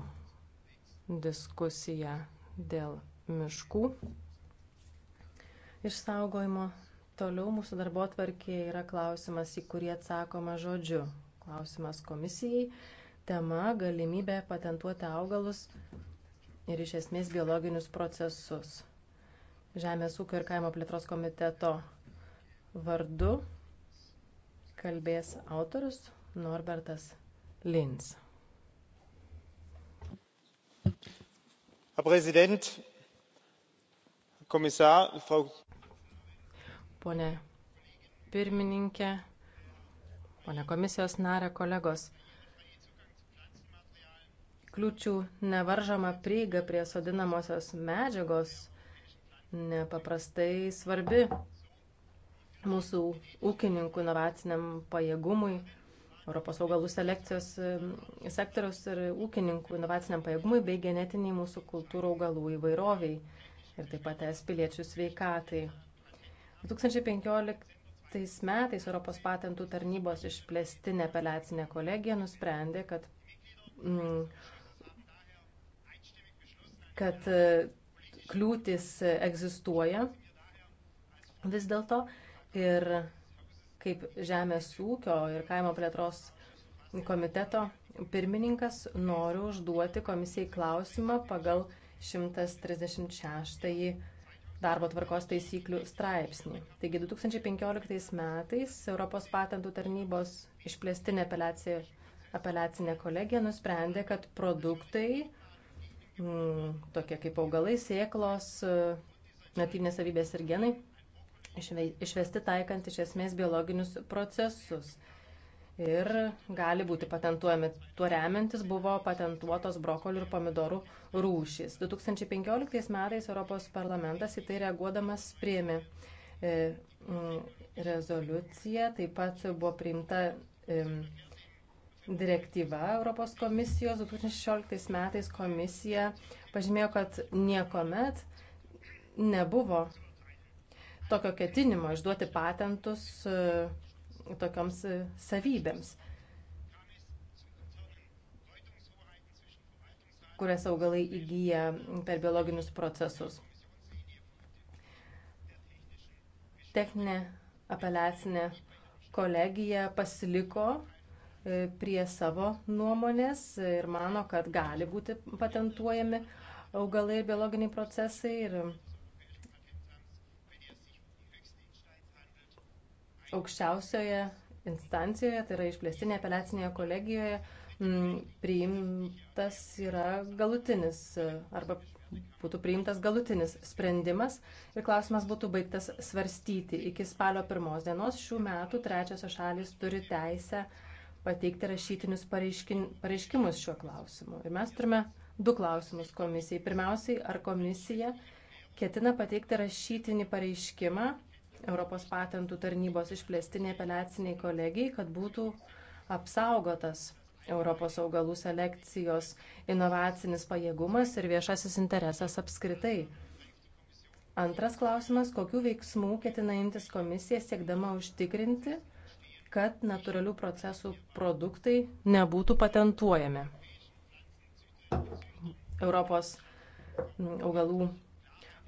diskusiją dėl miškų išsaugojimo. Toliau mūsų darbo tvarkėje yra klausimas, į kurį atsakoma žodžiu. Klausimas komisijai. Tema - galimybė patentuoti augalus ir iš esmės biologinius procesus. Žemės ūkio ir kaimo plėtros komiteto vardu kalbės autorius Norbertas Lins. Herr Präsident, Kommissar, Frau ponė pirmininkė, ponė komisijos narė, kolegos. Kliūčių nevaržoma prieiga prie sodinamosios medžiagos nepaprastai svarbi mūsų ūkininkų inovaciniam pajėgumui, Europos augalų selekcijos e, sektoriaus ir ūkininkų inovaciniam pajėgumui bei genetiniai mūsų kultūrų augalų įvairoviai ir taip pat es piliečių sveikatai. 2015 metais Europos patentų tarnybos išplėstinė apeliacinė kolegija nusprendė, kad, mm, kad e, kliūtis egzistuoja vis dėlto ir kaip Žemės ūkio ir kaimo plėtros komiteto pirmininkas noriu užduoti komisijai klausimą pagal 136 darbo tvarkos taisyklių straipsnį. Taigi 2015 metais Europos patentų tarnybos išplėstinė apeliacija, apeliacinė kolegija nusprendė, kad produktai, m, mm, tokie kaip augalai, sėklos, natyvinės savybės ir genai, išvesti taikant iš esmės biologinius procesus ir gali būti patentuojami. Tuo remiantis buvo patentuotos brokolių ir pomidorų rūšys. 2015 metais Europos parlamentas į tai reaguodamas priėmė e, mm, rezoliuciją, taip pat buvo priimta e, direktyva Europos komisijos. 2016 metais komisija pažymėjo, kad niekuomet nebuvo tokio ketinimo išduoti patentus e, tokioms e, savybėms, kurias augalai įgyja per biologinius procesus. Techninė apeliacinė kolegija pasiliko e, prie savo nuomonės ir mano, kad gali būti patentuojami augalai ir biologiniai procesai ir aukščiausioje instancijoje, tai yra išplėstinė apeliacinėje kolegijoje, priimtas yra galutinis arba būtų priimtas galutinis sprendimas ir klausimas būtų baigtas svarstyti. Iki spalio pirmos dienos šių metų trečiosios šalis turi teisę pateikti rašytinius pareiškimus šiuo klausimu. Ir mes turime du klausimus komisijai. Pirmiausiai, ar komisija ketina pateikti rašytinį pareiškimą Europos patentų tarnybos išplėstiniai apeliaciniai kolegijai, kad būtų apsaugotas Europos augalų selekcijos inovacinis pajėgumas ir viešasis interesas apskritai. Antras klausimas, kokiu veiksmu ketina imtis komisija siekdama užtikrinti, kad natūralių procesų produktai nebūtų patentuojami. Europos mm, augalų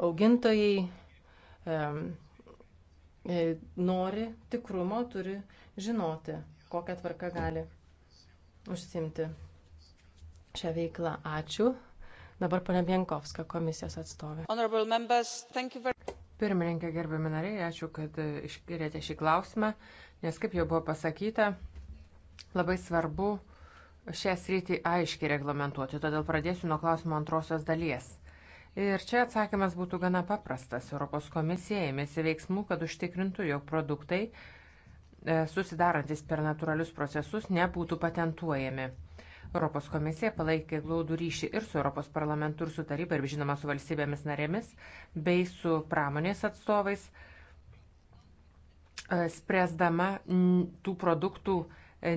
augintojai, E, nori tikrumo, turi žinoti, kokią tvarką gali užsimti šią veiklą. Ačiū. Dabar ponia Bienkovska, komisijos atstovė. Pirmininkė, gerbiami nariai, ačiū, kad iškirėte šį klausimą, nes kaip jau buvo pasakyta, labai svarbu šią sritį aiškiai reglamentuoti. Todėl pradėsiu nuo klausimo antrosios dalies. Ir čia atsakymas būtų gana paprastas. Europos komisija ėmėsi veiksmų, kad užtikrintų, jog produktai e, susidarantis per natūralius procesus nebūtų patentuojami. Europos komisija palaikė glaudų ryšį ir su Europos parlamentu, ir su taryba, ir žinoma su valstybėmis narėmis, bei su pramonės atstovais, e, spręsdama tų produktų e,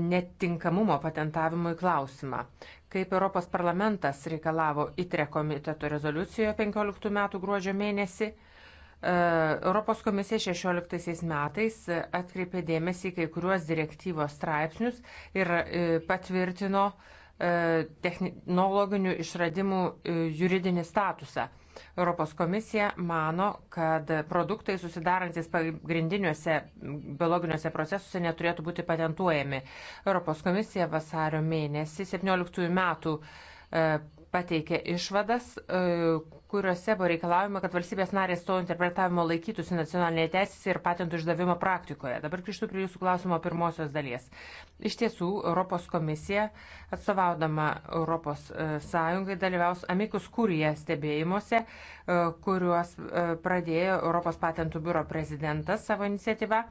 netinkamumo patentavimui klausimą kaip Europos parlamentas reikalavo ITRE komiteto rezoliucijoje 15 metų gruodžio mėnesį, e, Europos komisija 16 metais atkreipė dėmesį kai kuriuos direktyvos straipsnius ir e, patvirtino e, technologinių išradimų juridinį statusą. Europos komisija mano, kad produktai susidarantis pagrindiniuose biologiniuose procesuose neturėtų būti patentuojami. Europos komisija vasario mėnesį 17 metų e, pateikė išvadas, e, kuriuose buvo reikalavima, kad valstybės narės to interpretavimo laikytųsi nacionalinėje teisėse ir patentų išdavimo praktikoje. Dabar grįžtu prie jūsų klausimo pirmosios dalies. Iš tiesų, Europos komisija, atstovaudama Europos e, Sąjungai, dalyvaus amikus kurie stebėjimuose, e, kuriuos pradėjo Europos patentų biuro prezidentas savo iniciatyvą.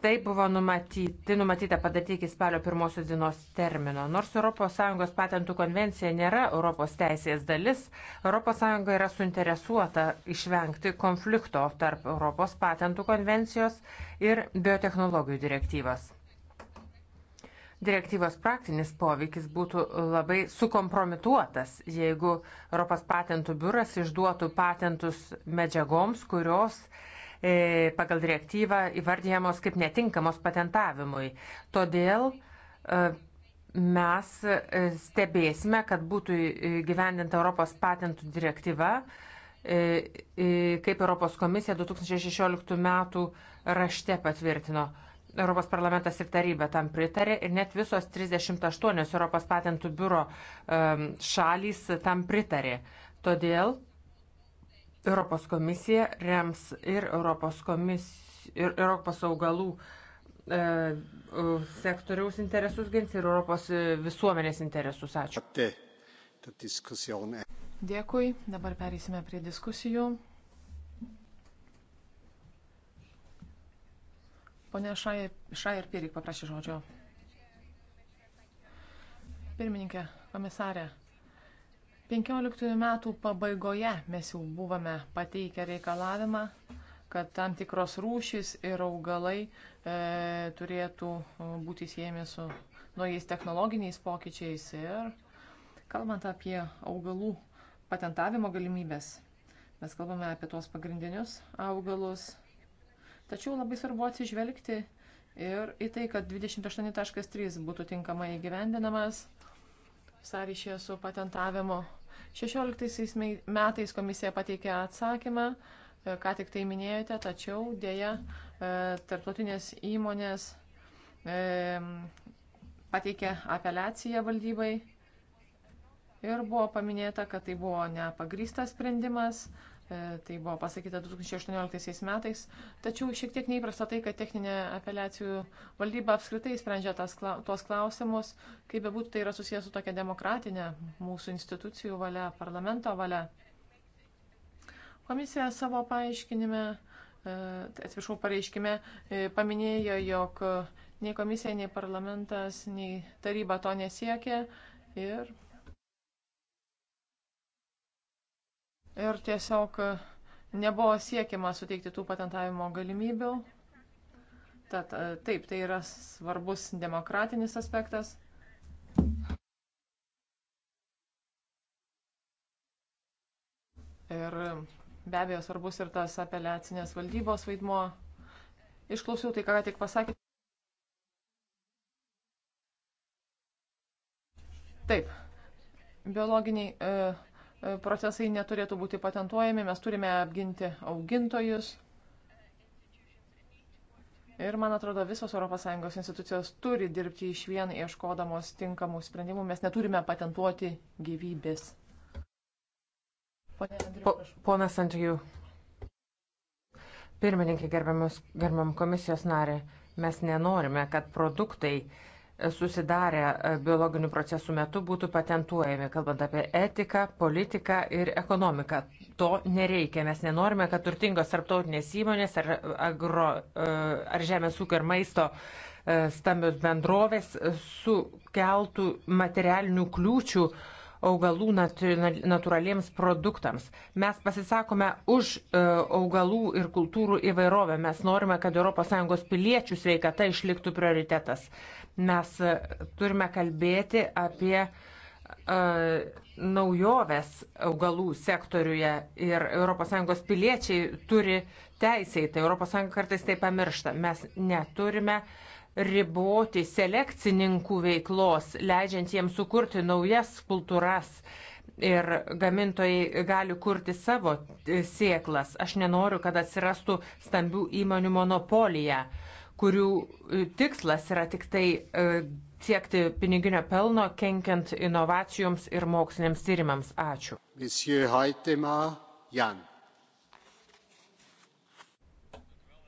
Tai buvo numatyti, numatyta padaryti iki spalio pirmosios dienos termino. Nors ES patentų konvencija nėra Europos teisės dalis, ES yra suinteresuota išvengti konflikto tarp Europos patentų konvencijos ir biotehnologijų direktyvos. Direktyvos praktinis poveikis būtų labai sukompromituotas, jeigu Europos patentų biuras išduotų patentus medžiagoms, kurios uh, E, pagal direktyvą įvardyjamos kaip netinkamos patentavimui. Todėl e, mes e, stebėsime, kad būtų gyvendinta Europos patentų direktyva, kaip Europos komisija 2016 metų rašte patvirtino. Europos parlamentas ir taryba tam pritarė ir net visos 38 Europos patentų biuro šalys tam pritarė. Todėl Europos komisija rems ir Europos, komis, ir Europos augalų e, sektoriaus interesus gins ir Europos e, visuomenės interesus. Ačiū. Dėkui. Dabar perėsime prie diskusijų. Pone Šair Pirik paprašė žodžio. Pirmininkė, komisarė, 15 metų pabaigoje mes jau buvome pateikę reikalavimą, kad tam tikros rūšys ir augalai e, turėtų e, būti siejami su naujais technologiniais pokyčiais ir kalbant apie augalų patentavimo galimybės. Mes kalbame apie tuos pagrindinius augalus. Tačiau labai svarbu atsižvelgti ir į tai, kad 28.3 būtų tinkamai įgyvendinamas sąryšyje su patentavimu 16 metais komisija pateikė atsakymą, e, ką tik tai minėjote, tačiau dėja e, tarptautinės įmonės e, pateikė apeliaciją valdybai ir buvo paminėta, kad tai buvo nepagrystas sprendimas, E, tai buvo pasakyta 2018 metais. Tačiau šiek tiek neįprasta tai, kad techninė apeliacijų valdyba apskritai sprendžia tas, tuos klausimus, kaip bebūtų tai yra susijęs su tokia demokratinė mūsų institucijų valia, parlamento valia. Komisija savo paaiškinime, e, tai atsiprašau, pareiškime e, paminėjo, jog nei komisija, nei parlamentas, nei taryba to nesiekė ir ir tiesiog nebuvo siekiama suteikti tų patentavimo galimybių. Tad e, taip, tai yra svarbus demokratinis aspektas. Ir be abejo svarbus ir tas apeliacinės valdybos vaidmo. Išklausiau tai, ką tik pasakėte. Taip, biologiniai e, E, procesai neturėtų būti patentuojami, mes turime apginti augintojus. Ir man atrodo, visos ES institucijos turi dirbti iš vien, ieškodamos tinkamų sprendimų. Mes neturime patentuoti gyvybės. Po, ponas Andrijų, pirmininkė gerbiam komisijos narė, mes nenorime, kad produktai uh, susidarę e, biologinių procesų metu būtų patentuojami, kalbant apie etiką, politiką ir ekonomiką. To nereikia. Mes nenorime, kad turtingos tarptautinės įmonės ar, agro, e, ar žemės ūkio ir maisto e, stambios bendrovės sukeltų materialinių kliūčių augalų natūraliems produktams. Mes pasisakome už augalų ir kultūrų įvairovę. Mes norime, kad ES piliečių sveikata išliktų prioritetas. Mes e, turime kalbėti apie e, naujoves augalų sektoriuje ir ES piliečiai turi teisę į tai. ES kartais tai pamiršta. Mes neturime riboti selekcininkų veiklos, leidžiant jiems sukurti naujas kultūras ir gamintojai gali kurti savo e, sėklas. Aš nenoriu, kad atsirastų stambių įmonių monopolija kurių e, tikslas yra tik tai e, siekti piniginio pelno, kenkiant inovacijoms ir moksliniams tyrimams. Ačiū. Jan.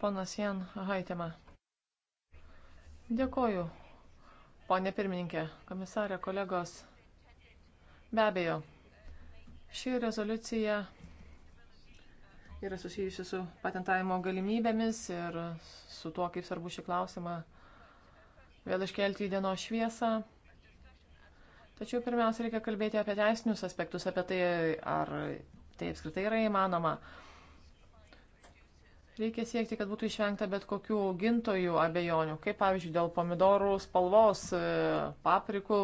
Ponas Jan Haitema. Dėkoju, ponė pirmininkė, komisarė, kolegos. Be abejo, ši rezoliucija yra susijusi su patentavimo galimybėmis ir su tuo, kaip svarbu šį klausimą vėl iškelti į dienos šviesą. Tačiau pirmiausia, reikia kalbėti apie teisinius aspektus, apie tai, ar tai apskritai yra įmanoma. Reikia siekti, kad būtų išvengta bet kokių augintojų abejonių, kaip pavyzdžiui dėl pomidorų spalvos, e, paprikų,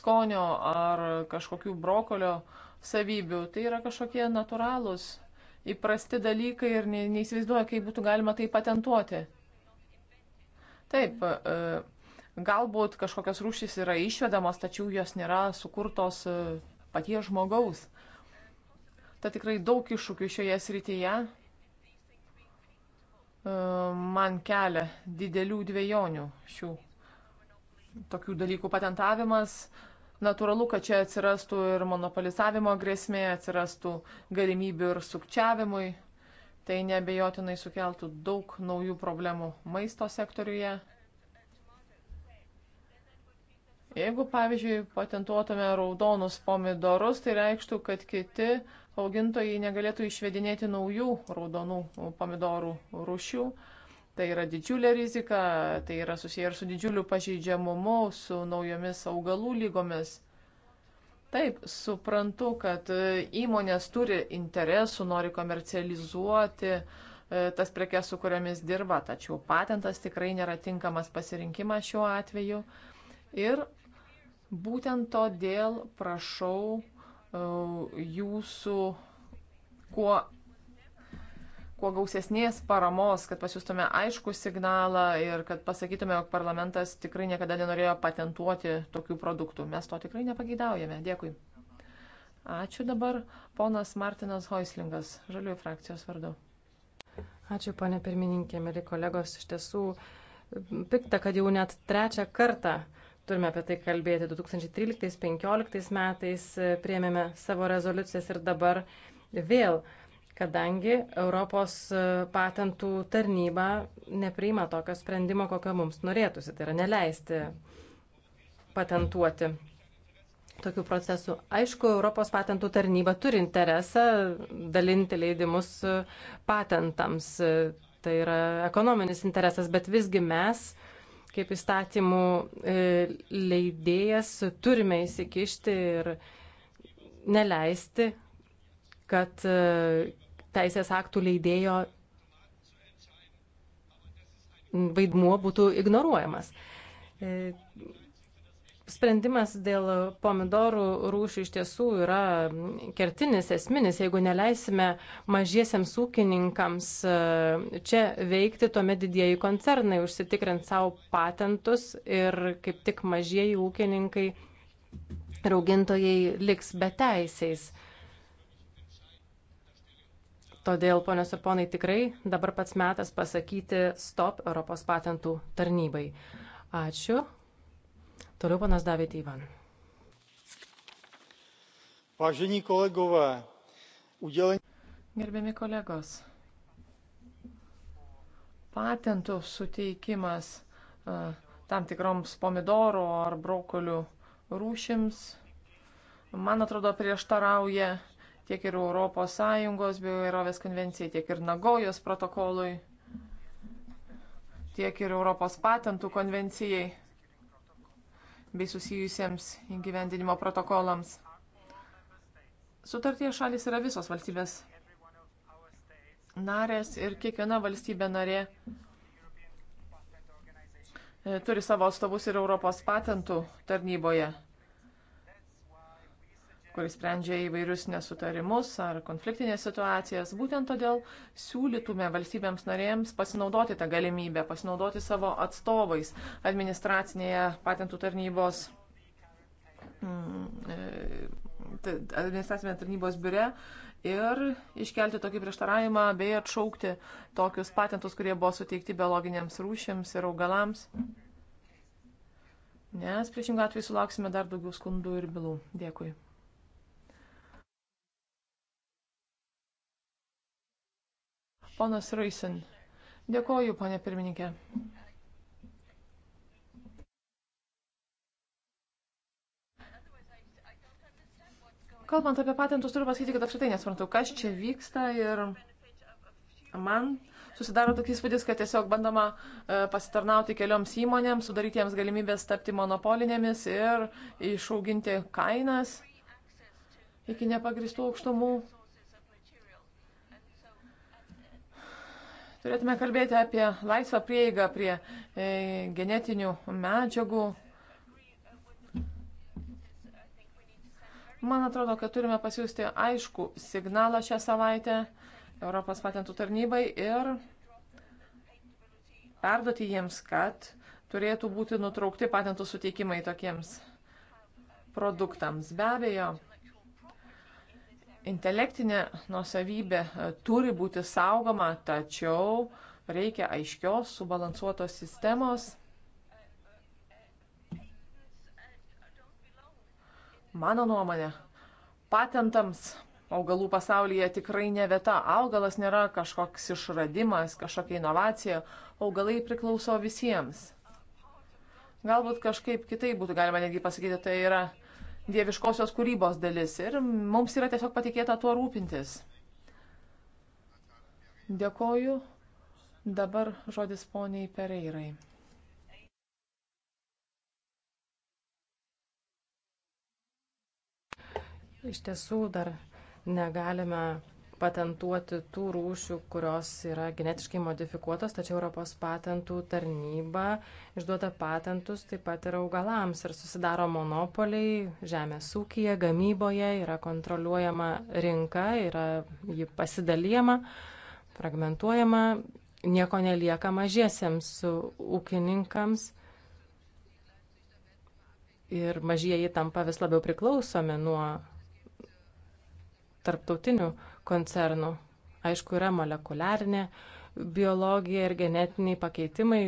skonio ar kažkokių brokolio savybių. Tai yra kažkokie natūralūs įprasti dalykai ir neįsivaizduoja, kaip būtų galima tai patentuoti. Taip, e, galbūt kažkokios rūšys yra išvedamos, tačiau jos nėra sukurtos e, paties žmogaus. Ta tikrai daug iššūkių šioje srityje e, man kelia didelių dviejonių šių tokių dalykų patentavimas, uh, Natūralu, kad čia atsirastų ir monopolizavimo grėsmė, atsirastų galimybių ir sukčiavimui. Tai nebejotinai sukeltų daug naujų problemų maisto sektoriuje. Jeigu, pavyzdžiui, patentuotume raudonus pomidorus, tai reikštų, kad kiti augintojai negalėtų išvedinėti naujų raudonų pomidorų rušių. Tai yra didžiulė rizika, tai yra susiję ir su didžiuliu pažeidžiamumu, su naujomis augalų lygomis. Taip, suprantu, kad e, įmonės turi interesų, nori komercializuoti e, tas prekes, su kuriamis dirba, tačiau patentas tikrai nėra tinkamas pasirinkimas šiuo atveju. Ir būtent todėl prašau e, jūsų kuo kuo gausesnės paramos, kad pasiūstume aišku signalą ir kad pasakytume, jog parlamentas tikrai niekada nenorėjo patentuoti tokių produktų. Mes to tikrai nepageidaujame. Dėkui. Ačiū dabar ponas Martinas Hoislingas, Žaliųjų frakcijos vardu. Ačiū, ponė pirmininkė, mėly kolegos. Iš tiesų, pikta, kad jau net trečią kartą turime apie tai kalbėti. 2013-2015 metais priėmėme savo rezoliucijas ir dabar vėl uh, kadangi Europos e, patentų tarnyba nepriima tokio sprendimo, kokio mums norėtųsi, tai yra neleisti patentuoti tokių procesų. Aišku, Europos patentų tarnyba turi interesą dalinti leidimus e, patentams, e, tai yra ekonominis interesas, bet visgi mes kaip įstatymų leidėjas turime įsikišti ir neleisti, kad teisės aktų leidėjo vaidmuo būtų ignoruojamas. E, sprendimas dėl pomidorų rūšių iš tiesų yra kertinis, esminis. Jeigu neleisime mažiesiems ūkininkams e, čia veikti, tuomet didieji koncernai užsitikrint savo patentus ir kaip tik mažieji ūkininkai ir augintojai liks be teisės. Todėl, ponios ir ponai, tikrai dabar pats metas pasakyti stop Europos patentų tarnybai. Ačiū. Toliau panas David Ivan. Vážení kolegové, udělení. Gerbiami kolegos, patentų suteikimas uh, tam tikroms pomidoro ar brokolių rūšims, man atrodo, prieštarauja uh, tiek ir ES bioįrovės konvencijai, tiek ir Nagojos protokolui, tiek ir Europos patentų konvencijai bei susijusiems įgyvendinimo protokolams. Sutartie šalis yra visos valstybės narės ir kiekviena valstybė narė e, turi savo atstovus ir Europos patentų tarnyboje kuris sprendžia įvairius nesutarimus ar konfliktinės situacijas. Būtent todėl siūlytume valstybėms narėms pasinaudoti tą galimybę, pasinaudoti savo atstovais administracinėje patentų tarnybos mm, e, administracinėje tarnybos biure ir iškelti tokį prieštaravimą bei atšaukti tokius patentus, kurie buvo suteikti biologiniams rūšiams ir augalams. Nes priešingą atveju sulauksime dar daugiau skundų ir bylų. Dėkui. Ponas Raisin. Dėkoju, ponė pirmininkė. Kalbant apie patentus, turiu pasakyti, kad apskritai nesvarbu, kas čia vyksta ir man susidaro toks įspūdis, kad tiesiog bandoma e, pasitarnauti kelioms įmonėms, sudaryti jiems galimybės tapti monopolinėmis ir išauginti kainas iki nepagristų aukštumų. Turėtume kalbėti apie laisvą prieigą prie e, genetinių medžiagų. Man atrodo, kad turime pasiūsti aišku signalą šią savaitę Europos patentų tarnybai ir perduoti jiems, kad turėtų būti nutraukti patentų suteikimai tokiems produktams. Be abejo, Intelektinė nuosavybė e, turi būti saugoma, tačiau reikia aiškios, subalansuotos sistemos. Mano nuomonė, patentams augalų pasaulyje tikrai ne vieta. Augalas nėra kažkoks išradimas, kažkokia inovacija. Augalai priklauso visiems. Galbūt kažkaip kitaip būtų galima netgi pasakyti, tai yra dieviškosios kūrybos dalis ir mums yra tiesiog patikėta tuo rūpintis. Dėkoju. Dabar žodis poniai Pereirai. Iš tiesų dar negalime patentuoti tų rūšių, kurios yra genetiškai modifikuotos, tačiau Europos patentų tarnyba išduoda patentus taip pat ir augalams ir susidaro monopoliai žemės ūkija, gamyboje, yra kontroliuojama rinka, yra ji pasidalyjama, fragmentuojama, nieko nelieka mažiesiems ūkininkams. Ir mažieji tampa vis labiau priklausomi nuo tarptautinių uh, koncernų. Aišku, yra molekuliarinė biologija ir genetiniai pakeitimai,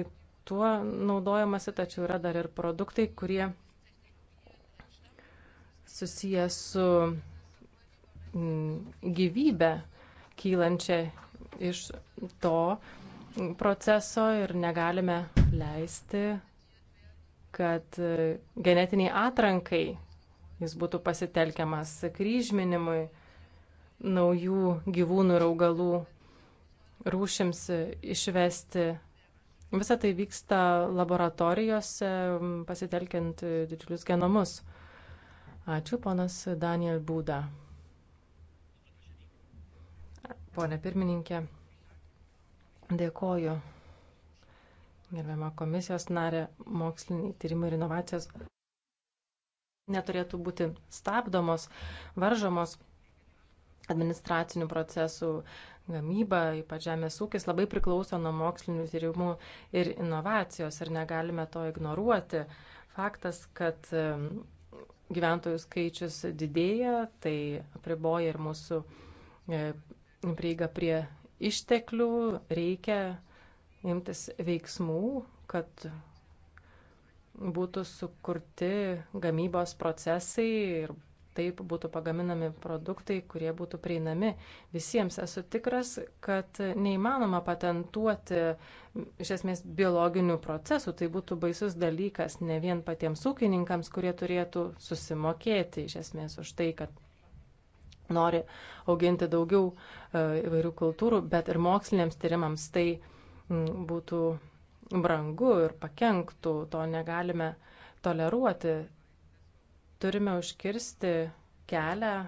tuo naudojamasi, tačiau yra dar ir produktai, kurie susiję su mm, gyvybę kylančią iš to proceso ir negalime leisti, kad e, genetiniai atrankai jis būtų pasitelkiamas kryžminimui naujų gyvūnų ir augalų rūšims išvesti. Visą tai vyksta laboratorijose, pasitelkiant didžiulius genomus. Ačiū, ponas Daniel Būda. Pone pirmininkė, dėkoju. Gerbiama komisijos narė, moksliniai tyrimai ir inovacijos neturėtų būti stabdomos, varžomos administracinių procesų gamyba, ypač žemės ūkis, labai priklauso nuo mokslinių tyrimų ir inovacijos ir negalime to ignoruoti. Faktas, kad gyventojų skaičius didėja, tai apriboja ir mūsų e, prieiga prie išteklių, reikia imtis veiksmų, kad būtų sukurti gamybos procesai ir taip būtų pagaminami produktai, kurie būtų prieinami visiems. Esu tikras, kad neįmanoma patentuoti iš esmės biologinių procesų. Tai būtų baisus dalykas ne vien patiems ūkininkams, kurie turėtų susimokėti iš esmės už tai, kad nori auginti daugiau e, įvairių kultūrų, bet ir moksliniams tyrimams tai būtų brangu ir pakenktų, to negalime toleruoti turime užkirsti kelią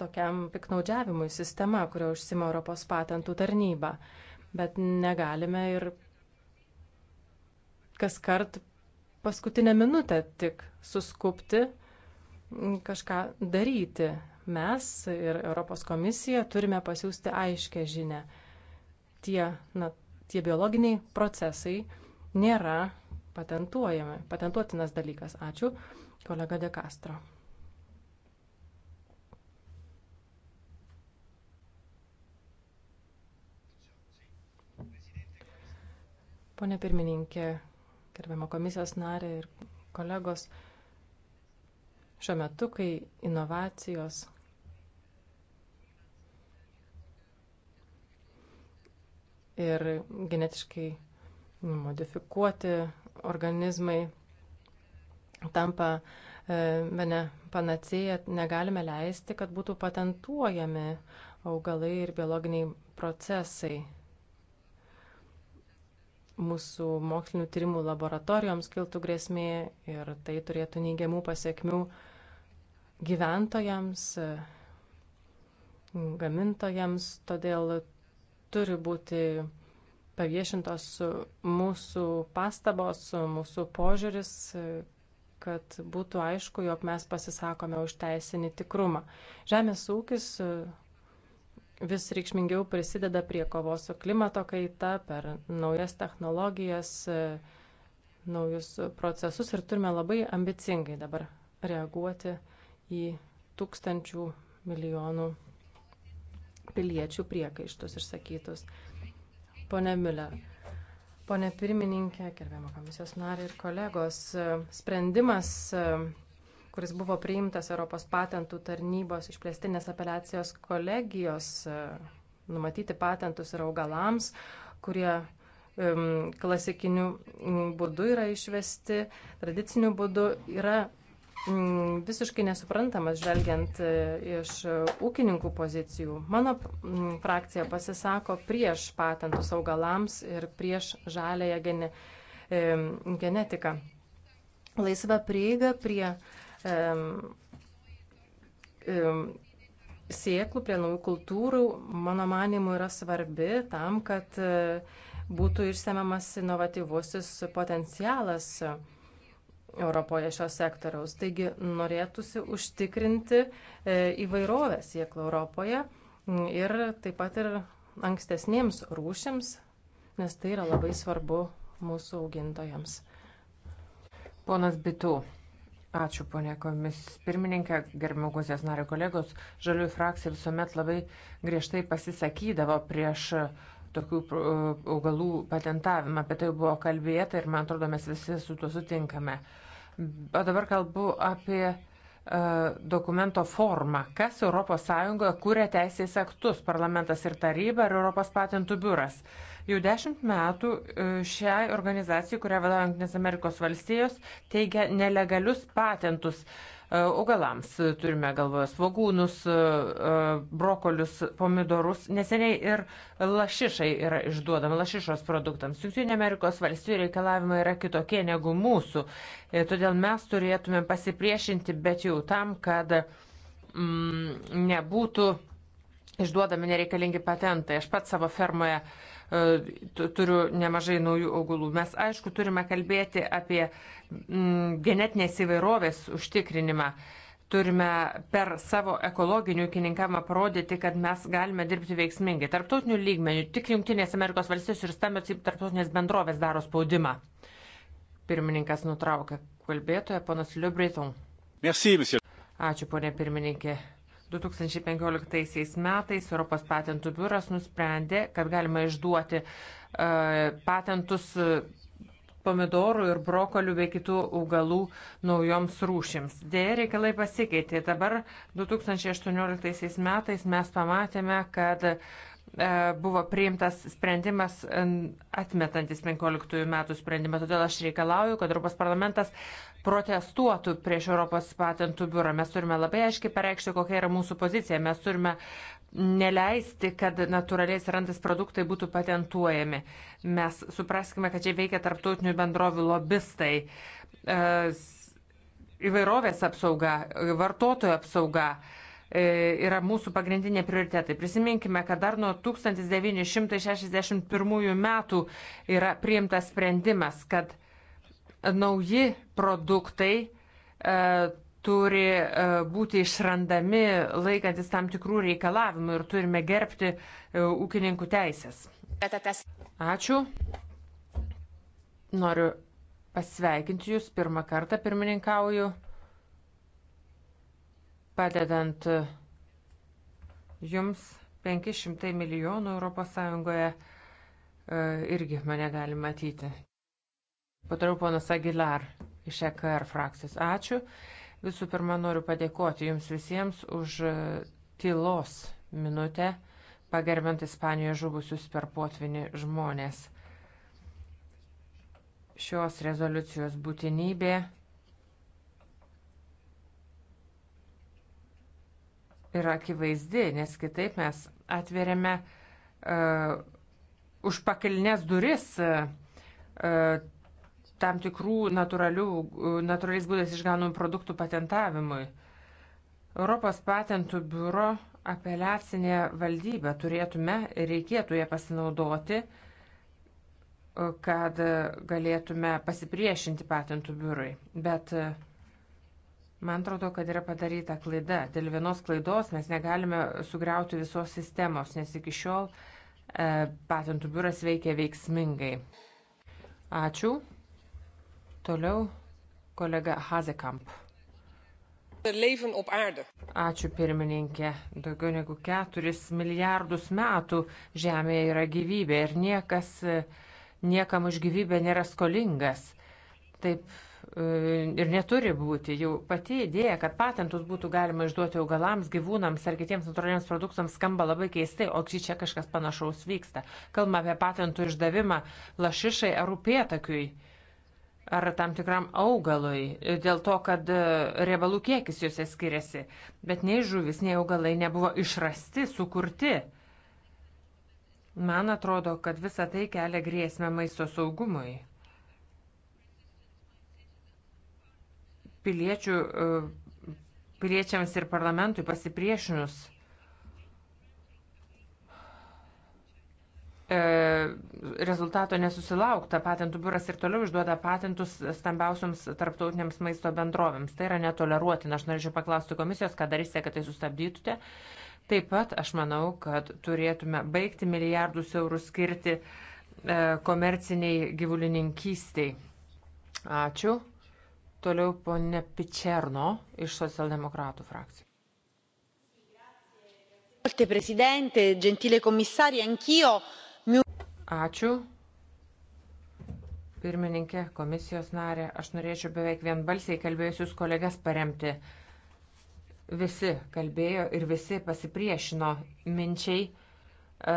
tokiam piknaudžiavimui sistema, kurio užsima Europos patentų tarnyba. Bet negalime ir kas kart paskutinę minutę tik suskupti kažką daryti. Mes ir Europos komisija turime pasiūsti aiškę žinę. Tie, na, tie biologiniai procesai nėra patentuojami, patentuotinas dalykas. Ačiū kolega De Castro. Pone pirmininkė, gerbiamo komisijos narė ir kolegos, šiuo metu, kai inovacijos ir genetiškai modifikuoti organizmai tampa e, bene panacėja, negalime leisti, kad būtų patentuojami augalai ir biologiniai procesai. Mūsų mokslinių tyrimų laboratorijoms kiltų grėsmė ir tai turėtų neigiamų pasiekmių gyventojams, gamintojams, todėl turi būti paviešintos mūsų pastabos, mūsų požiūris, kad būtų aišku, jog mes pasisakome už teisinį tikrumą. Žemės ūkis e, vis reikšmingiau prisideda prie kovos su klimato kaita per naujas technologijas, e, naujus procesus ir turime labai ambicingai dabar reaguoti į tūkstančių milijonų piliečių priekaištus išsakytus. Pone Miller, Pone pirmininkė, gerbiamo komisijos nariai ir kolegos, sprendimas, kuris buvo priimtas Europos patentų tarnybos išplėstinės apeliacijos kolegijos numatyti patentus ir augalams, kurie klasikiniu būdu yra išvesti, tradiciniu būdu yra Mm, visiškai nesuprantamas žvelgiant e, iš ūkininkų pozicijų. Mano mm, frakcija pasisako prieš patentus augalams ir prieš žalėją gene, e, genetiką. Laisva prieiga prie um, um, sieklų, prie naujų kultūrų, mano manimu, yra svarbi tam, kad e, būtų išsemiamas inovatyvusis potencialas uh, Europoje šios sektoriaus. Taigi norėtųsi užtikrinti e, įvairovę sieklą Europoje ir taip pat ir ankstesniems rūšims, nes tai yra labai svarbu mūsų augintojams. Ponas Bitu. Ačiū, ponė komis pirmininkė, gerbiamų guzės nario kolegos. Žaliųjų frakcija visuomet labai griežtai pasisakydavo prieš e, tokių e, augalų patentavimą. Apie tai buvo kalbėta ir man atrodo mes visi su tuo sutinkame. Uh, O dabar kalbu apie e, dokumento formą. Kas ES kūrė teisės aktus - parlamentas ir taryba ir Europos patentų biuras. Jau dešimt metų e, šiai organizacijai, kurią vadovauja Junktinės Amerikos valstijos, teigia nelegalius patentus E, augalams. Turime galvoje svagūnus, e, e, brokolius, pomidorus. Neseniai ir lašišai yra išduodama lašišos produktams. Junktinė Amerikos valstijų reikalavimai yra kitokie negu mūsų. Todėl mes turėtume pasipriešinti, bet jau tam, kad mm, nebūtų išduodami nereikalingi patentai. Aš pat savo fermoje uh, E, turiu nemažai naujų augulų. Mes, aišku, turime kalbėti apie mm, genetinės įvairovės užtikrinimą. Turime per savo ekologinį ūkininkamą parodyti, kad mes galime dirbti veiksmingai. Tarptautinių lygmenių tik Junktinės Amerikos valstijos ir stambios tarptautinės bendrovės daro spaudimą. Pirmininkas nutraukė kalbėtoją, ponas Liubriton. Ačiū, ponė pirmininkė. 2015 metais Europos patentų biuras nusprendė, kad galima išduoti e, patentus e, pomidorų ir brokolių bei kitų augalų naujoms rūšims. Dėja, reikalai pasikeitė. Dabar 2018 metais mes pamatėme, kad e, buvo priimtas sprendimas atmetantis 15 metų sprendimą. Todėl aš reikalauju, kad Europos parlamentas protestuotų prieš Europos patentų biurą. Mes turime labai aiškiai pareikšti, kokia yra mūsų pozicija. Mes turime neleisti, kad natūraliai atsirandantis produktai būtų patentuojami. Mes supraskime, kad čia veikia tarptautinių bendrovių lobistai. E, įvairovės apsauga, vartotojų apsauga e, yra mūsų pagrindiniai prioritetai. Prisiminkime, kad dar nuo 1961 metų yra priimtas sprendimas, kad nauji produktai e, turi e, būti išrandami laikantis tam tikrų reikalavimų ir turime gerbti e, ūkininkų teisės. Ačiū. Noriu pasveikinti Jūs pirmą kartą pirmininkauju, padedant Jums 500 milijonų ES irgi mane gali matyti. Patarau ponas Aguilar iš EKR frakcijos. Ačiū. Visų pirma, noriu padėkoti jums visiems už e, tylos minutę, pagerbint Ispanijoje žuvusius per potvinį žmonės. Šios rezoliucijos būtinybė yra akivaizdi, nes kitaip mes atveriame uh, e, užpakalinės duris uh, tam tikrų natūraliais būdais išgaunamų produktų patentavimui. Europos patentų biuro apeliacinė valdybė turėtume ir reikėtų ją pasinaudoti, kad galėtume pasipriešinti patentų biurui. Bet man atrodo, kad yra padaryta klaida. Dėl vienos klaidos mes negalime sugriauti visos sistemos, nes iki šiol e, patentų biuras veikia veiksmingai. Ačiū. Toliau kolega Hazekamp. Ačiū pirmininkė. Daugiau negu 4 milijardus metų Žemėje yra gyvybė ir niekas, niekam už gyvybę nėra skolingas. Taip e, ir neturi būti. Jau pati idėja, kad patentus būtų galima išduoti augalams, gyvūnams ar kitiems natūraliems produktams skamba labai keistai, o čia kažkas panašaus vyksta. Kalbame apie patentų išdavimą lašišai ar upėtakiui ar tam tikram augalui, dėl to, kad e, riebalų kiekis juose skiriasi. Bet nei žuvis, nei augalai nebuvo išrasti, sukurti. Man atrodo, kad visa tai kelia grėsmę maisto saugumui. Piliečių, e, piliečiams ir parlamentui pasipriešinus E, rezultato nesusilaukta. Patentų biuras ir toliau išduoda patentus stambiausiams tarptautiniams maisto bendrovėms. Tai yra netoleruotina. Aš norėčiau paklausti komisijos, ką darysite, kad tai sustabdytumėte. Taip pat aš manau, kad turėtume baigti milijardus eurų skirti e, komerciniai gyvulininkystiai. Ačiū. Toliau ponė Pičerno iš socialdemokratų frakcijų. Presidente, gentile komisarė, anch'io Ačiū. Pirmininkė, komisijos narė, aš norėčiau beveik vienbalsiai kalbėjusius kolegas paremti. Visi kalbėjo ir visi pasipriešino minčiai, e,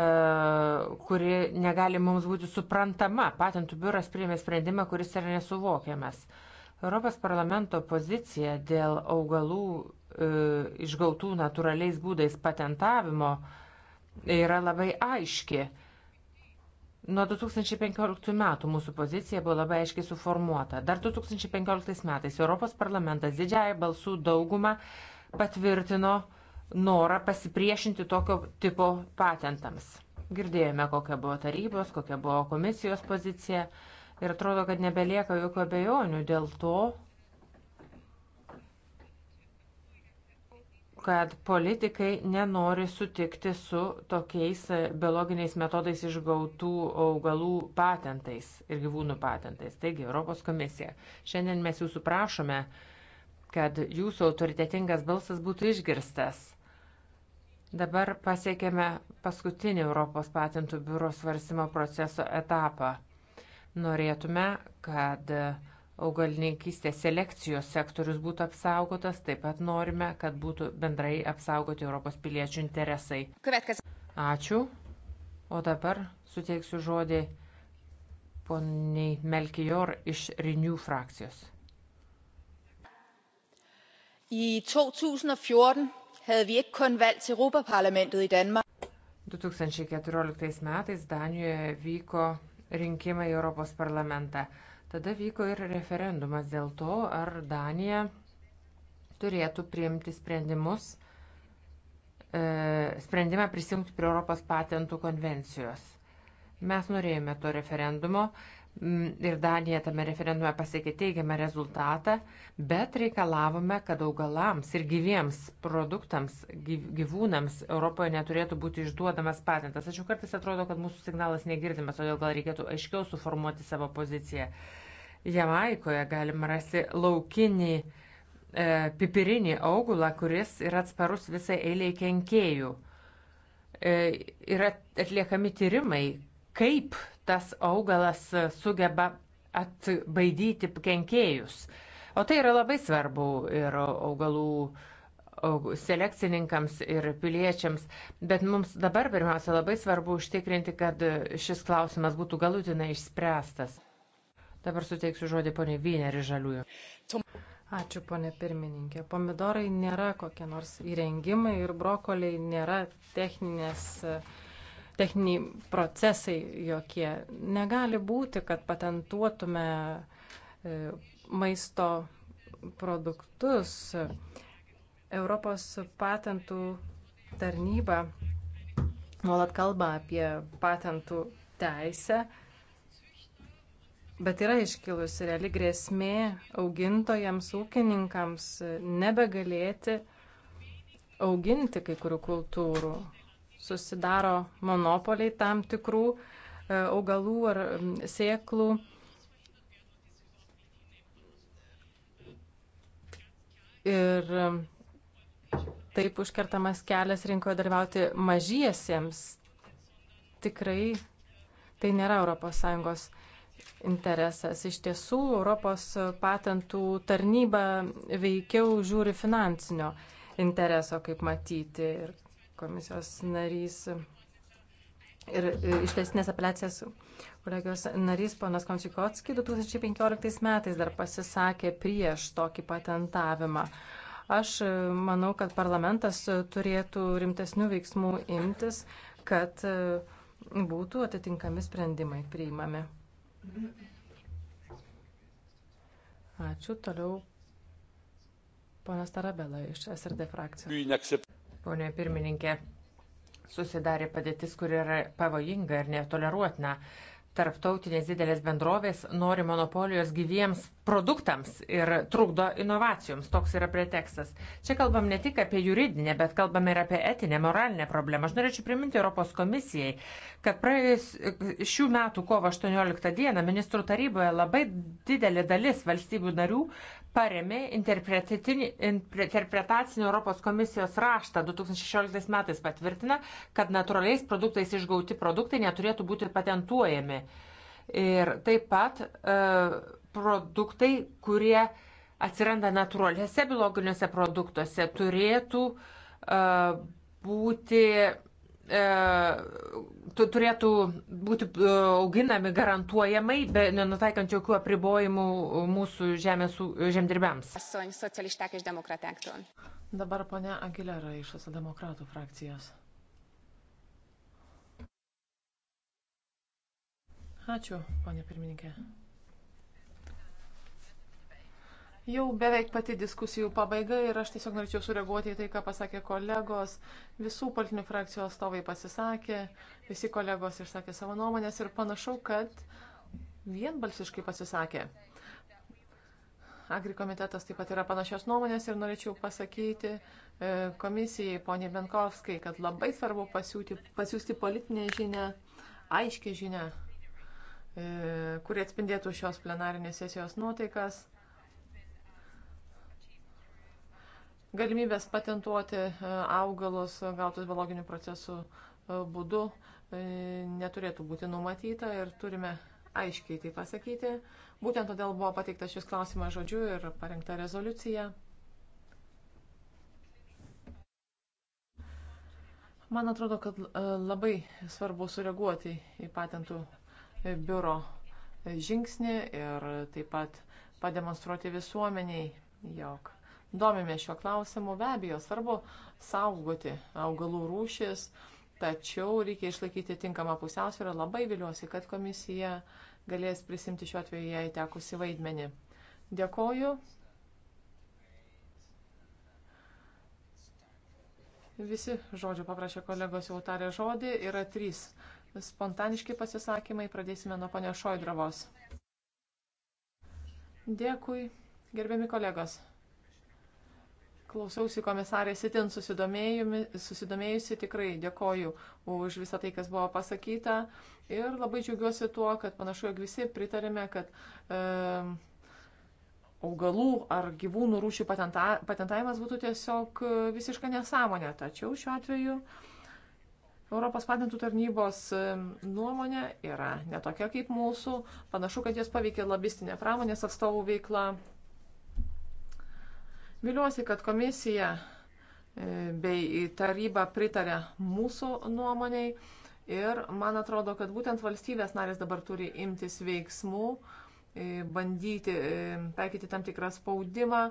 kuri negali mums būti suprantama. Patentų biuras priėmė sprendimą, kuris yra nesuvokiamas. Europos parlamento pozicija dėl augalų e, išgautų natūraliais būdais patentavimo yra labai aiški. Nuo 2015 metų mūsų pozicija buvo labai aiškiai suformuota. Dar 2015 metais Europos parlamentas didžiąją balsų daugumą patvirtino norą pasipriešinti tokio tipo patentams. Girdėjome, kokia buvo tarybos, kokia buvo komisijos pozicija ir atrodo, kad nebelieka jokių abejonių dėl to, kad politikai nenori sutikti su tokiais e, biologiniais metodais išgautų augalų patentais ir gyvūnų patentais. Taigi, Europos komisija, šiandien mes jūsų prašome, kad jūsų autoritetingas balsas būtų išgirstas. Dabar pasiekėme paskutinį Europos patentų biuro svarsimo proceso etapą. Norėtume, kad augalininkystės selekcijos sektorius būtų apsaugotas, taip pat norime, kad būtų bendrai apsaugoti Europos piliečių interesai. Ačiū. O dabar suteiksiu žodį poniai Melkijor iš Renew frakcijos. I 2014 havde vi ikke kun valg til Europaparlamentet i Danmark. 2014 metais Danijoje vyko rinkimai į Europos parlamentą. Tada vyko ir referendumas dėl to, ar Danija turėtų priimti sprendimus, e, sprendimą prisijungti prie Europos patentų konvencijos. Mes norėjome to referendumo Mm, ir Danija tame referendume pasiekė teigiamą rezultatą, bet reikalavome, kad augalams ir gyviems produktams, gyvūnams Europoje neturėtų būti išduodamas patentas. Tačiau kartais atrodo, kad mūsų signalas negirdimas, todėl gal reikėtų aiškiau suformuoti savo poziciją. Jamaikoje galima rasti laukinį e, pipirinį augulą, kuris yra atsparus visai eiliai kenkėjų. E, yra atliekami tyrimai, kaip tas augalas sugeba atbaidyti kenkėjus. O tai yra labai svarbu ir augalų selekcininkams ir piliečiams, bet mums dabar pirmiausia labai svarbu užtikrinti, kad šis klausimas būtų galutinai išspręstas. Dabar suteiksiu žodį ponė Vynerį Žaliųjų. Ačiū, ponė pirmininkė. Pomidorai nėra kokie nors įrengimai ir brokoliai nėra techninės uh, techniniai procesai jokie. Negali būti, kad patentuotume e, maisto produktus. Europos patentų tarnyba nuolat kalba apie patentų teisę, bet yra iškilusi reali grėsmė augintojams, ūkininkams nebegalėti auginti kai kurių kultūrų susidaro monopoliai tam tikrų e, augalų ar sėklų. Ir taip užkertamas kelias rinkoje dalyvauti mažiesiems. Tikrai tai nėra ES interesas. Iš tiesų, Europos patentų tarnyba veikiau žiūri finansinio intereso, kaip matyti. Ir komisijos narys ir e, ištesnės apeliacijas kolegijos narys ponas Končikotski 2015 metais dar pasisakė prieš tokį patentavimą. Aš e, manau, kad parlamentas turėtų rimtesnių veiksmų imtis, kad e, būtų atitinkami sprendimai priimami. Ačiū. Toliau ponas Tarabela iš SRD frakcijos ponė pirmininkė. Susidarė padėtis, kur yra pavojinga ir netoleruotina. Tarptautinės didelės bendrovės nori monopolijos gyviems produktams ir trukdo inovacijoms. Toks yra pretekstas. Čia kalbam ne tik apie juridinę, bet kalbam ir apie etinę, moralinę problemą. Aš norėčiau priminti Europos komisijai, kad praėjus šių metų kovo 18 dieną ministrų taryboje labai didelė dalis valstybių narių paremė interpretacinį Europos komisijos raštą 2016 metais patvirtina, kad natūraliais produktais išgauti produktai neturėtų būti patentuojami. Ir taip pat e, produktai, kurie atsiranda natūraliuose biologiniuose produktuose, turėtų e, būti E, turėtų būti e, auginami garantuojamai, be nenutaikant jokių apribojimų mūsų žemės žemdirbiams. Dabar ponia Aguilera iš Socialdemokratų frakcijos. Ačiū, ponia pirmininkė. Jau beveik pati diskusijų pabaiga ir aš tiesiog norėčiau sureaguoti į tai, ką pasakė kolegos. Visų politinių frakcijų atstovai pasisakė, visi kolegos išsakė savo nuomonės ir panašu, kad vienbalsiškai pasisakė. Agri komitetas taip pat yra panašios nuomonės ir norėčiau pasakyti e, komisijai, poniai Benkovskai, kad labai svarbu pasiūti, pasiūsti politinę žinę, aiškę žinę, e, kuri atspindėtų šios plenarinės sesijos nuotaikas. galimybės patentuoti e, augalus gautus biologinių procesų e, būdu e, neturėtų būti numatyta ir turime aiškiai tai pasakyti. Būtent todėl buvo pateiktas šis klausimas žodžiu ir parengta rezoliucija. Man atrodo, kad labai svarbu sureaguoti į patentų biuro žingsnį ir taip pat pademonstruoti visuomeniai, jog domime šiuo klausimu. Be abejo, svarbu saugoti augalų rūšis, tačiau reikia išlaikyti tinkamą pusiausvyrą. Labai viliuosi, kad komisija galės prisimti šiuo atveju jai tekusi vaidmenį. Dėkoju. Visi žodžių paprašė kolegos jau tarė žodį. Yra trys spontaniški pasisakymai. Pradėsime nuo ponios Šoidravos. Dėkui, gerbiami kolegos. Klausiausi komisarės itin susidomėjusi, tikrai dėkoju už visą tai, kas buvo pasakyta ir labai džiaugiuosi tuo, kad panašu, jog visi pritarėme, kad e, augalų ar gyvūnų rūšių patenta, patentavimas būtų tiesiog e, visiška nesąmonė. Tačiau šiuo atveju Europos patentų tarnybos nuomonė yra netokia kaip mūsų. Panašu, kad jas paveikė lobistinė pramonės atstovų veikla. Viliuosi, kad komisija e, bei taryba pritarė mūsų nuomoniai ir man atrodo, kad būtent valstybės narės dabar turi imtis veiksmų, e, bandyti e, taikyti tam tikrą spaudimą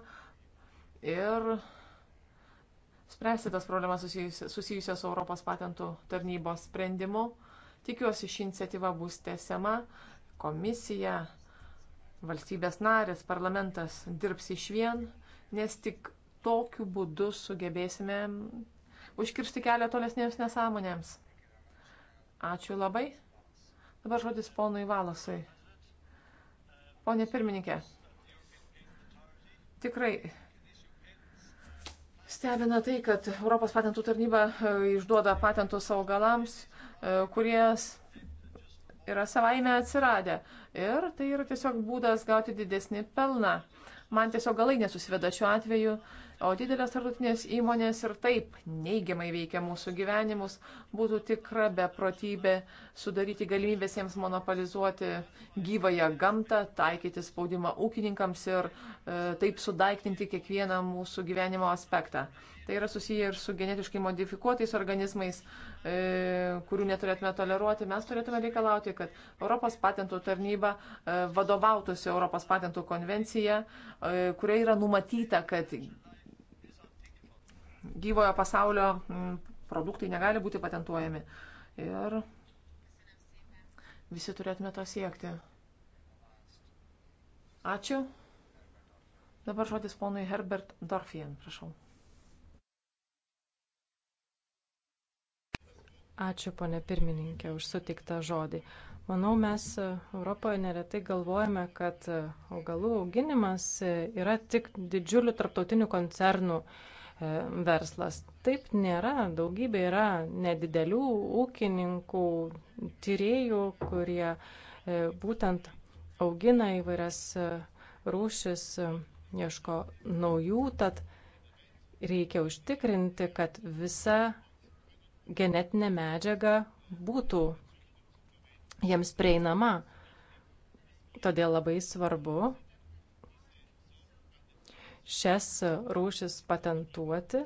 ir spręsti tas problemas susijusias su Europos patentų tarnybos sprendimu. Tikiuosi, ši iniciatyva bus tęsiama. Komisija, valstybės narės, parlamentas dirbs iš vien nes tik tokiu būdu sugebėsime užkirsti kelią tolesnėms nesąmonėms. Ačiū labai. Dabar žodis ponui Valasui. Pone pirmininkė, tikrai stebina tai, kad Europos patentų tarnyba e, išduoda patentus augalams, e, kurie yra savaime atsiradę. Ir tai yra tiesiog būdas gauti didesnį pelną. Man tiesiog galai nesusiveda šiuo atveju. O didelės tarptautinės įmonės ir taip neigiamai veikia mūsų gyvenimus. Būtų tikra beprotybė sudaryti galimybės jiems monopolizuoti gyvąją gamtą, taikyti spaudimą ūkininkams ir e, taip sudaiktinti kiekvieną mūsų gyvenimo aspektą. Tai yra susiję ir su genetiškai modifikuotais organizmais, e, kurių neturėtume toleruoti. Mes turėtume reikalauti, kad Europos patentų tarnyba e, vadovautųsi Europos patentų konvencija, e, kuria yra numatyta, kad gyvojo pasaulio mm, produktai negali būti patentuojami. Ir visi turėtume to siekti. Ačiū. Dabar žodis ponui Herbert Dorfien, prašau. Ačiū, ponė pirmininkė, už sutiktą žodį. Manau, mes Europoje neretai galvojame, kad augalų auginimas yra tik didžiulių tarptautinių koncernų uh, E, verslas. Taip nėra. Daugybė yra nedidelių ūkininkų, tyriejų, kurie e, būtent augina įvairias e, rūšis, ieško naujų, tad reikia užtikrinti, kad visa genetinė medžiaga būtų jiems prieinama. Todėl labai svarbu šias rūšis patentuoti.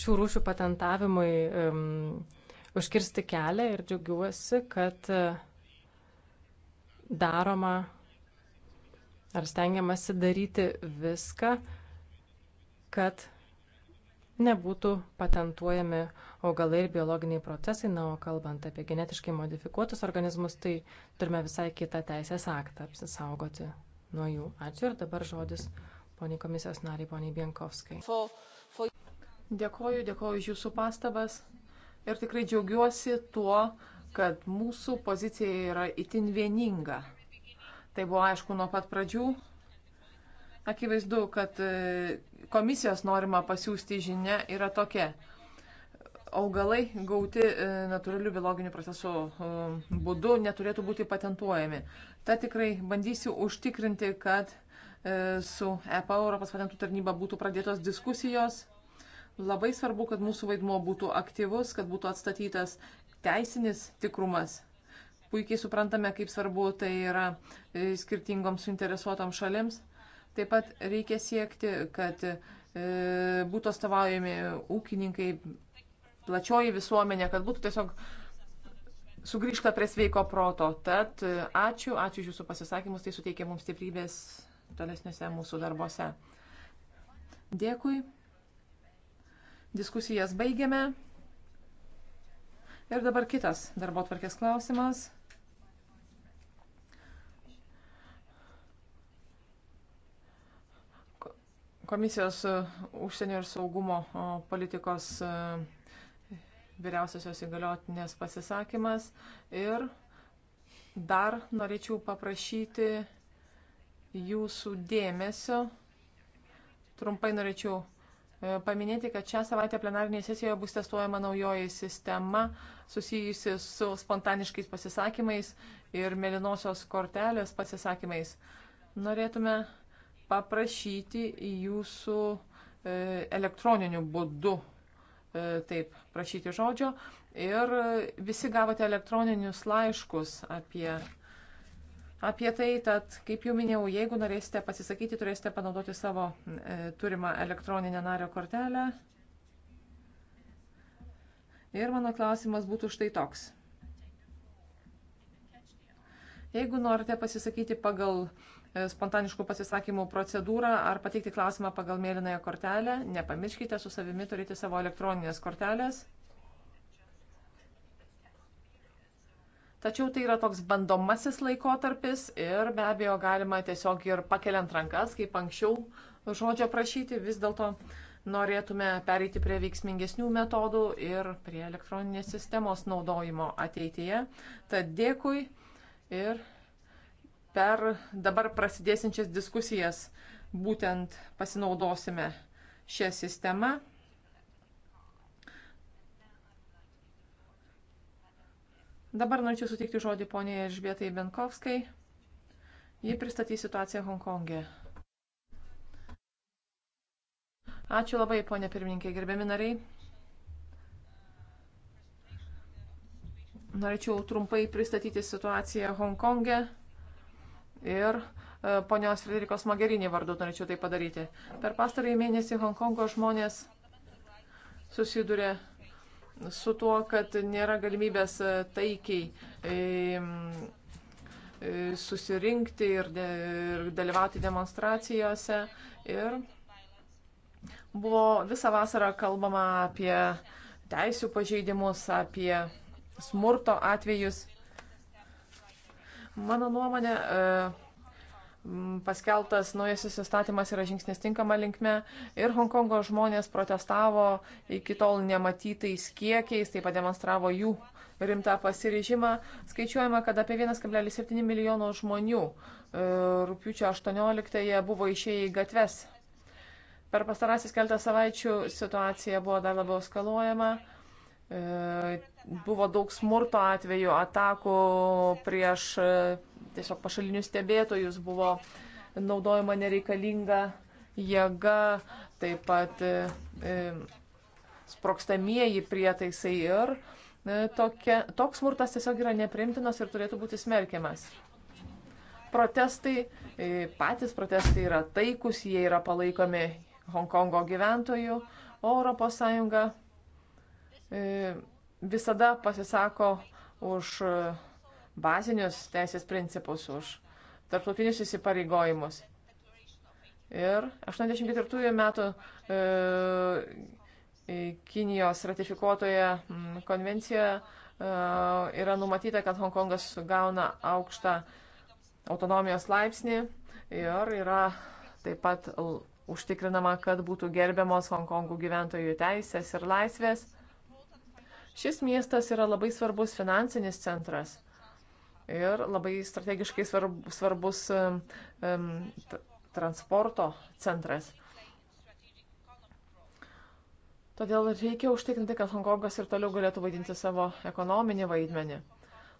Šių rūšių patentavimui um, užkirsti kelią ir džiaugiuosi, kad e, daroma ar stengiamasi daryti viską, kad nebūtų patentuojami augalai ir biologiniai procesai. Na, o kalbant apie genetiškai modifikuotus organizmus, tai turime visai kitą teisės aktą apsisaugoti nuo jų. Ačiū ir dabar žodis poniai komisijos nariai, poniai Bienkovskai. Dėkoju, dėkoju už jūsų pastabas ir tikrai džiaugiuosi tuo, kad mūsų pozicija yra itin vieninga. Tai buvo aišku nuo pat pradžių Akivaizdu, kad e, komisijos norima pasiūsti žinia yra tokia. Augalai gauti e, natūralių biologinių procesų e, būdu neturėtų būti patentuojami. Ta tikrai bandysiu užtikrinti, kad su EPA Europos patentų tarnyba būtų pradėtos diskusijos. Labai svarbu, kad mūsų vaidmuo būtų aktyvus, kad būtų atstatytas teisinis tikrumas puikiai suprantame, kaip svarbu tai yra skirtingoms suinteresuotoms šalims. Taip pat reikia siekti, kad e, būtų atstovaujami ūkininkai, plačioji visuomenė, kad būtų tiesiog sugrįžta prie sveiko proto. Tad e, ačiū, ačiū iš jūsų pasisakymus, tai suteikia mums stiprybės tolesniuose mūsų darbuose. Dėkui. Diskusijas baigiame. Ir dabar kitas darbo tvarkės klausimas. Komisijos e, užsienio ir saugumo e, politikos e, vyriausiosios įgaliotinės pasisakymas ir dar norėčiau paprašyti jūsų dėmesio. Trumpai norėčiau paminėti, kad šią savaitę plenarinėje sesijoje bus testuojama naujoji sistema susijusi su spontaniškais pasisakymais ir mėlynosios kortelės pasisakymais. Norėtume paprašyti jūsų e, elektroniniu būdu, e, taip, prašyti žodžio. Ir visi gavote elektroninius laiškus apie, apie tai, tad, kaip jau minėjau, jeigu norėsite pasisakyti, turėsite panaudoti savo e, turimą elektroninę nario kortelę. Ir mano klausimas būtų štai toks. Jeigu norite pasisakyti pagal e, spontaniškų pasisakymų procedūrą ar pateikti klausimą pagal mėlynąją kortelę, nepamirškite su savimi turėti savo elektroninės kortelės. Tačiau tai yra toks bandomasis laikotarpis ir be abejo galima tiesiog ir pakeliant rankas, kaip anksčiau žodžio prašyti, vis dėlto norėtume pereiti prie veiksmingesnių metodų ir prie elektroninės sistemos naudojimo ateityje. Tad dėkui ir per dabar prasidėsinčias diskusijas būtent pasinaudosime šią sistemą. Dabar norėčiau sutikti žodį poniai Elžbietai Benkovskai. Ji pristatys situaciją Hongkongė. E. Ačiū labai, ponė pirmininkė, gerbiami nariai. Norėčiau trumpai pristatyti situaciją Hongkonge ir e, ponios Frederikos Magerinį vardu norėčiau tai padaryti. Per pastarąjį mėnesį Hongkongo žmonės susiduria su tuo, kad nėra galimybės e, taikiai e, susirinkti ir, de, ir dalyvauti demonstracijose. Ir buvo visą vasarą kalbama apie teisų pažeidimus, apie smurto atvejus. Mano nuomonė, e, paskeltas naujasis įstatymas yra žingsnis tinkama linkme ir Hongkongo žmonės protestavo iki tol nematytais kiekiais, tai pademonstravo jų rimtą pasiryžimą. Skaičiuojama, kad apie 1,7 milijono žmonių e, rūpiučio 18-ąją buvo išėję į gatves. Per pastarasis keltą savaičių situacija buvo dar labiau skaluojama. E, buvo daug smurto atvejų, atakų prieš e, tiesiog pašalinius stebėtojus, buvo naudojama nereikalinga jėga, taip pat e, sprokstamieji prietaisai ir tokia, toks smurtas tiesiog yra neprimtinas ir turėtų būti smerkiamas protestai, patys protestai yra taikus, jie yra palaikomi Hongkongo gyventojų, o ES E, visada pasisako už e, bazinius teisės principus, už tarptautinius įsipareigojimus. Ir 84 metų e, Kinijos ratifikuotoje konvencijoje e, yra numatyta, kad Hongkongas gauna aukštą autonomijos laipsnį ir yra taip pat užtikrinama, kad būtų gerbiamos Hongkongų gyventojų teisės ir laisvės. Šis miestas yra labai svarbus finansinis centras ir labai strategiškai svarbus um, um, transporto centras. Todėl reikia užtikrinti, kad Hongkongas ir toliau galėtų vaidinti savo ekonominį vaidmenį.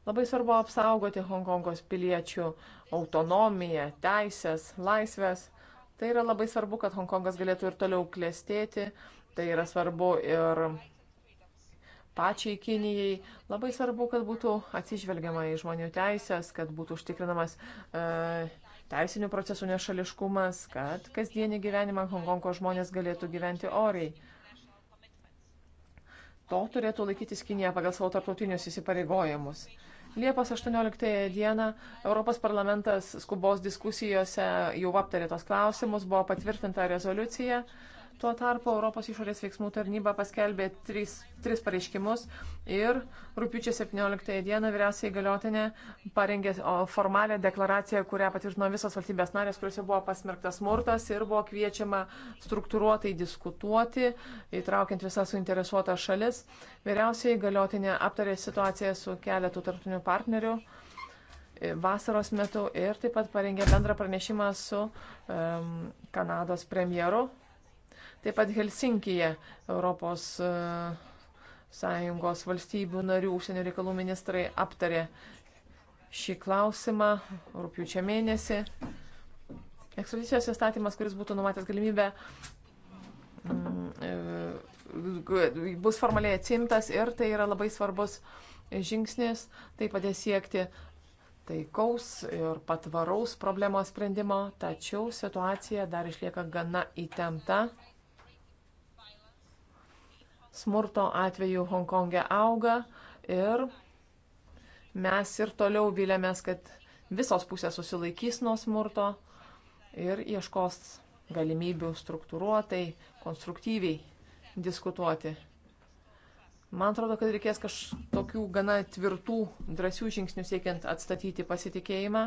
Labai svarbu apsaugoti Hongkongos piliečių autonomiją, teisės, laisvės. Tai yra labai svarbu, kad Hongkongas galėtų ir toliau klėstėti. Tai yra svarbu ir pačiai Kinijai. Labai svarbu, kad būtų atsižvelgiama į žmonių teisės, kad būtų užtikrinamas e, teisinių procesų nešališkumas, kad kasdienį gyvenimą Hongkongo žmonės galėtų gyventi oriai. To turėtų laikytis Kinija pagal savo tarptautinius įsipareigojimus. Liepos 18 dieną Europos parlamentas skubos diskusijose jau aptarė tos klausimus, buvo patvirtinta rezoliucija. E, Tuo tarpu Europos išorės veiksmų tarnyba paskelbė tris, tris pareiškimus ir rūpiučio 17 dieną vyriausiai galiotinė parengė formalę deklaraciją, kurią patvirtino visas valstybės narės, kuriuose buvo pasmerktas smurtas ir buvo kviečiama struktūruotai diskutuoti, įtraukiant visas suinteresuotas šalis. Vyriausiai galiotinė aptarė situaciją su keletu tarptautinių partnerių e, vasaros metu ir taip pat parengė bendrą pranešimą su um, Kanados premjeru Taip pat Helsinkije Europos e, Sąjungos valstybių narių užsienio reikalų ministrai aptarė šį klausimą rūpjūčio mėnesį. Ekstradicijos įstatymas, kuris būtų numatęs galimybę mm, e, bus formaliai atsimtas ir tai yra labai svarbus žingsnis, tai padės siekti taikaus ir patvaraus problemos sprendimo, tačiau situacija dar išlieka gana įtempta smurto atveju Hongkonge auga ir mes ir toliau vilėmės, kad visos pusės susilaikys nuo smurto ir ieškos galimybių struktūruotai, konstruktyviai diskutuoti. Man atrodo, kad reikės kažkokių gana tvirtų, drąsių žingsnių siekiant atstatyti pasitikėjimą.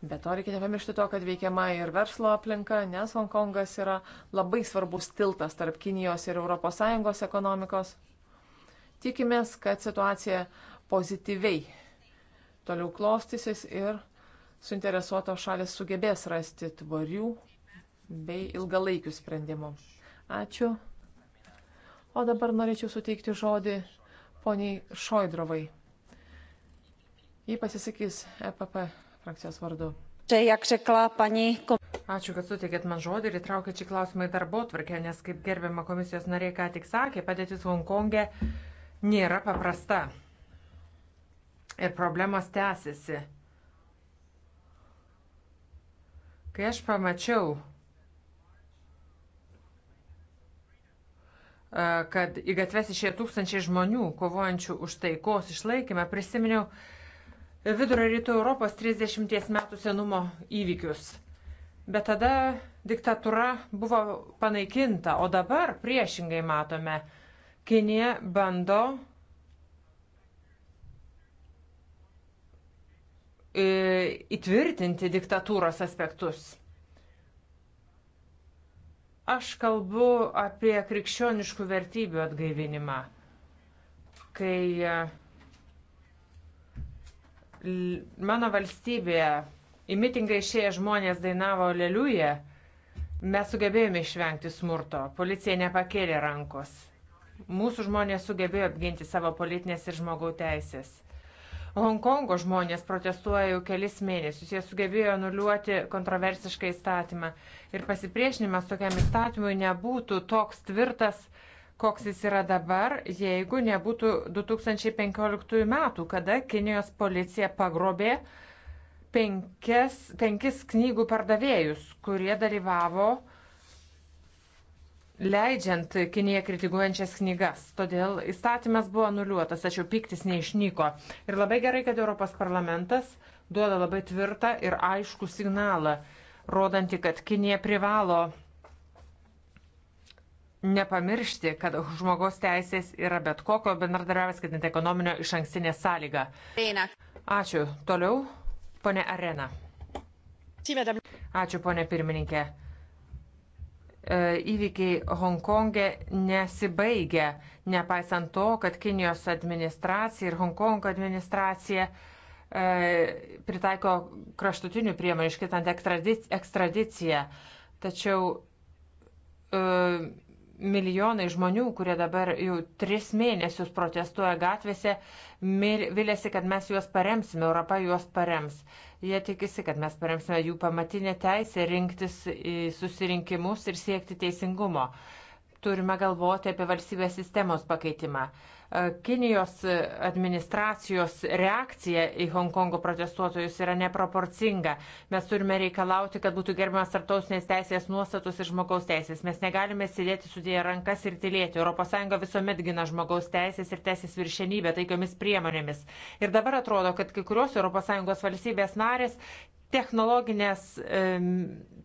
Be to reikia nepamiršti to, kad veikiama ir verslo aplinka, nes Hongkongas yra labai svarbus tiltas tarp Kinijos ir ES ekonomikos. Tikimės, kad situacija pozityviai toliau klostysis ir suinteresuotos šalis sugebės rasti tvarių bei ilgalaikių sprendimų. Ačiū. O dabar norėčiau suteikti žodį poniai Šoidrovai. Ji pasisakys EPP frakcijos vardu. Čia, jak řekla pani. Ačiū, kad sutikėt man žodį ir įtraukėt šį klausimą į darbo tvarkę, nes, kaip gerbiama komisijos narė ką tik sakė, padėtis Hongkonge nėra paprasta. Ir problemos tęsiasi. Kai aš pamačiau, e, kad į gatves išėjo tūkstančiai žmonių kovojančių už taikos išlaikymą, prisiminiau, vidurio rytų Europos 30 metų senumo įvykius. Bet tada diktatūra buvo panaikinta, o dabar priešingai matome, Kinija bando e, įtvirtinti diktatūros aspektus. Aš kalbu apie krikščioniškų vertybių atgaivinimą, kai Mano valstybėje į mitingą išėję žmonės dainavo Leliuje. Mes sugebėjome išvengti smurto. Policija nepakėlė rankos. Mūsų žmonės sugebėjo apginti savo politinės ir žmogaus teisės. Hongkongo žmonės protestuoja jau kelis mėnesius. Jie sugebėjo nuliuoti kontroversišką įstatymą. Ir pasipriešinimas tokiam įstatymui nebūtų toks tvirtas, koks jis yra dabar, jeigu nebūtų 2015 metų, kada Kinijos policija pagrobė penkias, penkis knygų pardavėjus, kurie dalyvavo leidžiant Kiniją kritikuojančias knygas. Todėl įstatymas buvo nuliuotas, tačiau piktis neišnyko. Ir labai gerai, kad Europos parlamentas duoda labai tvirtą ir aišku signalą, rodantį, kad Kinija privalo nepamiršti, kad žmogaus teisės yra bet kokio bendradarbiavęs, kad net ekonominio iš ankstinė sąlyga. Eina. Ačiū. Toliau, ponė Arena. Ačiū, ponė pirmininkė. E, įvykiai Hongkonge nesibaigia, nepaisant to, kad Kinijos administracija ir Hongkongo administracija e, pritaiko kraštutinių priemonių, iškitant ekstradiciją. Tačiau e, milijonai žmonių, kurie dabar jau tris mėnesius protestuoja gatvėse, vilėsi, kad mes juos paremsime, Europa juos parems. Jie tikisi, kad mes paremsime jų pamatinę teisę rinktis į susirinkimus ir siekti teisingumo. Turime galvoti apie valstybės sistemos pakeitimą. Kinijos administracijos reakcija į Hongkongo protestuotojus yra neproporcinga. Mes turime reikalauti, kad būtų gerbiamas tarptautinės teisės nuostatos ir žmogaus teisės. Mes negalime sėdėti sudėję rankas ir tylėti. ES visuomet gina žmogaus teisės ir teisės viršenybę taikiomis priemonėmis. Ir dabar atrodo, kad kai kurios ES valstybės narės technologinės,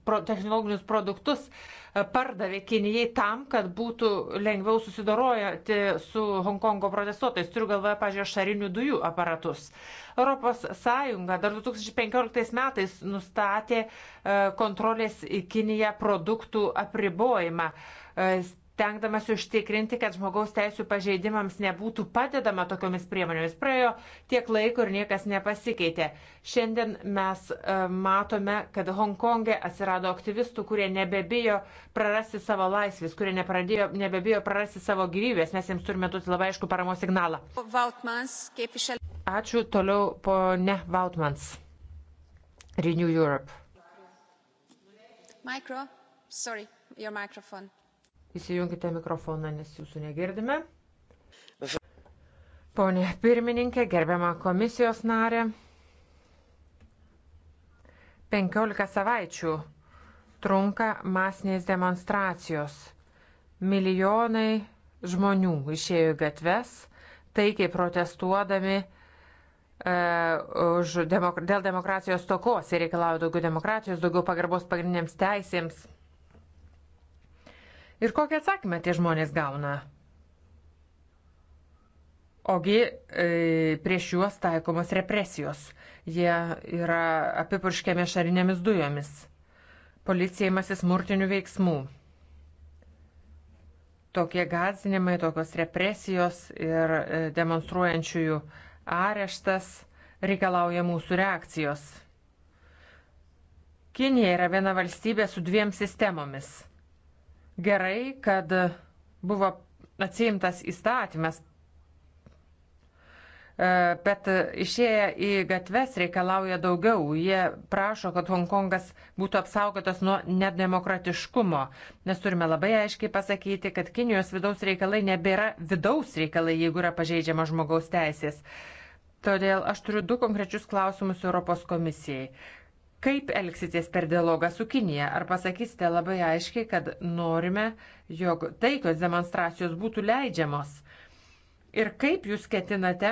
pro, technologinius produktus uh, pardavė Kinijai tam, kad būtų lengviau susidorojoti su Hongkongo protestuotojais. Turiu galvoje, pažiūrėjau, šarinių dujų aparatus. ES dar 2015 metais nustatė e, kontrolės į Kiniją produktų apribojimą e, Tenkdamas užtikrinti, kad žmogaus teisų pažeidimams nebūtų padedama tokiomis priemonėmis, praėjo tiek laiko ir niekas nepasikeitė. Šiandien mes e, matome, kad Hongkonge atsirado aktyvistų, kurie nebebijo prarasti savo laisvės, kurie nepradėjo, nebebijo prarasti savo gyvybės. Mes jiems turime duoti labai aišku paramos signalą. Ačiū toliau ponė Vautmans. Renew Europe. Micro. Sorry, your microphone. Įsijunkite mikrofoną, nes jūsų negirdime. Pone pirmininkė, gerbiama komisijos narė, 15 savaičių trunka masinės demonstracijos. Milijonai žmonių išėjo į gatves, taikiai protestuodami uh, demok dėl demokratijos tokos ir reikalauja daugiau demokratijos, daugiau pagarbos pagrindiniams teisėms. Ir kokį atsakymą tie žmonės gauna? Ogi e, prieš juos taikomos represijos. Jie yra apipurškiami šarinėmis dujomis. Policija imasi smurtinių veiksmų. Tokie gazinimai, tokios represijos ir e, demonstruojančiųjų areštas reikalauja mūsų reakcijos. Kinija yra viena valstybė su dviem sistemomis Gerai, kad buvo atsiimtas įstatymas, e, bet išėję į gatves reikalauja daugiau. Jie prašo, kad Hongkongas būtų apsaugotas nuo nedemokratiškumo, nes turime labai aiškiai pasakyti, kad Kinijos vidaus reikalai nebėra vidaus reikalai, jeigu yra pažeidžiama žmogaus teisės. Todėl aš turiu du konkrečius klausimus Europos komisijai. Kaip elgsitės per dialogą su Kinija? Ar pasakysite labai aiškiai, kad norime, jog taikios demonstracijos būtų leidžiamos? Ir kaip jūs ketinate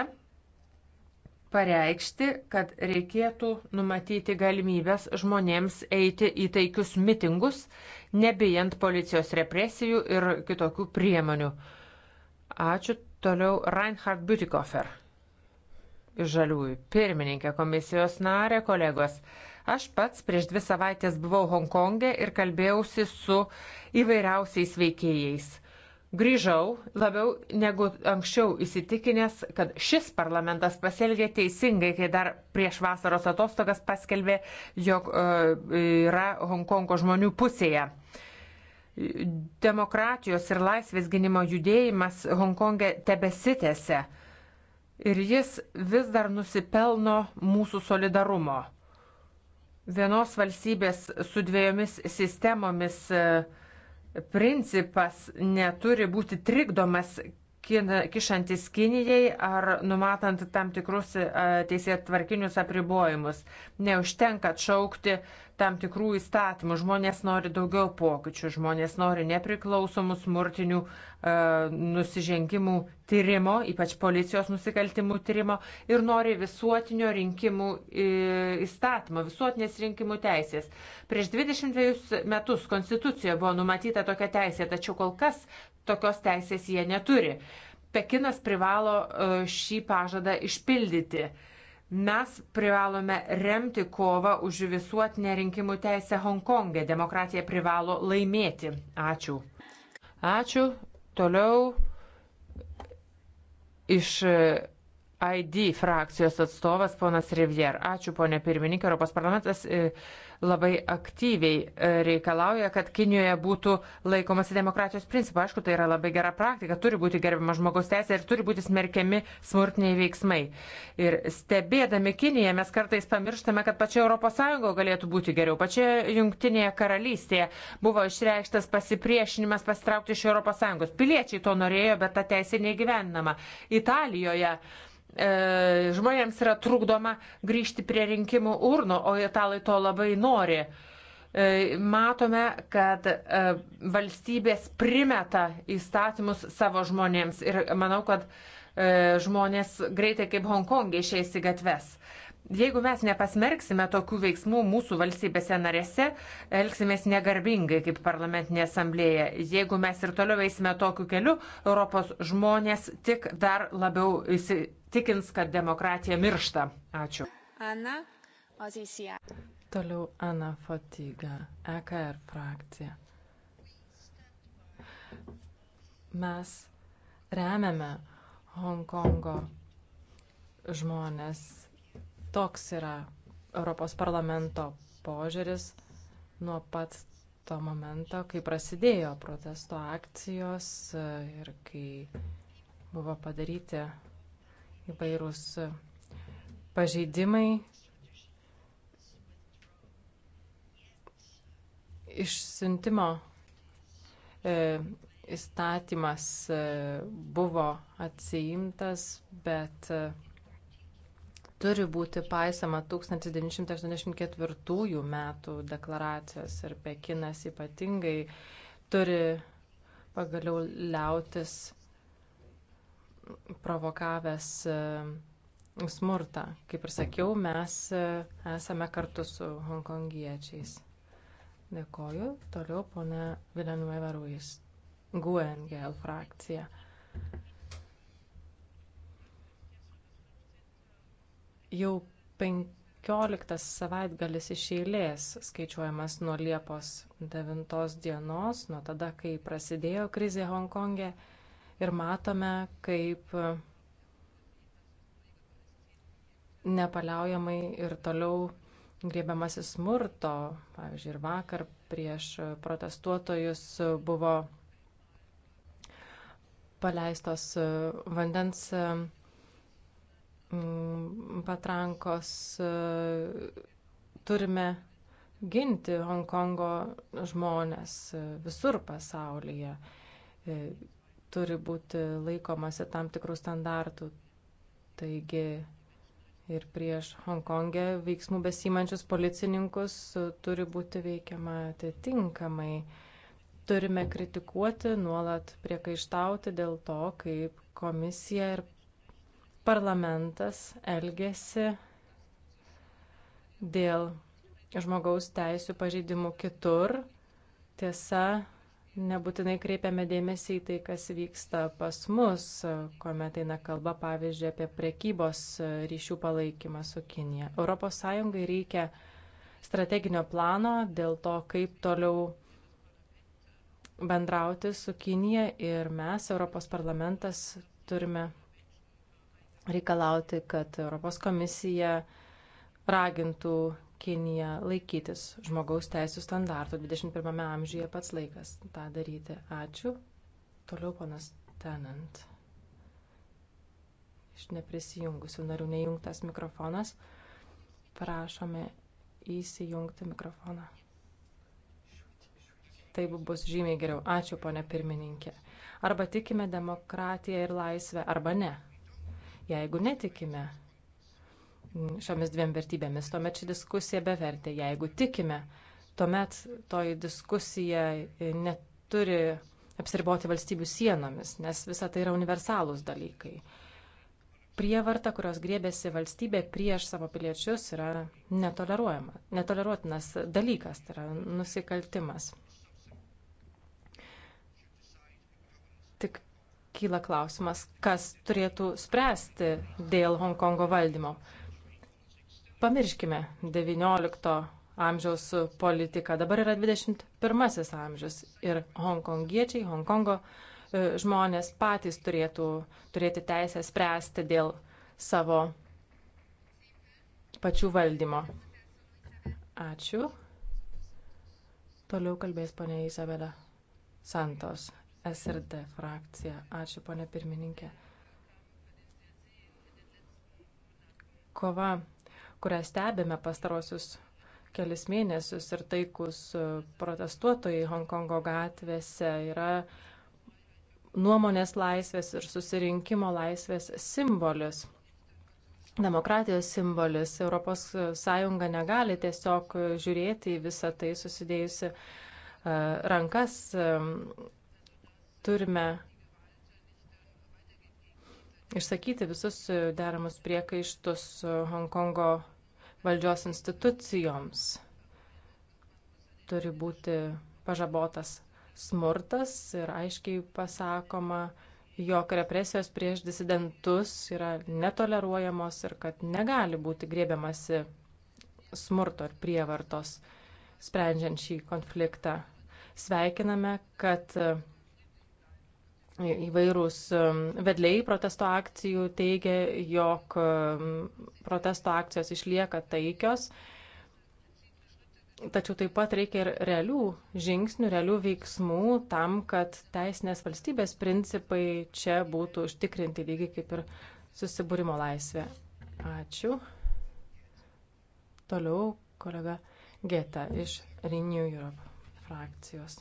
pareikšti, kad reikėtų numatyti galimybės žmonėms eiti į taikius mitingus, nebijant policijos represijų ir kitokių priemonių. Ačiū toliau Reinhard Butikofer. Iš žaliųjų pirmininkė komisijos narė, kolegos. Aš pats prieš dvi savaitės buvau Hongkonge ir kalbėjausi su įvairiausiais veikėjais. Grįžau labiau negu anksčiau įsitikinęs, kad šis parlamentas pasielgė teisingai, kai dar prieš vasaros atostogas paskelbė, jog e, yra Hongkongo žmonių pusėje. Demokratijos ir laisvės gynimo judėjimas Hongkonge tebesitėse ir jis vis dar nusipelno mūsų solidarumo vienos valstybės su dviejomis sistemomis e, principas neturi būti trikdomas kišantis Kinijai ar numatant tam tikrus e, teisėtvarkinius apribojimus. Neužtenka atšaukti tam tikrų įstatymų. Žmonės nori daugiau pokyčių, žmonės nori nepriklausomų smurtinių e, nusižengimų tyrimo, ypač policijos nusikaltimų tyrimo ir nori visuotinio rinkimų e, įstatymo, visuotinės rinkimų teisės. Prieš 22 metus Konstitucijoje buvo numatyta tokia teisė, tačiau kol kas tokios teisės jie neturi. Pekinas privalo e, šį pažadą išpildyti. Mes privalome remti kovą už visuotinę rinkimų teisę Hongkongė. Demokratija privalo laimėti. Ačiū. Ačiū. Toliau iš ID frakcijos atstovas ponas Rivier. Ačiū, ponė pirmininkė, Europos parlamentas. E, labai aktyviai e, reikalauja, kad Kinijoje būtų laikomasi demokratijos principų. Aišku, tai yra labai gera praktika, turi būti gerbima žmogaus teisė ir turi būti smerkiami smurtiniai veiksmai. Ir stebėdami Kiniją mes kartais pamirštame, kad pačioje ES galėtų būti geriau. Pačioje Junktinėje karalystėje buvo išreikštas pasipriešinimas pasitraukti iš ES. Piliečiai to norėjo, bet ta teisė neįgyvendinama. Italijoje E, žmonėms yra trukdoma grįžti prie rinkimų urno, o italai to labai nori. E, matome, kad e, valstybės primeta įstatymus savo žmonėms ir manau, kad žmonės greitai kaip Hongkongė išeis į gatves. Jeigu mes nepasmerksime tokių veiksmų mūsų valstybėse narėse, elgsimės negarbingai kaip parlamentinė asamblėja. Jeigu mes ir toliau eisime tokiu keliu, Europos žmonės tik dar labiau įsitikins tikins, kad demokratija miršta. Ačiū. Ana, pozicija. Toliau Ana Fatiga, EKR frakcija. Mes remiame Hongkongo žmonės. Toks yra Europos parlamento požiūris nuo pat to momento, kai prasidėjo protesto akcijos ir kai buvo padaryti įvairūs pažeidimai išsiuntimo e, įstatymas e, buvo atsiimtas, bet e, turi būti paisama 1984 metų deklaracijos ir Pekinas ypatingai turi pagaliau liautis provokavęs e, smurtą. Kaip ir sakiau, mes e, esame kartu su hongkongiečiais. Dėkoju. Toliau pone Vilenueva Ruiz, GUNGL frakcija. Jau 15 savaitgalis iš eilės skaičiuojamas nuo Liepos 9 dienos, nuo tada, kai prasidėjo krizė Hongkonge. E ir matome, kaip nepaliaujamai ir toliau griebiamasi smurto. Pavyzdžiui, ir vakar prieš protestuotojus buvo paleistos vandens mm, patrankos. Turime ginti Hongkongo žmonės visur pasaulyje turi būti laikomasi tam tikrų standartų. Taigi ir prieš Hongkongę e veiksmų besimančius policininkus turi būti veikiama atitinkamai. Turime kritikuoti, nuolat priekaištauti dėl to, kaip komisija ir parlamentas elgesi dėl žmogaus teisų pažeidimų kitur. Tiesa, nebūtinai kreipiame dėmesį į tai, kas vyksta pas mus, kuomet eina kalba, pavyzdžiui, apie prekybos ryšių palaikymą su Kinija. ES reikia strateginio plano dėl to, kaip toliau bendrauti su Kinija ir mes, Europos parlamentas, turime reikalauti, kad Europos komisija ragintų Kinija laikytis žmogaus teisų standartų. 21 amžiuje pats laikas tą daryti. Ačiū. Toliau panas Tenant. Iš neprisijungusių narių neįjungtas mikrofonas. Prašome įsijungti mikrofoną. Taip bus žymiai geriau. Ačiū, ponė pirmininkė. Arba tikime demokratiją ir laisvę, arba ne. Jeigu netikime, šiomis dviem vertybėmis, tuomet ši diskusija bevertė. Jeigu tikime, tuomet toji diskusija e, neturi apsiriboti valstybių sienomis, nes visa tai yra universalūs dalykai. Prievarta, kurios grėbėsi valstybė prieš savo piliečius, yra netoleruojama, netoleruotinas dalykas, tai yra nusikaltimas. Tik kyla klausimas, kas turėtų spręsti dėl Hongkongo valdymo Pamirškime 19 amžiaus politiką. Dabar yra 21 amžius ir hongkongiečiai, Hongkongo e, žmonės patys turėtų turėti teisę spręsti dėl savo pačių valdymo. Ačiū. Toliau kalbės ponė Izabela Santos, SRD frakcija. Ačiū, ponė pirmininkė. Kova kurią stebime pastarosius kelis mėnesius ir taikus e, protestuotojai Hongkongo gatvėse yra nuomonės laisvės ir susirinkimo laisvės simbolis. Demokratijos simbolis. ES negali tiesiog žiūrėti į visą tai susidėjusi e, rankas. E, turime išsakyti visus deramus priekaištus Hongkongo valdžios institucijoms. Turi būti pažabotas smurtas ir aiškiai pasakoma, jog represijos prieš disidentus yra netoleruojamos ir kad negali būti grėbiamasi smurto ir prievartos sprendžiant šį konfliktą. Sveikiname, kad Įvairūs um, vedliai protesto akcijų teigia, jog um, protesto akcijos išlieka taikios, tačiau taip pat reikia ir realių žingsnių, realių veiksmų tam, kad teisinės valstybės principai čia būtų užtikrinti lygiai kaip ir susibūrimo laisvė. Ačiū. Toliau kolega Geta iš Renew Europe frakcijos.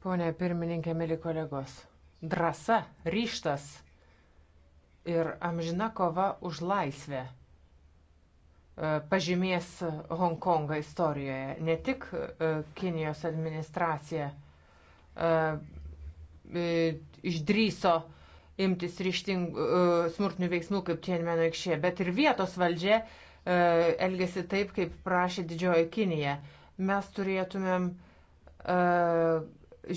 Pone pirmininkė, mėly kolegos drąsa, ryštas ir amžina kova už laisvę e, pažymės Hongkongo istorijoje. Ne tik e, Kinijos administracija e, išdryso imtis ryštingų smurtinių veiksmų kaip Tienmeno aikštė, bet ir vietos valdžia elgėsi taip, kaip prašė didžioji Kinija. Mes turėtumėm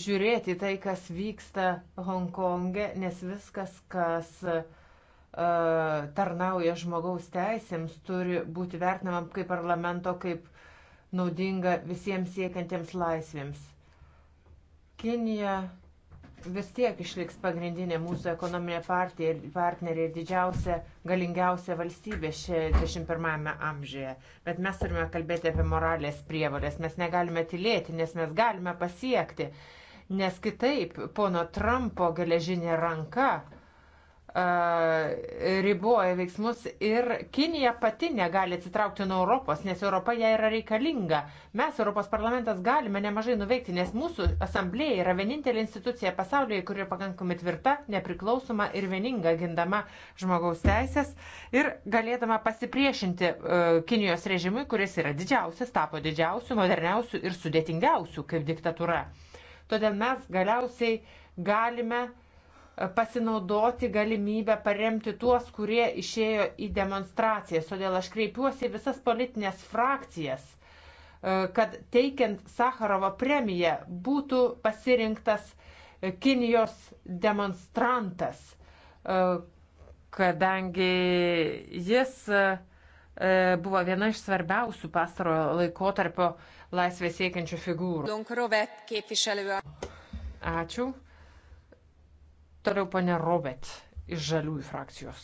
žiūrėti tai, kas vyksta Hongkonge, nes viskas, kas uh, tarnauja žmogaus teisėms, turi būti vertinamam kaip parlamento, kaip naudinga visiems siekiantiems laisvėms. Kinija vis tiek išliks pagrindinė mūsų ekonominė partija ir partnerė ir didžiausia, galingiausia valstybė šiame 21-ame amžiuje. Bet mes turime kalbėti apie moralės prievalės, mes negalime tylėti, nes mes galime pasiekti, nes kitaip pono Trumpo geležinė ranka riboja veiksmus ir Kinija pati negali atsitraukti nuo Europos, nes Europa jai yra reikalinga. Mes, Europos parlamentas, galime nemažai nuveikti, nes mūsų asamblėja yra vienintelė institucija pasaulyje, kuri pakankamai tvirta, nepriklausoma ir vieninga gindama žmogaus teisės ir galėdama pasipriešinti uh, Kinijos režimui, kuris yra didžiausias, tapo didžiausiu, moderniausiu ir sudėtingiausiu kaip diktatūra. Todėl mes galiausiai galime uh, pasinaudoti galimybę paremti tuos, kurie išėjo į demonstracijas. Todėl aš kreipiuosi visas politinės frakcijas, e, kad teikiant Sakarovo premiją būtų pasirinktas Kinijos demonstrantas, e, kadangi jis e, buvo viena iš svarbiausių pastarojo laikotarpio laisvės siekiančių figūrų. Ačiū. Toliau pane Robert iš Žaliųjų frakcijos.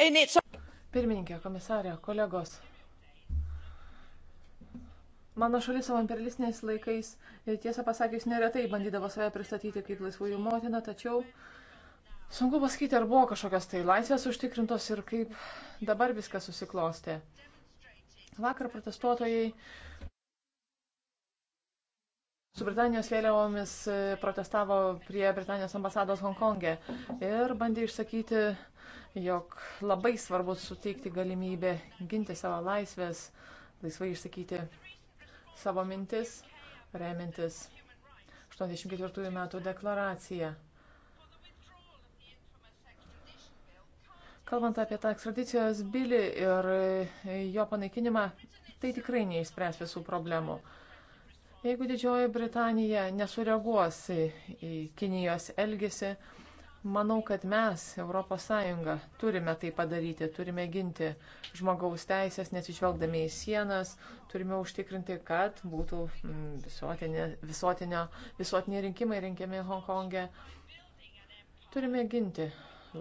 Its... Pirmininkė, komisarė, kolegos. Mano šalis savo imperialistiniais laikais, tiesą pasakius, neretai bandydavo save pristatyti kaip laisvųjų motiną, tačiau sunku pasakyti, ar buvo kažkokios tai laisvės užtikrintos ir kaip dabar viskas susiklostė. Vakar protestuotojai su Britanijos vėliavomis e, protestavo prie Britanijos ambasados Hongkonge ir bandė išsakyti, jog labai svarbu suteikti galimybę ginti savo laisvės, laisvai išsakyti savo mintis, remintis 84 metų deklaraciją. Kalbant apie tą ekstradicijos bilį ir e, jo panaikinimą, tai tikrai neišspręs visų problemų. Jeigu Didžioji Britanija nesureaguos į Kinijos elgesį, manau, kad mes, ES, turime tai padaryti, turime ginti žmogaus teisės, nesižvelgdami į sienas, turime užtikrinti, kad būtų mm, visuotinė, visuotinio, visuotiniai rinkimai rinkiami Hongkonge. Turime ginti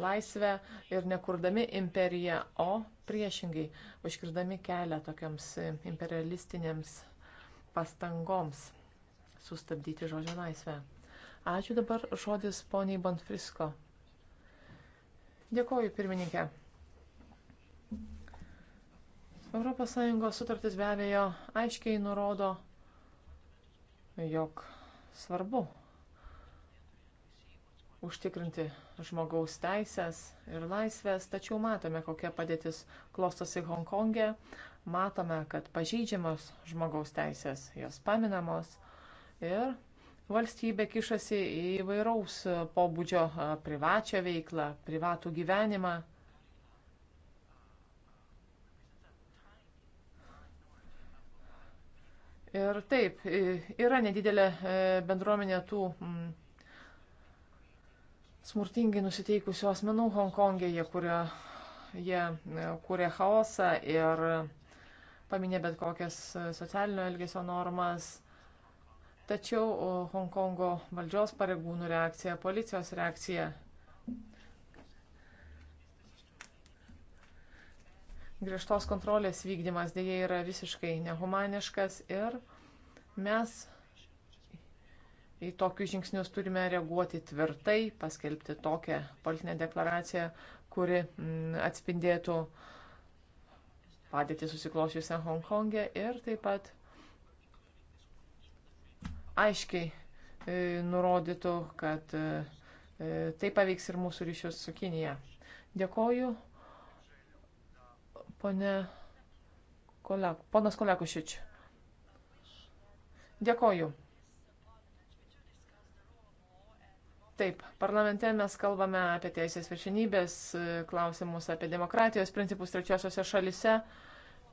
laisvę ir nekurdami imperiją, o priešingai užkirdami kelią tokiams imperialistinėms pastangoms sustabdyti žodžio laisvę. Ačiū dabar žodis poniai Bonfrisko. Dėkoju, pirmininkė. ES sutartis be abejo aiškiai nurodo, jog svarbu užtikrinti žmogaus teisės ir laisvės, tačiau matome, kokia padėtis klostosi Hongkonge, matome, kad pažeidžiamos žmogaus teisės, jos paminamos ir valstybė kišasi į įvairaus pobūdžio privačią veiklą, privatų gyvenimą. Ir taip, yra nedidelė e, bendruomenė tų smurtingai nusiteikusių asmenų Hongkongėje, kurie jie kūrė chaosą ir paminė bet kokias e, socialinio elgesio normas. Tačiau Hongkongo valdžios pareigūnų reakcija, policijos reakcija griežtos kontrolės vykdymas dėja yra visiškai nehumaniškas ir mes į tokius žingsnius turime reaguoti tvirtai, paskelbti tokią politinę deklaraciją, kuri mm, atspindėtų uh, padėtį susiklošiusią Hongkongė e ir taip pat aiškiai e, nurodytų, kad e, e, tai paveiks ir mūsų ryšius su Kinija. Dėkoju, ponė Kolek, ponas Kolekušič. Dėkoju. Taip, parlamente mes kalbame apie teisės viršinybės e, klausimus, apie demokratijos principus trečiosiose šalise,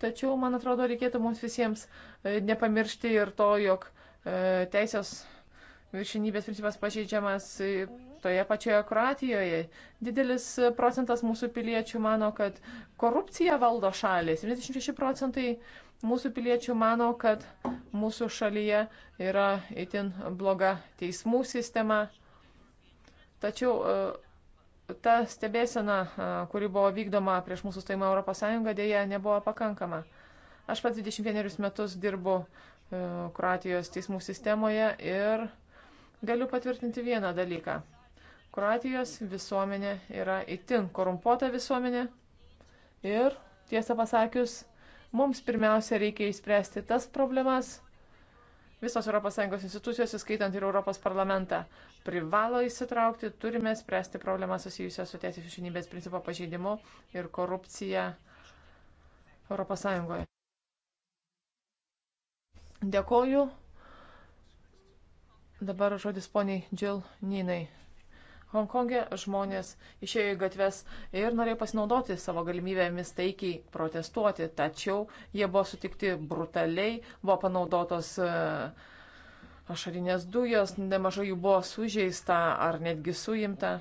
tačiau, man atrodo, reikėtų mums visiems e, nepamiršti ir to, jog e, teisės viršinybės principas pažeidžiamas toje pačioje Kroatijoje. Didelis procentas mūsų piliečių mano, kad korupcija valdo šalį. 76 procentai mūsų piliečių mano, kad mūsų šalyje yra itin bloga teismų sistema. Tačiau e, ta stebėsena, e, kuri buvo vykdoma prieš mūsų stojimą Europos Sąjungą, dėja nebuvo pakankama. Aš pats 21 metus dirbu e, Kroatijos teismų sistemoje ir galiu patvirtinti vieną dalyką. Kroatijos visuomenė yra itin korumpuota visuomenė ir, tiesą pasakius, mums pirmiausia reikia įspręsti tas problemas, Visos ES institucijos, įskaitant ir Europos parlamentą, privalo įsitraukti, turime spręsti problemą susijusią su teisės išinybės principo pažeidimu ir korupcija ES. Dėkoju. Dabar žodis poniai Džil Ninai. Hongkonge žmonės išėjo į gatves ir norėjo pasinaudoti savo galimybėmis taikiai protestuoti, tačiau jie buvo sutikti brutaliai, buvo panaudotos e, ašarinės dujos, nemažai jų buvo sužeista ar netgi suimta.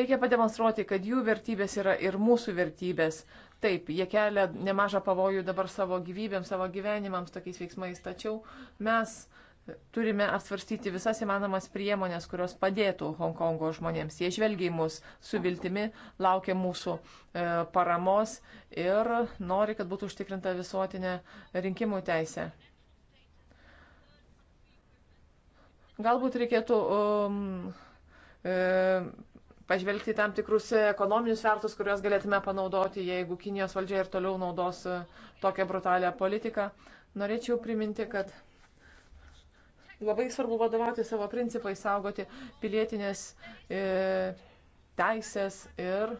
Reikia pademonstruoti, kad jų vertybės yra ir mūsų vertybės. Taip, jie kelia nemažą pavojų dabar savo gyvybėms, savo gyvenimams tokiais veiksmais, tačiau mes turime apsvarstyti visas įmanomas priemonės, kurios padėtų Hongkongo žmonėms. Jie žvelgia į mus su viltimi, laukia mūsų e, paramos ir nori, kad būtų užtikrinta visuotinė rinkimų teisė. Galbūt reikėtų um, e, pažvelgti tam tikrus ekonominius svertus, kuriuos galėtume panaudoti, jeigu Kinijos valdžia ir toliau naudos e, tokią brutalią politiką. Norėčiau priminti, kad Labai svarbu vadovauti savo principai, saugoti pilietinės e, teisės ir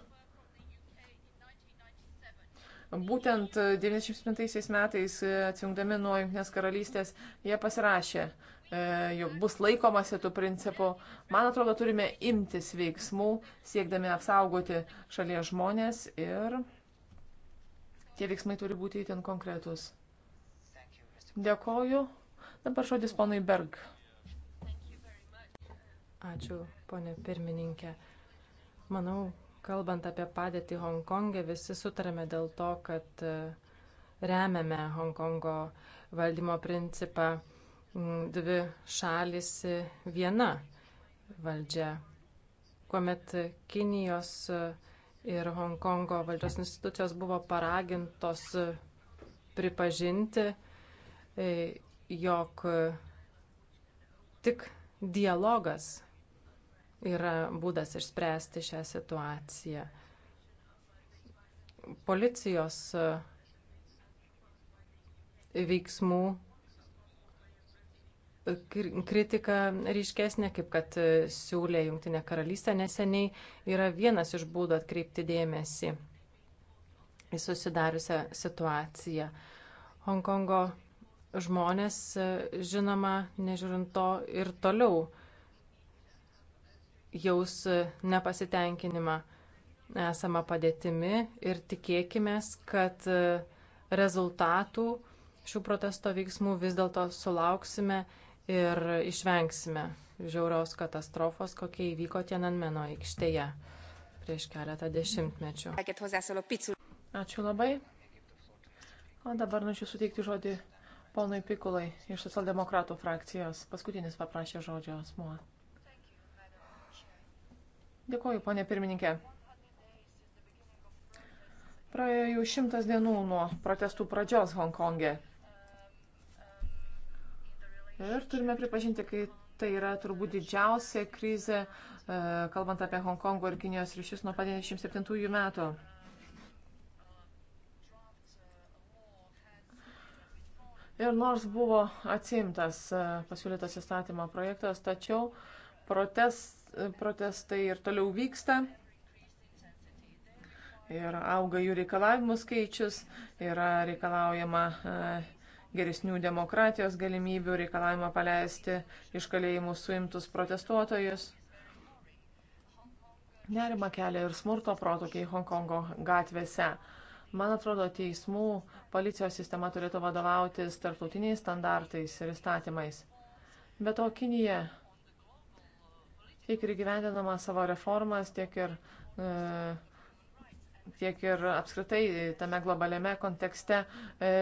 būtent 97 metais e, atsijungdami nuo Junktinės karalystės jie pasirašė, e, jog bus laikomasi tų principų. Man atrodo, turime imtis veiksmų, siekdami apsaugoti šalies žmonės ir tie veiksmai turi būti įtin konkretus. Dėkoju. Dabar žodis ponai Berg. Ačiū, ponė pirmininkė. Manau, kalbant apie padėtį Hongkongė, visi sutarėme dėl to, kad e, remiame Hongkongo valdymo principą dvi šalis e, viena valdžia, kuomet Kinijos e, ir Hongkongo valdžios institucijos buvo paragintos pripažinti jog e, tik dialogas yra būdas išspręsti šią situaciją. Policijos e, veiksmų e, kritika ryškesnė, kaip kad siūlė Junktinė karalystė neseniai, yra vienas iš būdų atkreipti dėmesį į susidariusią situaciją. Hongkongo žmonės, e, žinoma, nežiūrint to ir toliau jaus e, nepasitenkinimą esamą padėtimi ir tikėkime, kad e, rezultatų šių protesto veiksmų vis dėlto sulauksime ir išvengsime žiaurios katastrofos, kokie įvyko Tienanmeno aikštėje prieš keletą dešimtmečių. Ačiū labai. O dabar norėčiau suteikti žodį Ponui Pikulai iš socialdemokratų frakcijos paskutinis paprašė žodžio asmuo. Dėkuoju, ponė pirmininkė. Praėjo jau šimtas dienų nuo protestų pradžios Hongkonge. Ir turime pripažinti, kai tai yra turbūt didžiausia krizė, e, kalbant apie Hongkongo ir Kinijos ryšius nuo 1997 metų. Ir nors buvo atsimtas e, pasiūlytas įstatymo projektas, tačiau protest, protestai ir toliau vyksta. Ir auga jų reikalavimų skaičius, yra reikalaujama e, geresnių demokratijos galimybių, reikalavimą paleisti iš kalėjimų suimtus protestuotojus. Nerima kelia ir smurto protokiai Hongkongo gatvėse. Man atrodo, teismų policijos sistema turėtų vadovautis tarptautiniais standartais ir įstatymais. Be to, Kinija tiek ir gyvendinama savo reformas, tiek ir, e, tiek ir apskritai tame globaliame kontekste e,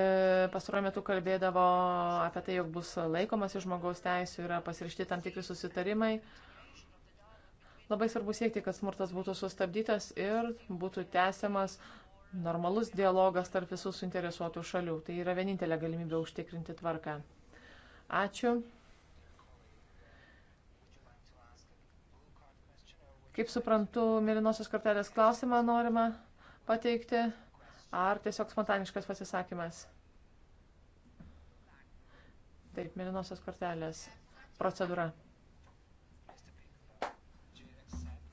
pastaruoju metu kalbėdavo apie tai, jog bus laikomasi žmogaus teisų, yra pasirašti tam tikri susitarimai. Labai svarbu siekti, kad smurtas būtų sustabdytas ir būtų tęsiamas normalus dialogas tarp visų suinteresuotų šalių. Tai yra vienintelė galimybė užtikrinti tvarką. Ačiū. Kaip suprantu, mėlynosios kortelės klausimą norima pateikti, ar tiesiog spontaniškas pasisakymas? Taip, mėlynosios kortelės procedūra.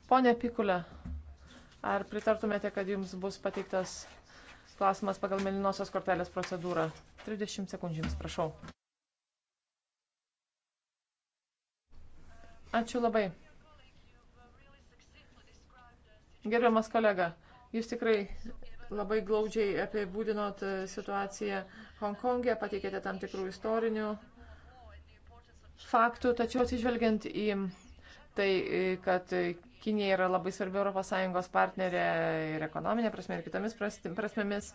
Pone Pikulė, Ar pritartumėte, kad jums bus pateiktas klausimas pagal melinosios kortelės procedūrą? 30 sekundžių jums prašau. Ačiū labai. Gerbiamas kolega, jūs tikrai labai glaudžiai apibūdinot e, situaciją Hongkongė, e, pateikėte tam tikrų istorinių faktų, tačiau atsižvelgiant į tai, e, kad e, Kinija yra labai svarbi ES partnerė ir ekonominė prasme, ir kitomis prasmėmis.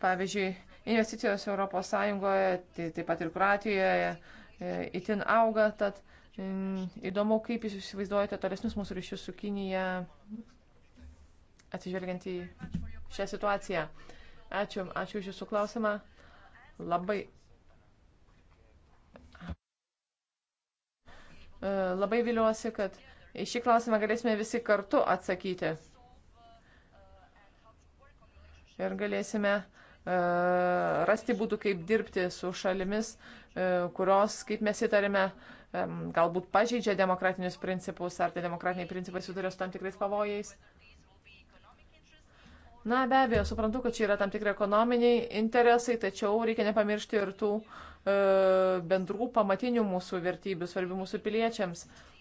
Pavyzdžiui, investicijos ES, tai taip pat ir Kroatijoje e, itin auga, tad įdomu, kaip jūs įsivaizduojate tolesnius mūsų ryšius su Kinija, atsižvelgiant į šią situaciją. Ačiū, ačiū už jūsų klausimą. Labai e, labai viliuosi, kad Į šį klausimą galėsime visi kartu atsakyti. Ir galėsime e, rasti būdų, kaip dirbti su šalimis, e, kurios, kaip mes įtarime, e, galbūt pažeidžia demokratinius principus, ar tai demokratiniai principai suduria su tam tikrais pavojais. Na, be abejo, suprantu, kad čia yra tam tikri ekonominiai interesai, tačiau reikia nepamiršti ir tų e, bendrų pamatinių mūsų vertybių, svarbių mūsų piliečiams. E,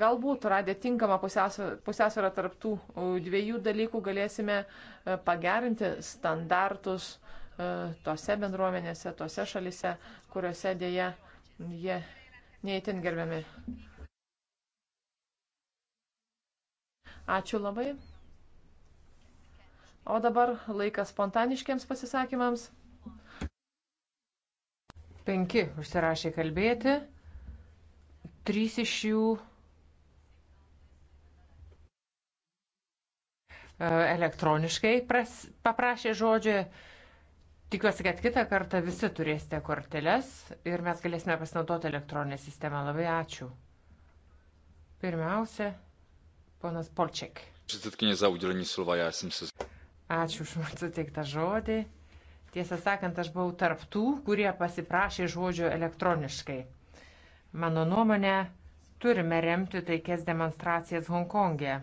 Galbūt radę tinkamą pusiausvyrą tarptų dviejų dalykų galėsime e, pagerinti standartus e, tose bendruomenėse, tose šalise, kuriuose dėja jie neįtin gerbiami. Ačiū labai. O dabar laikas spontaniškiams pasisakymams. Penki užsirašė kalbėti. Trys iš jų E, elektroniškai pras, paprašė žodžio. Tikiuosi, kad kitą kartą visi turėsite korteles ir mes galėsime pasinaudoti elektroninę sistemą. Labai ačiū. Pirmiausia, ponas Polčiak. Ačiū už man suteiktą žodį. Tiesą sakant, aš buvau tarptų, kurie pasiprašė žodžio elektroniškai. Mano nuomonė, turime remti taikias demonstracijas Hongkongė. E.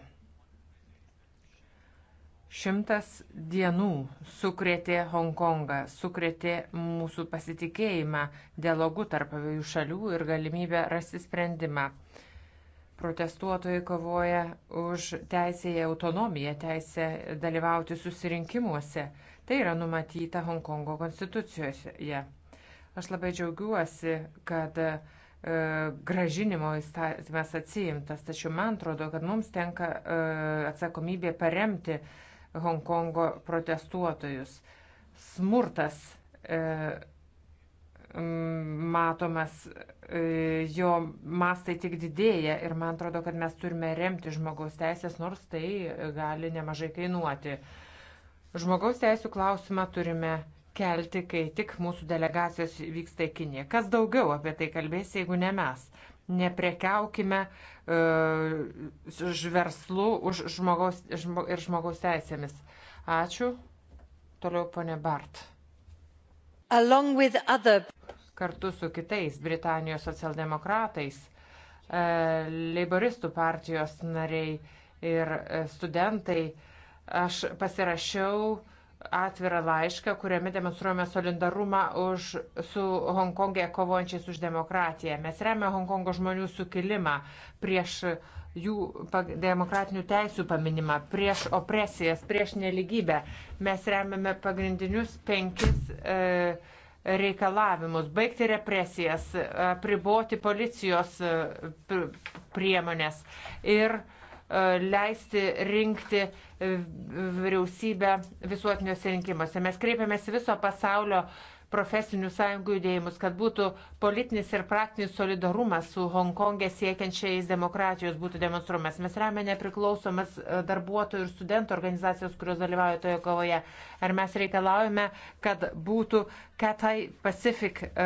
Šimtas dienų sukrėtė Hongkongą, sukrėtė mūsų pasitikėjimą dialogu tarp abiejų šalių ir galimybę rasti sprendimą. Protestuotojai kovoja už teisę į autonomiją, teisę dalyvauti susirinkimuose. Tai yra numatyta Hongkongo konstitucijoje. Aš labai džiaugiuosi, kad e, gražinimo įstatymas atsiimtas, tačiau man atrodo, kad mums tenka e, atsakomybė paremti uh, Hongkongo protestuotojus. Smurtas e, matomas, e, jo mastai tik didėja ir man atrodo, kad mes turime remti žmogaus teisės, nors tai gali nemažai kainuoti. Žmogaus teisų klausimą turime kelti, kai tik mūsų delegacijos vyksta į Kiniją. Kas daugiau apie tai kalbės, jeigu ne mes? neprekiaukime uh, už verslų už žmogaus, žmo, ir žmogaus teisėmis. Ačiū. Toliau ponė Bart. Other... Kartu su kitais Britanijos socialdemokratais, uh, Leiboristų partijos nariai ir e, studentai, aš pasirašiau atvirą laišką, kuriame demonstruojame solidarumą už, su Hongkongė kovojančiais už demokratiją. Mes remia Hongkongo žmonių sukilimą prieš jų demokratinių teisų paminimą, prieš opresijas, prieš neligybę. Mes remiame pagrindinius penkis e, reikalavimus - baigti represijas, apriboti policijos e, priemonės ir e, E, leisti rinkti vyriausybę visuotiniuose rinkimuose. Mes kreipiamės viso pasaulio profesinių sąjungų judėjimus, kad būtų politinis ir praktinis solidarumas su Hongkongė e siekiančiais demokratijos būtų demonstruojamas. Mes remia nepriklausomas e, darbuotojų ir studentų organizacijos, kurios dalyvauja toje kovoje. Ar mes reikalaujame, kad būtų Katai Pacific uh,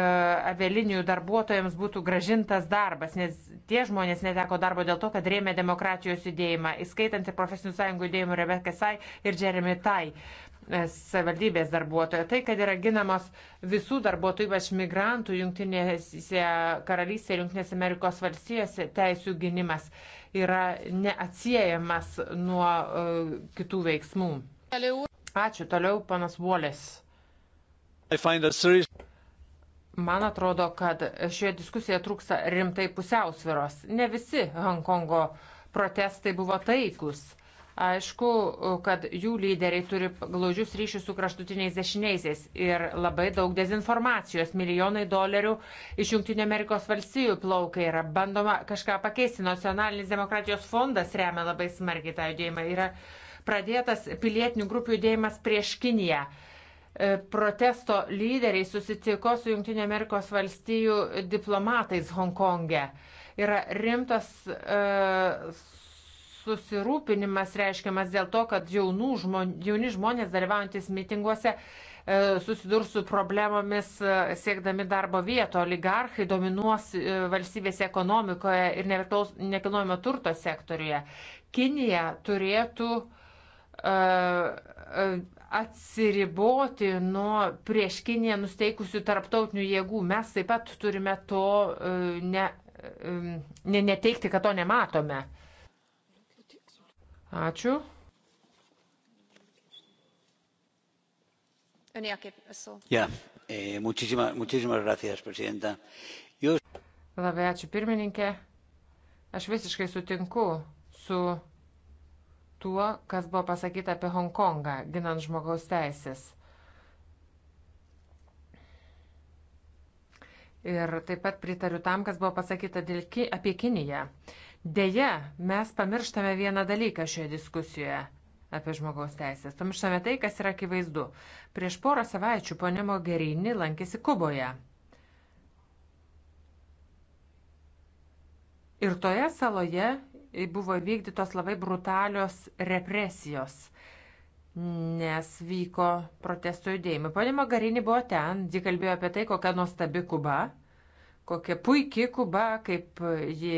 avialinijų darbuotojams būtų gražintas darbas, nes tie žmonės neteko darbo dėl to, kad rėmė demokratijos judėjimą, įskaitant ir profesinių sąjungų judėjimų Rebecca Sai ir Jeremy Tai. Uh, savivaldybės darbuotojo. Tai, kad yra ginamos visų darbuotojų, ypač migrantų, Junktinėse karalystėje ir Junktinėse Amerikos valstijose teisų gynimas yra neatsiejamas nuo uh, kitų veiksmų. Ačiū. Toliau panas Volės. Man atrodo, kad šioje diskusijoje trūksta rimtai pusiausviros. Ne visi Hongkongo protestai buvo taikus Aišku, kad jų lyderiai turi glaužius ryšius su kraštutiniais dešiniaisiais ir labai daug dezinformacijos. Milijonai dolerių iš Junktinio Amerikos valstijų plaukia yra bandoma kažką pakeisti. Nacionalinis demokratijos fondas remia labai smarkiai tą judėjimą. Yra pradėtas pilietinių grupių judėjimas prieš Kiniją e, protesto lyderiai susitiko su Junktinio Amerikos valstijų diplomatais Hongkonge. Yra rimtas e, susirūpinimas reiškiamas dėl to, kad žmon, jauni žmonės dalyvaujantis mitinguose e, susidurs su problemomis e, siekdami darbo vieto. Oligarchai dominuos e, valstybės ekonomikoje ir nekilnojamo turto sektoriuje. Kinija turėtų atsiriboti nuo prieš Kiniją nusteikusių tarptautinių jėgų. Mes taip pat turime to ne, ne, neteikti, kad to nematome. Ačiū. Ja, e, eh, muchísimas, muchísimas gracias, presidenta. Yo... Labai ačiū pirmininkė. Aš visiškai sutinku su tuo, kas buvo pasakyta apie Hongkongą, ginant žmogaus teisės. Ir taip pat pritariu tam, kas buvo pasakyta ki apie Kiniją. Uh, Deja, mes pamirštame vieną dalyką šioje diskusijoje apie žmogaus teisės. Pamirštame tai, kas yra akivaizdu. Prieš porą savaičių ponė Mogherini lankėsi Kuboje. Ir toje saloje buvo vykdytos labai brutalios represijos, nes vyko protesto judėjimai. Ponė Mogherini buvo ten, ji kalbėjo apie tai, kokia nuostabi Kuba kokia puikiai Kuba, kaip ji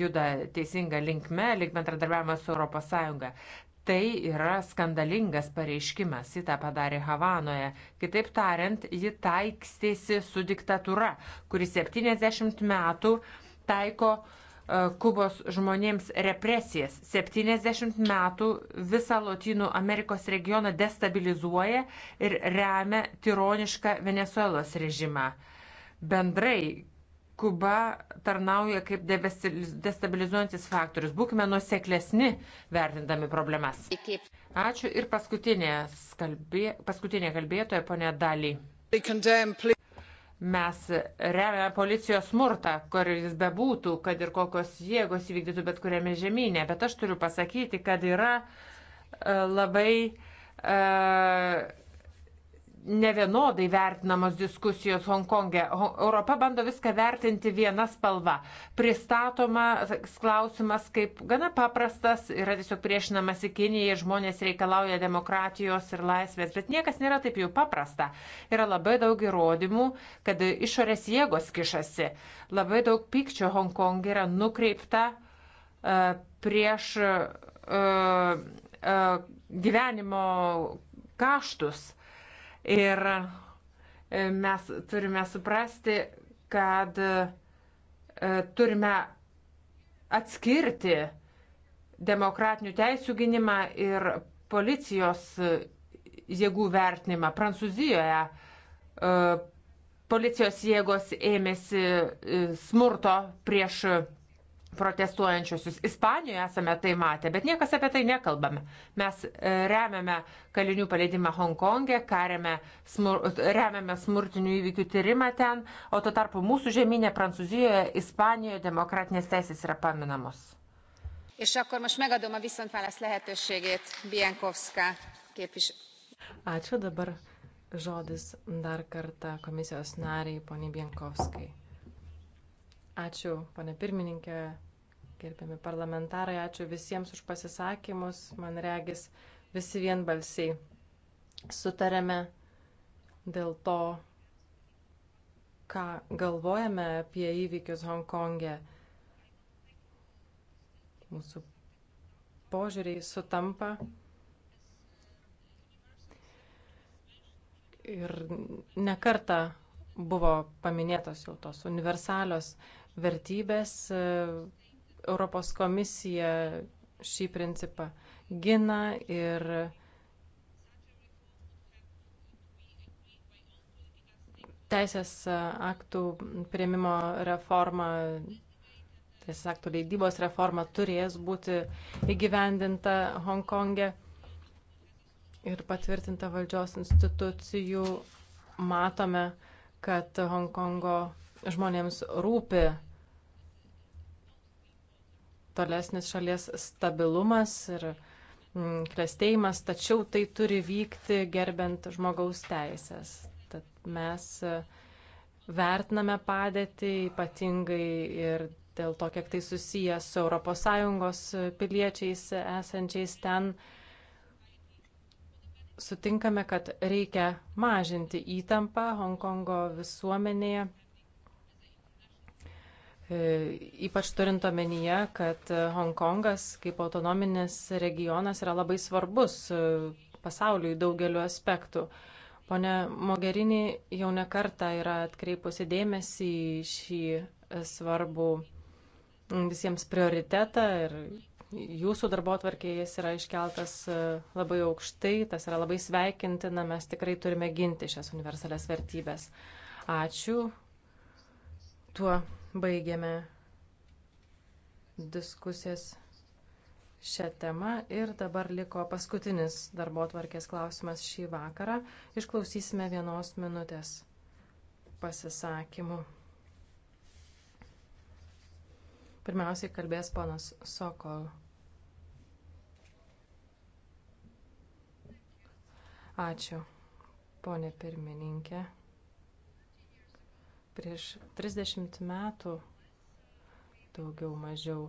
juda teisinga linkme, link bendradarbiavimas su ES. Tai yra skandalingas pareiškimas, ji tą padarė Havanoje. Kitaip tariant, ji taikstėsi su diktatūra, kuri 70 metų taiko e, Kubos žmonėms represijas. 70 metų visą Latinų Amerikos regioną destabilizuoja ir remia tironišką Venezuelos režimą. Bendrai Kuba tarnauja kaip destabilizuojantis faktorius. Būkime nuseklesni vertindami problemas. Ačiū ir paskutinė, skalbė, paskutinė kalbėtoja, ponė Daly. Mes remiame policijos smurtą, kur jis bebūtų, kad ir kokios jėgos įvykdytų bet kuriame žemynė. Bet aš turiu pasakyti, kad yra uh, labai uh, nevienodai vertinamos diskusijos Hongkonge. Europa bando viską vertinti viena spalva. Pristatomas klausimas kaip gana paprastas, yra tiesiog priešinamas į Kiniją, žmonės reikalauja demokratijos ir laisvės, bet niekas nėra taip jau paprasta. Yra labai daug įrodymų, kad išorės jėgos kišasi. Labai daug pykčio Hongkonge yra nukreipta uh, prieš uh, uh, gyvenimo kaštus. Ir e, mes turime suprasti, kad e, turime atskirti demokratinių teisų gynimą ir policijos e, jėgų vertinimą. Prancūzijoje policijos jėgos ėmėsi smurto prieš protestuojančiosius. Ispanijoje esame tai matę, bet niekas apie tai nekalbame. Mes e, remiame kalinių paleidimą Hongkongė, e, smur, remiame smurtinių įvykių tyrimą ten, o tuo tarpu mūsų žemynė Prancūzijoje, Ispanijoje demokratinės teisės yra paminamos. És akkor most megadom a viszontválasz lehetőségét Bienkowska képviselő. Ačiū dabar žodis dar kartą komisijos nariai, poniai Bienkovskai. Ačiū, pane pirmininkė, gerbiami parlamentarai, ačiū visiems už pasisakymus. Man regis, visi vienbalsiai sutarėme dėl to, ką galvojame apie įvykius Hongkonge. Mūsų požiūriai sutampa. Ir nekarta buvo paminėtos jau tos universalios vertybės. E, Europos komisija šį principą gina ir teisės aktų prieimimo reforma, teisės aktų leidybos reforma turės būti įgyvendinta Hongkonge ir patvirtinta valdžios institucijų. Matome, kad Hongkongo žmonėms rūpi tolesnis šalies stabilumas ir mm, klestėjimas, tačiau tai turi vykti gerbent žmogaus teisės. Tad mes e, vertiname padėtį ypatingai ir dėl to, kiek tai susiję su ES e, piliečiais esančiais ten. Sutinkame, kad reikia mažinti įtampą Hongkongo visuomenėje E, ypač turint omenyje, kad Hongkongas kaip autonominis regionas yra labai svarbus e, pasauliui daugeliu aspektų. Pone Mogerini jau nekarta yra atkreipusi dėmesį į šį e, svarbų visiems prioritetą ir jūsų darbo atvarkėje jis yra iškeltas labai aukštai, tas yra labai sveikintina, mes tikrai turime ginti šias universalias vertybės. Ačiū. Tuo Baigiame diskusijas šią temą ir dabar liko paskutinis darbo tvarkės klausimas šį vakarą. Išklausysime vienos minutės pasisakymų. Pirmiausiai kalbės ponas Sokol. Ačiū, ponė pirmininkė. Prieš 30 metų daugiau mažiau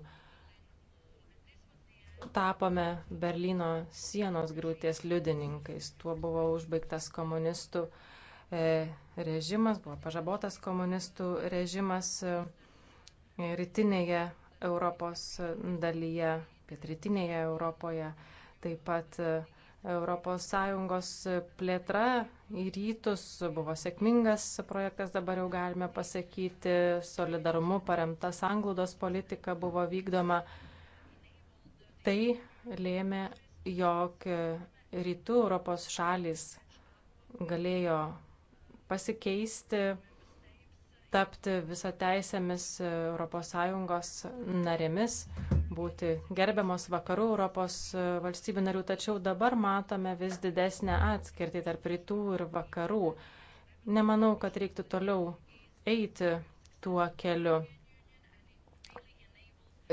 tapome Berlyno sienos griūties liudininkais. Tuo buvo užbaigtas komunistų e, režimas, buvo pažabotas komunistų režimas e, rytinėje Europos dalyje, pietrytinėje Europoje, taip pat e, ES plėtra į rytus buvo sėkmingas projektas, dabar jau galime pasakyti, solidarumu paremta sanglaudos politika buvo vykdoma. Tai lėmė, jog rytų Europos šalis galėjo pasikeisti, tapti visą teisėmis ES narėmis būti gerbiamos vakarų Europos e, valstybių narių, tačiau dabar matome vis didesnę atskirtį tarp rytų ir vakarų. Nemanau, kad reiktų toliau eiti tuo keliu.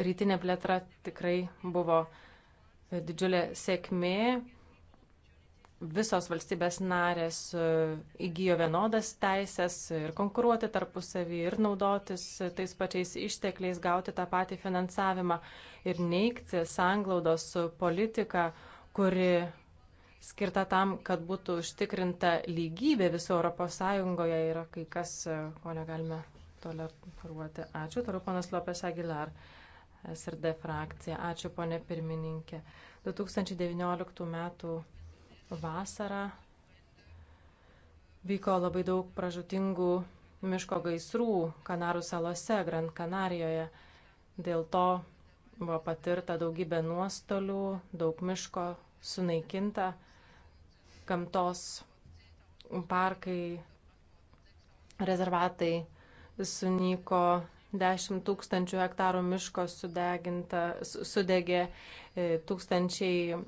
Rytinė plėtra tikrai buvo didžiulė sėkmė visos valstybės narės e, įgyjo vienodas teisės ir konkuruoti tarpusavį ir naudotis tais pačiais ištekliais, gauti tą patį finansavimą ir neikti sanglaudos politiką, kuri skirta tam, kad būtų užtikrinta lygybė viso ES yra kai kas, e, ko negalime toleruoti. Ačiū, toliau panas Lopes Aguilar. SRD frakcija. Ačiū, ponė pirmininkė. 2019 metų vasarą vyko labai daug pražutingų miško gaisrų Kanarų salose, Gran Kanarijoje. Dėl to buvo patirta daugybė nuostolių, daug miško sunaikinta, gamtos parkai, rezervatai sunyko, 10 tūkstančių hektarų miško sudeginta, sudegė, e, tūkstančiai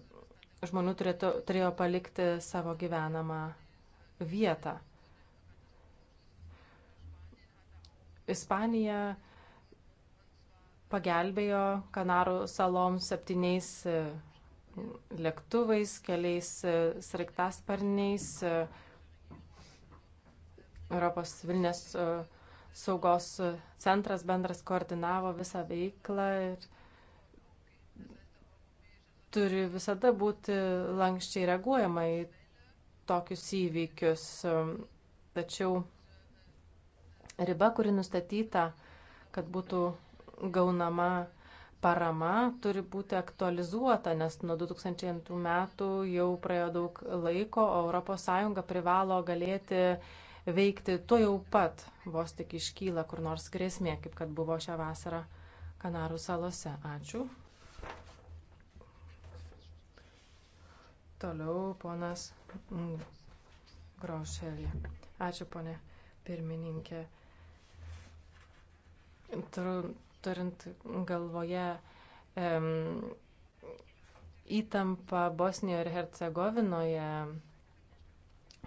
žmonių turėtų, turėjo palikti savo gyvenamą vietą. Ispanija pagelbėjo Kanarų saloms septyniais e, lėktuvais, keliais e, sraigtasparniais, e, Europos civilinės saugos centras bendras koordinavo visą veiklą ir turi visada būti lankščiai reaguojama į tokius įvykius. Tačiau riba, kuri nustatyta, kad būtų gaunama parama, turi būti aktualizuota, nes nuo 2002 metų jau praėjo daug laiko, o ES privalo galėti veikti tuo jau pat, vos tik iškyla kur nors grėsmė, kaip kad buvo šią vasarą Kanarų salose. Ačiū. Toliau ponas Grošelė. Ačiū, ponė pirmininkė. Turint galvoje um, įtampa Bosnijoje ir Hercegovinoje,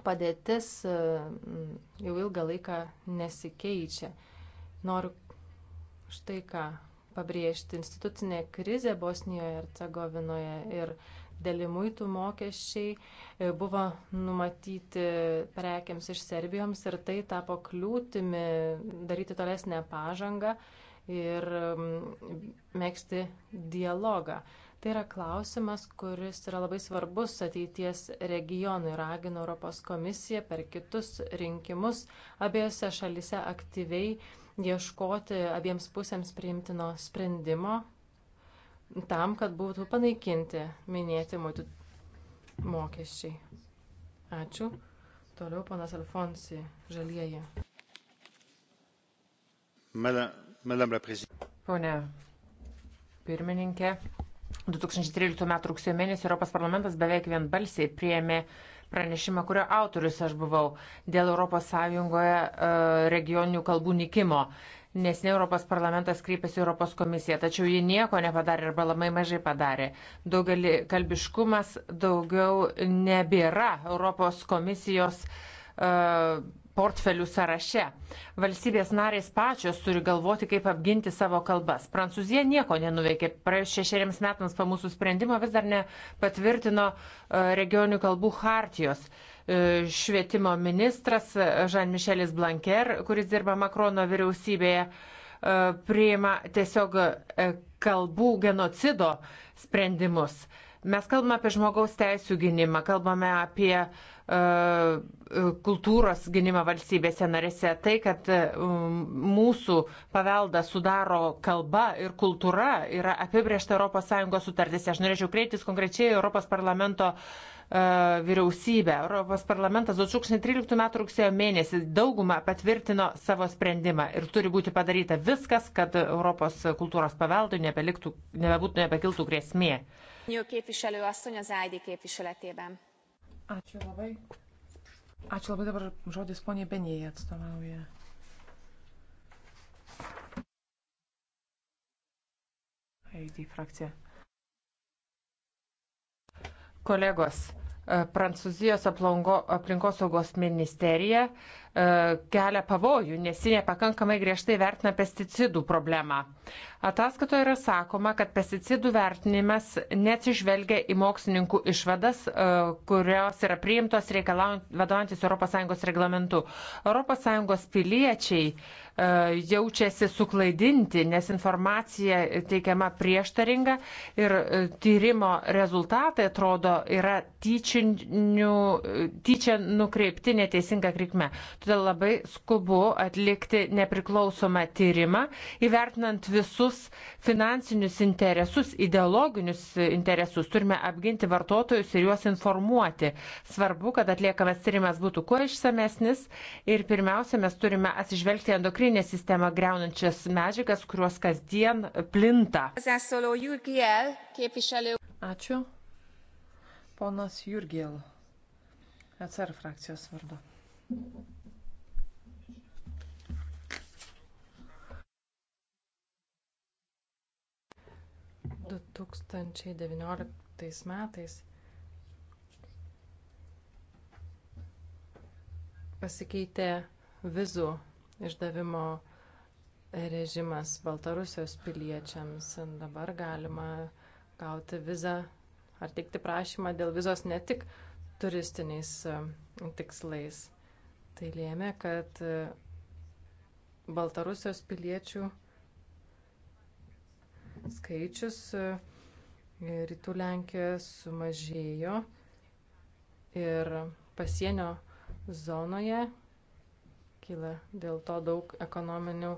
padėtis jau ilgą laiką nesikeičia. Noriu štai ką pabrėžti. Institucinė krizė Bosnijoje ir Hercegovinoje ir dėl muitų mokesčiai e, buvo numatyti prekiams iš Serbijoms ir tai tapo kliūtimi daryti tolesnę pažangą ir mm, mėgsti dialogą. Tai yra klausimas, kuris yra labai svarbus ateities regionui. Ragino Europos komisija per kitus rinkimus abiejose šalise aktyviai ieškoti abiems pusėms priimtino sprendimo tam, kad būtų panaikinti minėti muitų mokesčiai. Ačiū. Toliau panas Alfonsi, žalieji. Pone pirmininkė, 2013 m. rugsėjo mėnesį Europos parlamentas beveik vienbalsiai priėmė pranešimą, kurio autorius aš buvau dėl ES e, regioninių kalbų nikimo nes ne Europos parlamentas kreipėsi Europos komisiją, tačiau ji nieko nepadarė arba labai mažai padarė. Daugelį kalbiškumas daugiau nebėra Europos komisijos uh, portfelių sąraše. Valstybės narės pačios turi galvoti, kaip apginti savo kalbas. Prancūzija nieko nenuveikė. Praėjus šešeriams metams po mūsų sprendimo vis dar nepatvirtino e, regionių kalbų hartijos. Uh, E, švietimo ministras Žan-Mišelis Blanker, kuris dirba Makrono vyriausybėje, e, priima tiesiog e, kalbų genocido sprendimus. Mes kalbame apie žmogaus teisų gynimą, kalbame apie kultūros gynimą valstybėse narėse. Tai, kad mūsų paveldą sudaro kalba ir kultūra, yra apibriešta ES sutartys. Aš norėčiau kreiptis konkrečiai Europos parlamento uh, E, vyriausybę. Europos parlamentas 2013 m. rugsėjo mėnesį daugumą patvirtino savo sprendimą ir turi būti padaryta viskas, kad Europos kultūros paveldui nebebūtų, nebekiltų grėsmė. Ačiū labai. Ačiū labai dabar žodis ponė Benėje atstovauja. ID frakcija. Kolegos, e, Prancūzijos aplinkosaugos ministerija E, kelia pavojų, nes ji nepakankamai griežtai vertina pesticidų problemą. Ataskatoje yra sakoma, kad pesticidų vertinimas neatsižvelgia į mokslininkų išvadas, e, kurios yra priimtos vadovantis ES reglamentu. ES piliečiai e, jaučiasi suklaidinti, nes informacija teikiama prieštaringa ir tyrimo rezultatai atrodo yra tyčinių, tyčia nukreipti neteisinga krypme. Todėl labai skubu atlikti nepriklausomą tyrimą, įvertinant visus finansinius interesus, ideologinius interesus. Turime apginti vartotojus ir juos informuoti. Svarbu, kad atliekamas tyrimas būtų kuo išsamesnis ir pirmiausia, mes turime atsižvelgti endokrinę sistemą greunančias medžiagas, kurios kasdien plinta. Ačiū. Ponas Jurgėl, ECR frakcijos vardu. 2019 metais pasikeitė vizų išdavimo režimas Baltarusijos piliečiams. Dabar galima gauti vizą ar teikti prašymą dėl vizos ne tik turistiniais e, tikslais. Tai lėmė, kad e, Baltarusijos piliečių skaičius e, rytų Lenkijoje sumažėjo ir pasienio zonoje kyla dėl to daug ekonominių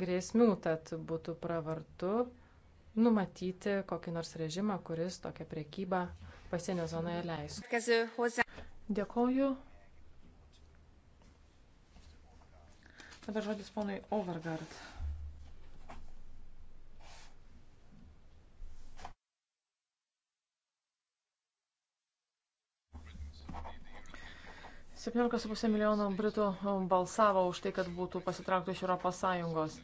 grėsmių, tad būtų pravartu numatyti kokį nors režimą, kuris tokią priekybą pasienio zonoje leistų. Dėkoju. Dabar žodis ponui Overgard. 17,5 milijono Britų balsavo už tai, kad būtų pasitraukta iš ES.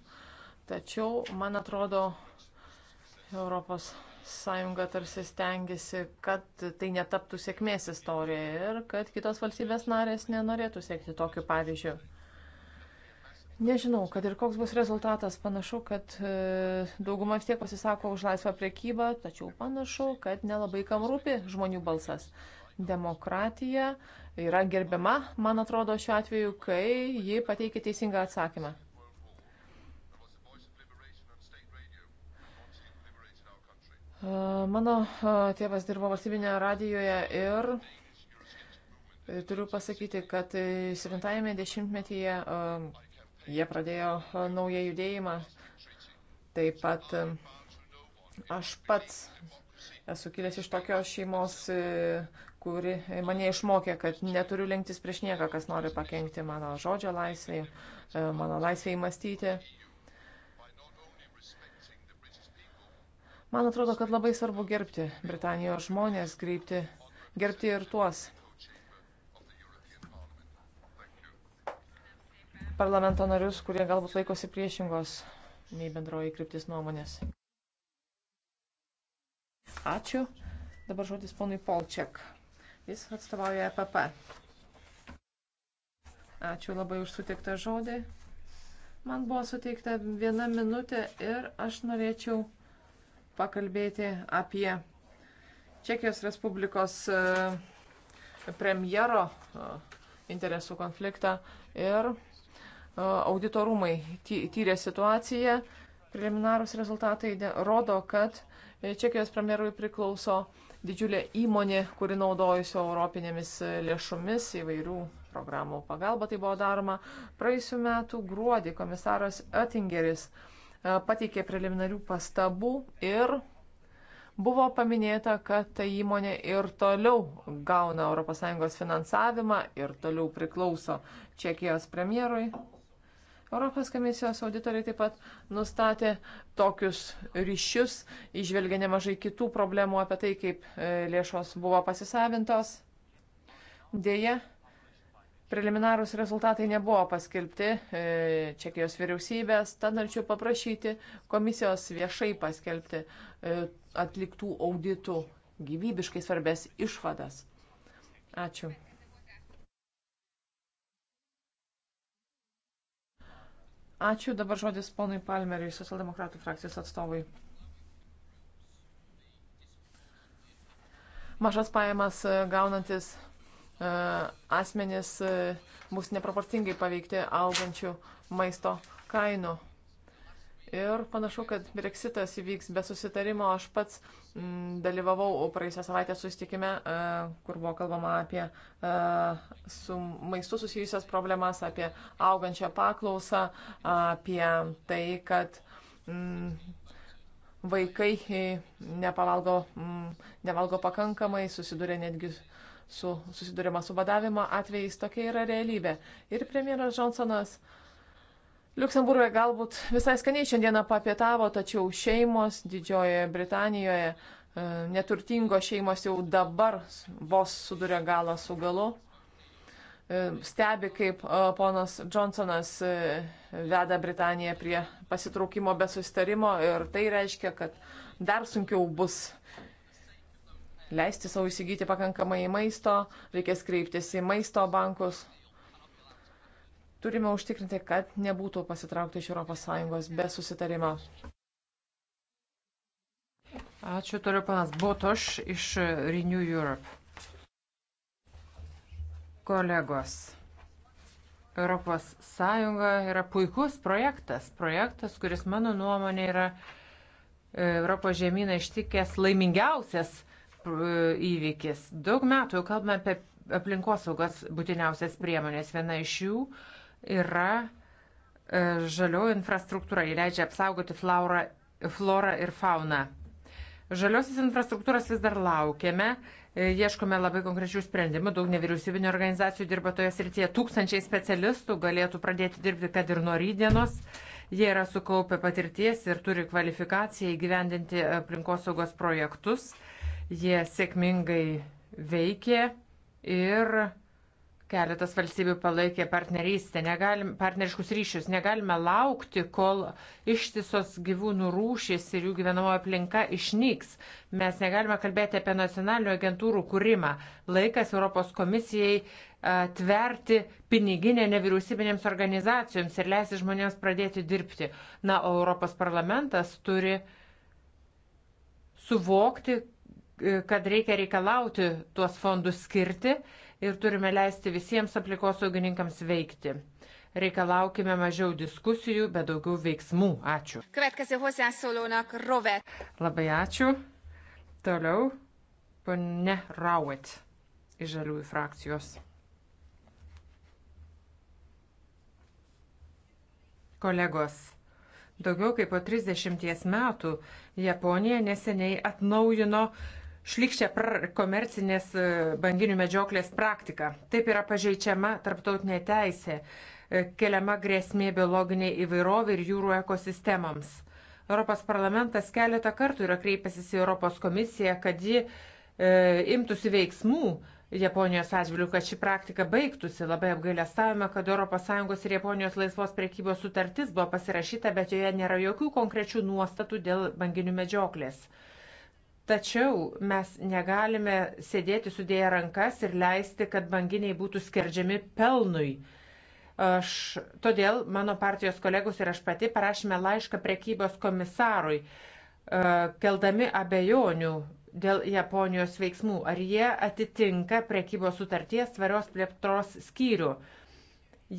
Tačiau, man atrodo, ES tarsi stengiasi, kad tai netaptų sėkmės istorija ir kad kitos valstybės narės nenorėtų sėkti tokiu pavyzdžiu. Nežinau, kad ir koks bus rezultatas, panašu, kad e, dauguma vis tiek pasisako už laisvą priekybą, tačiau panašu, kad nelabai kam rūpi žmonių balsas demokratija yra gerbiama, man atrodo, šiuo atveju, kai ji pateikia teisingą atsakymą. Mano tėvas dirbo valstybinėje radijoje ir turiu pasakyti, kad 70-ame dešimtmetyje jie pradėjo naują judėjimą. Taip pat aš pats esu kilęs iš tokios šeimos, kuri mane išmokė, kad neturiu lenktis prieš nieką, kas nori pakengti mano žodžio laisvėje, mano laisvėje mąstyti. Man atrodo, kad labai svarbu gerbti Britanijos žmonės, greipti, gerbti ir tuos parlamento narius, kurie galbūt laikosi priešingos nei bendroji kryptis nuomonės. Ačiū. Dabar žodis ponui Polčiak. Jis atstovauja EPP. Ačiū labai už sutiktą žodį. Man buvo suteikta viena minutė ir aš norėčiau pakalbėti apie Čekijos Respublikos e, premjero e, interesų konfliktą ir e, auditorumai tyrė situaciją. Preliminarūs rezultatai rodo, kad Čekijos premjerui priklauso uh, didžiulė įmonė, kuri naudojusi europinėmis lėšomis įvairių programų pagalba. Tai buvo daroma praėjusiu metu gruodį. Komisaras Oettingeris e, pateikė preliminarių pastabų ir buvo paminėta, kad ta įmonė ir toliau gauna ES finansavimą ir toliau priklauso Čekijos premjerui. Europos komisijos auditoriai taip pat nustatė tokius ryšius, išvelgė nemažai kitų problemų apie tai, kaip e, lėšos buvo pasisavintos. Deja, preliminarūs rezultatai nebuvo paskelbti e, Čekijos vyriausybės, tad norėčiau paprašyti komisijos viešai paskelbti e, atliktų auditų gyvybiškai svarbės išvadas. Ačiū. Ačiū. Dabar žodis ponui Palmeriui, socialdemokratų frakcijos atstovui. Mažas pajamas e, gaunantis e, asmenys e, bus neproporcingai paveikti augančių maisto kainų. Ir panašu, kad Brexitas įvyks be susitarimo. Aš pats m, mm, dalyvavau praėjusią savaitę susitikime, uh, kur buvo kalbama apie uh, su maistu susijusias problemas, apie augančią paklausą, apie tai, kad m, mm, vaikai e, nepavalgo, m, mm, nevalgo pakankamai, susiduria netgi su susidurima su badavimo atvejais. Tokia yra realybė. Ir premjeras Johnsonas uh, Luksemburgai galbūt visai skaniai šiandieną papietavo, tačiau šeimos Didžiojoje Britanijoje, e, neturtingos šeimos jau dabar vos suduria galą su galu. E, stebi, kaip e, ponas Johnsonas veda Britaniją prie pasitraukimo be sustarimo ir tai reiškia, kad dar sunkiau bus leisti savo įsigyti pakankamai maisto, reikės kreiptis į maisto bankus. Turime užtikrinti, kad nebūtų pasitraukti iš ES be susitarimo. Ačiū, turiu panas Botoš iš Renew Europe. Kolegos, ES yra puikus projektas, projektas, kuris mano nuomonė yra e, Europos žemyną ištikęs laimingiausias e, įvykis. Daug metų jau kalbame apie aplinkosaugos būtiniausias priemonės. Viena iš jų yra e, žalioji infrastruktūra, jį leidžia apsaugoti flaurą, florą ir fauną. Žaliosios infrastruktūros vis dar laukiame, e, ieškome labai konkrečių sprendimų, daug nevyriausybinio organizacijų dirba toje srityje, tūkstančiai specialistų galėtų pradėti dirbti, kad ir nuo rydienos. Jie yra sukaupę patirties ir turi kvalifikaciją įgyvendinti aplinkosaugos projektus. Jie sėkmingai veikė ir Keletas valstybių palaikė partnerystę, negalim, partneriškus ryšius. Negalime laukti, kol ištisos gyvūnų rūšys ir jų gyvenamoji aplinka išnyks. Mes negalime kalbėti apie nacionalinių agentūrų kūrimą. Laikas Europos komisijai tverti piniginę nevyriausybinėms organizacijoms ir leisti žmonėms pradėti dirbti. Na, o Europos parlamentas turi suvokti, kad reikia reikalauti tuos fondus skirti ir turime leisti visiems aplinkosaugininkams veikti. Reikalaukime mažiau diskusijų, bet daugiau veiksmų. Ačiū. Labai ačiū. Toliau, ponė Rauet iš Žaliųjų frakcijos. Kolegos, daugiau kaip po 30 metų Japonija neseniai atnaujino šlikščią komercinės e, banginių medžioklės praktiką. Taip yra pažeidžiama tarptautinė teisė, e, keliama grėsmė biologiniai įvairovė ir jūrų ekosistemams. Europos parlamentas keletą kartų yra kreipęsis į Europos komisiją, kad ji e, imtųsi veiksmų Japonijos atžvilgių, kad ši praktika baigtųsi. Labai apgailestavome, kad ES ir Japonijos laisvos priekybos sutartis buvo pasirašyta, bet joje nėra jokių konkrečių nuostatų dėl banginių medžioklės. Tačiau mes negalime sėdėti sudėję rankas ir leisti, kad banginiai būtų skerdžiami pelnui. Aš, todėl mano partijos kolegos ir aš pati parašėme laišką prekybos komisarui, e, keldami abejonių dėl Japonijos veiksmų, ar jie atitinka prekybos sutarties tvarios plėtros skyrių.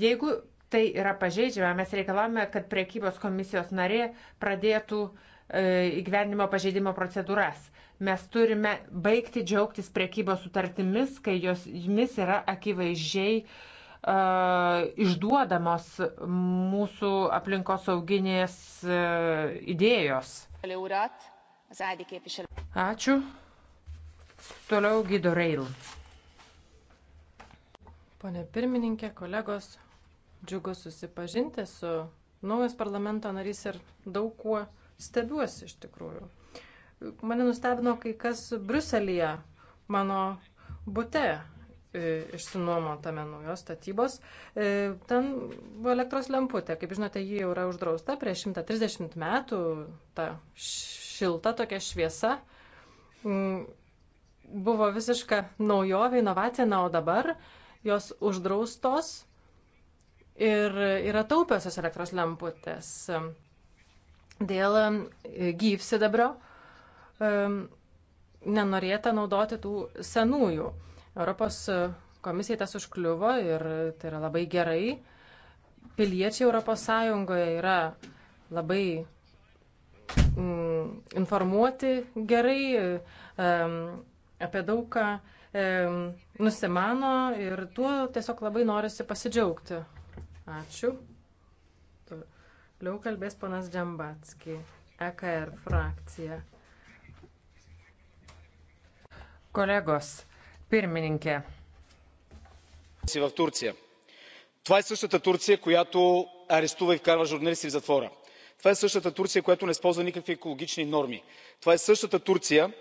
Jeigu tai yra pažeidžiama, mes reikalavome, kad prekybos komisijos narė pradėtų e, įgyvenimo pažeidimo procedūras. Mes turime baigti džiaugtis priekybos sutartimis, kai jos yra akivaizdžiai uh, išduodamos mūsų aplinkosauginės e, idėjos. Ačiū. Toliau Gido Rail. Pone pirmininkė, kolegos, džiugu susipažinti su naujas parlamento narys ir daug kuo stebiuosi iš tikrųjų. Mane nustebino kai kas Bruselėje, mano bute e, išsinuomotame naujos statybos. E, ten buvo elektros lemputė, kaip žinote, ji jau yra uždrausta prieš 130 metų, ta šilta tokia šviesa mm, buvo visiška naujovė, inovacija, na o dabar jos uždraustos ir yra taupiosios elektros lemputės dėl gyvsidabrio nenorėta naudoti tų senųjų. Europos komisijai tas užkliuvo ir tai yra labai gerai. Piliečiai ES yra labai mm, informuoti gerai, apie daug ką nusimano ir tuo tiesiog labai norisi pasidžiaugti. Ačiū. Toliau kalbės ponas Džambatski, EKR frakcija. Kolegos, pirmininkė. В Турция. Това е същата Турция, която арестува и вкарва журналисти в затвора. Това е същата Турция, която не спазва никакви екологични норми. Това е същата Турция,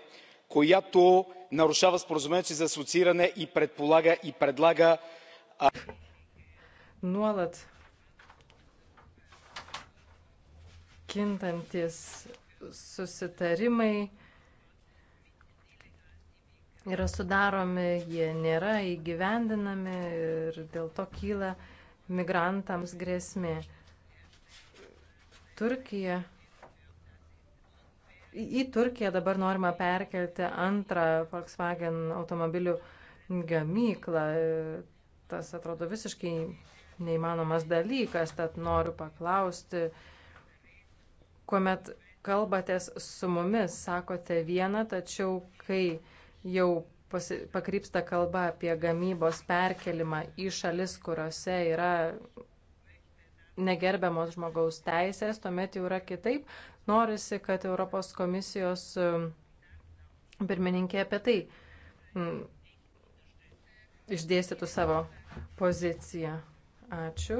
която нарушава споразумението си за асоцииране и предполага и предлага. Nuolat kintantis susitarimai yra sudaromi, jie nėra įgyvendinami ir dėl to kyla migrantams grėsmė. Turkija. Į Turkiją dabar norima perkelti antrą Volkswagen automobilių gamyklą. Tas atrodo visiškai neįmanomas dalykas, tad noriu paklausti, kuomet kalbatės su mumis, sakote vieną, tačiau kai jau pasi, pakrypsta kalba apie gamybos perkelimą į šalis, kuriuose yra negerbiamos žmogaus teisės, tuomet jau yra kitaip. Norisi, kad Europos komisijos um, pirmininkė apie tai um, išdėstytų savo poziciją. Ačiū.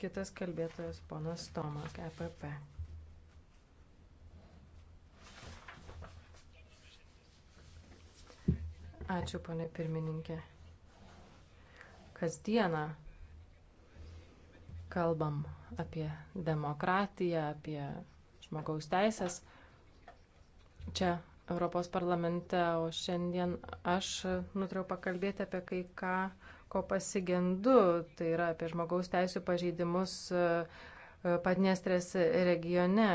Kitas kalbėtojas ponas Tomas, EPP. Ačiū, ponė pirmininkė. Kasdieną kalbam apie demokratiją, apie žmogaus teisės čia Europos parlamente, o šiandien aš nutriau pakalbėti apie kai ką, ko pasigendu, tai yra apie žmogaus teisų pažeidimus e, Padniestrės regione.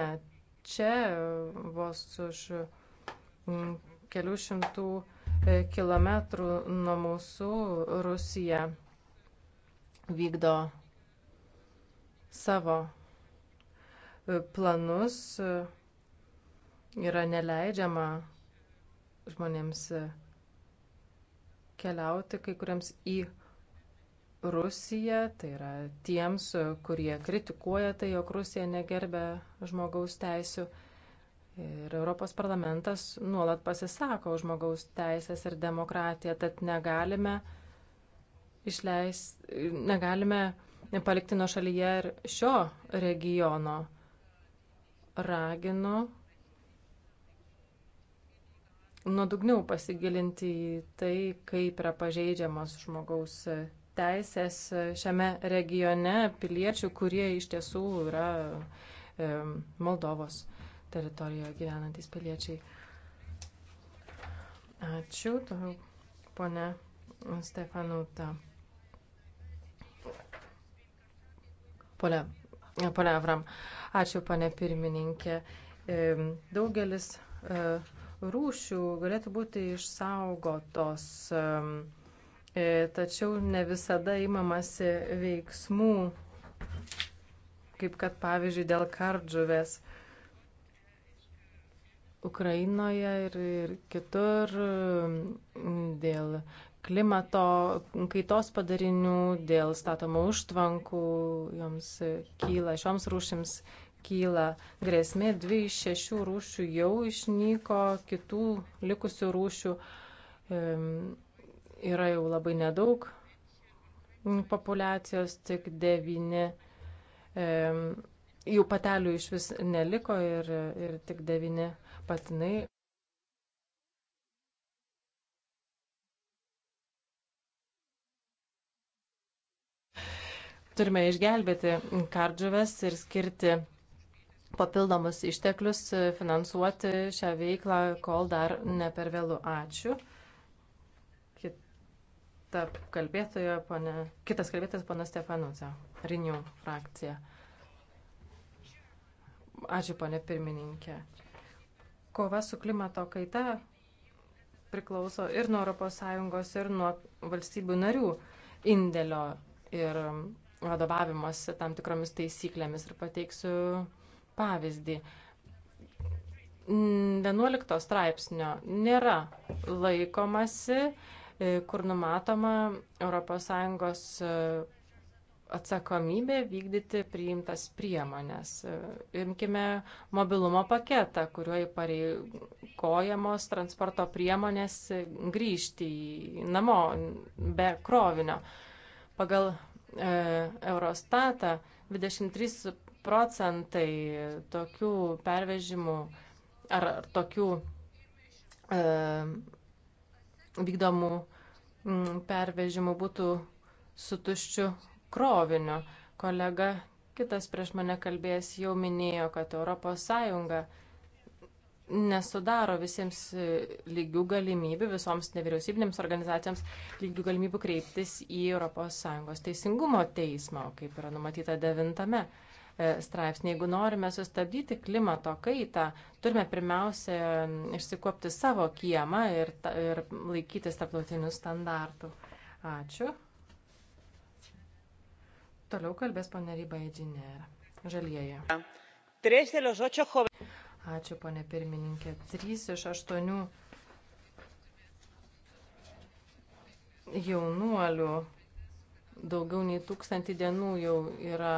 Čia vos už kelių šimtų kilometrų nuo mūsų Rusija vykdo savo planus, yra neleidžiama žmonėms keliauti kai kuriems į Rusiją, tai yra tiems, kurie kritikuoja tai, jog Rusija negerbė žmogaus teisų Ir Europos parlamentas nuolat pasisako žmogaus teisės ir demokratiją, tad negalime išleis, negalime palikti nuo šalyje ir šio regiono. Raginu nuodugniau pasigilinti į tai, kaip yra pažeidžiamos žmogaus teisės šiame regione piliečių, kurie iš tiesų yra Moldovos teritorijoje gyvenantis piliečiai. Ačiū, toliau ponė Stefanuta. Pone, pone Avram, ačiū, ponė pirmininkė. Daugelis e, rūšių galėtų būti išsaugotos, e, tačiau ne visada imamasi veiksmų, kaip kad pavyzdžiui dėl kardžuvės. Ukrainoje ir, ir kitur mm, dėl klimato kaitos padarinių, dėl statomų užtvankų, joms kyla, šioms rūšims kyla grėsmė. Dvi iš šešių rūšių jau išnyko, kitų likusių rūšių yra jau labai nedaug populiacijos, tik devyni. Jų patelių iš vis neliko ir, ir tik devyni patinai turime išgelbėti kardžuves ir skirti papildomus išteklius finansuoti šią veiklą, kol dar ne per vėlų. Ačiū. Kita kalbėtoja, ponė, kitas kalbėtojas, ponas Stefanuca, Rinių frakcija. Ačiū, ponė pirmininkė. Kova su klimato kaita priklauso ir nuo ES, ir nuo valstybių narių indėlio ir um, vadovavimas tam tikromis taisyklėmis. Ir pateiksiu pavyzdį. 11 straipsnio nėra laikomasi, e, kur numatoma ES atsakomybė vykdyti priimtas priemonės. Imkime mobilumo paketą, kuriuo įpareigojamos transporto priemonės grįžti į namo be krovinio. Pagal e, Eurostatą 23 procentai tokių pervežimų ar, ar tokių e, vykdomų m, pervežimų būtų su tuščiu kroviniu. Kolega kitas prieš mane kalbėjęs jau minėjo, kad ES nesudaro visiems e, lygių galimybių, visoms nevyriausybinėms organizacijoms lygių galimybių kreiptis į ES teisingumo teismą, kaip yra numatyta devintame e, straipsnė. Jeigu norime sustabdyti klimato kaitą, turime pirmiausia išsikopti savo kiemą ir, ir laikytis tarptautinių standartų. Ačiū. Toliau kalbės ponė Ryba Edžinėra. Žalieji. Ačiū, ponė pirmininkė. Trys iš aštuonių jaunuolių daugiau nei tūkstantį dienų jau yra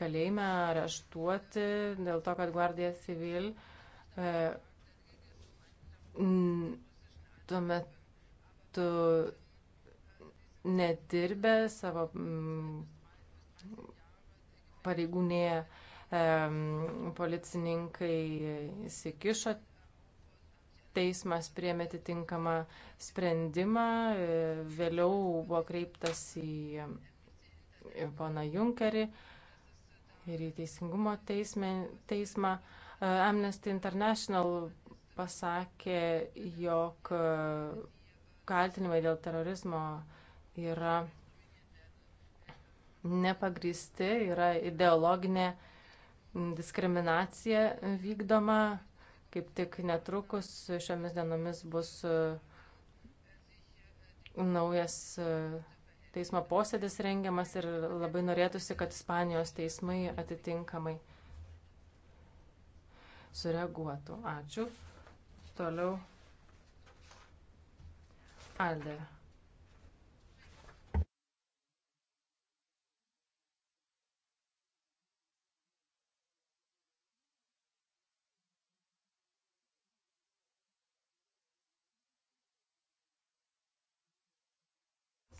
kalėjime areštuoti dėl to, kad Guardia Civil e, tuomet nedirbę savo mm, pareigūnėje policininkai įsikišo, teismas priemė atitinkamą sprendimą, vėliau buvo kreiptas į poną Junkerį ir į Teisingumo teismę, teismą. E, Amnesty International pasakė, jog e, kaltinimai dėl terorizmo yra nepagristi, yra ideologinė diskriminacija vykdoma. Kaip tik netrukus šiomis dienomis bus e, naujas e, teismo posėdis rengiamas ir labai norėtųsi, kad Ispanijos teismai atitinkamai sureaguotų. Ačiū. Toliau. Alde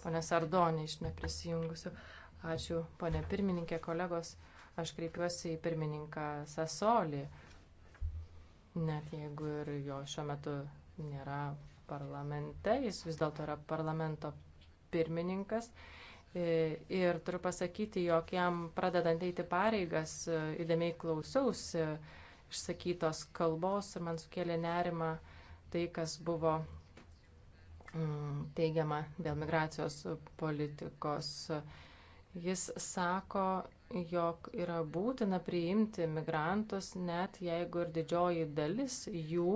ponė Sardonė iš neprisijungusių. Ačiū, ponė pirmininkė, kolegos. Aš kreipiuosi į pirmininką Sasolį, net jeigu ir jo šiuo metu nėra parlamente, jis vis dėlto yra parlamento pirmininkas. E, ir turiu pasakyti, jog jam pradedant eiti pareigas, e, įdėmiai klausiausi išsakytos kalbos ir man sukėlė nerima tai, kas buvo Mm, teigiama dėl migracijos politikos. Jis sako, jog yra būtina priimti migrantus, net jeigu ir didžioji dalis jų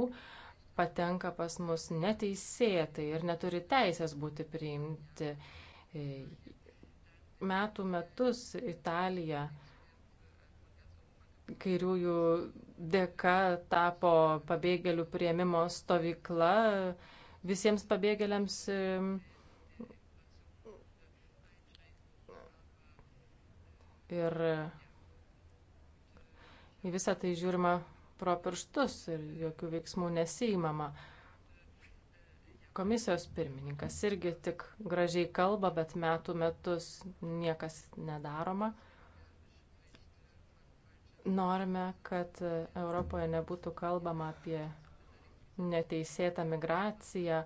patenka pas mus neteisėtai ir neturi teisės būti priimti. E, metų metus Italija kairiųjų dėka tapo pabėgėlių prieimimo stovykla, visiems pabėgėliams. Ir į visą tai žiūrima pro pirštus ir jokių veiksmų nesijimama. Komisijos pirmininkas irgi tik gražiai kalba, bet metų metus niekas nedaroma. Norime, kad Europoje nebūtų kalbama apie neteisėtą migraciją,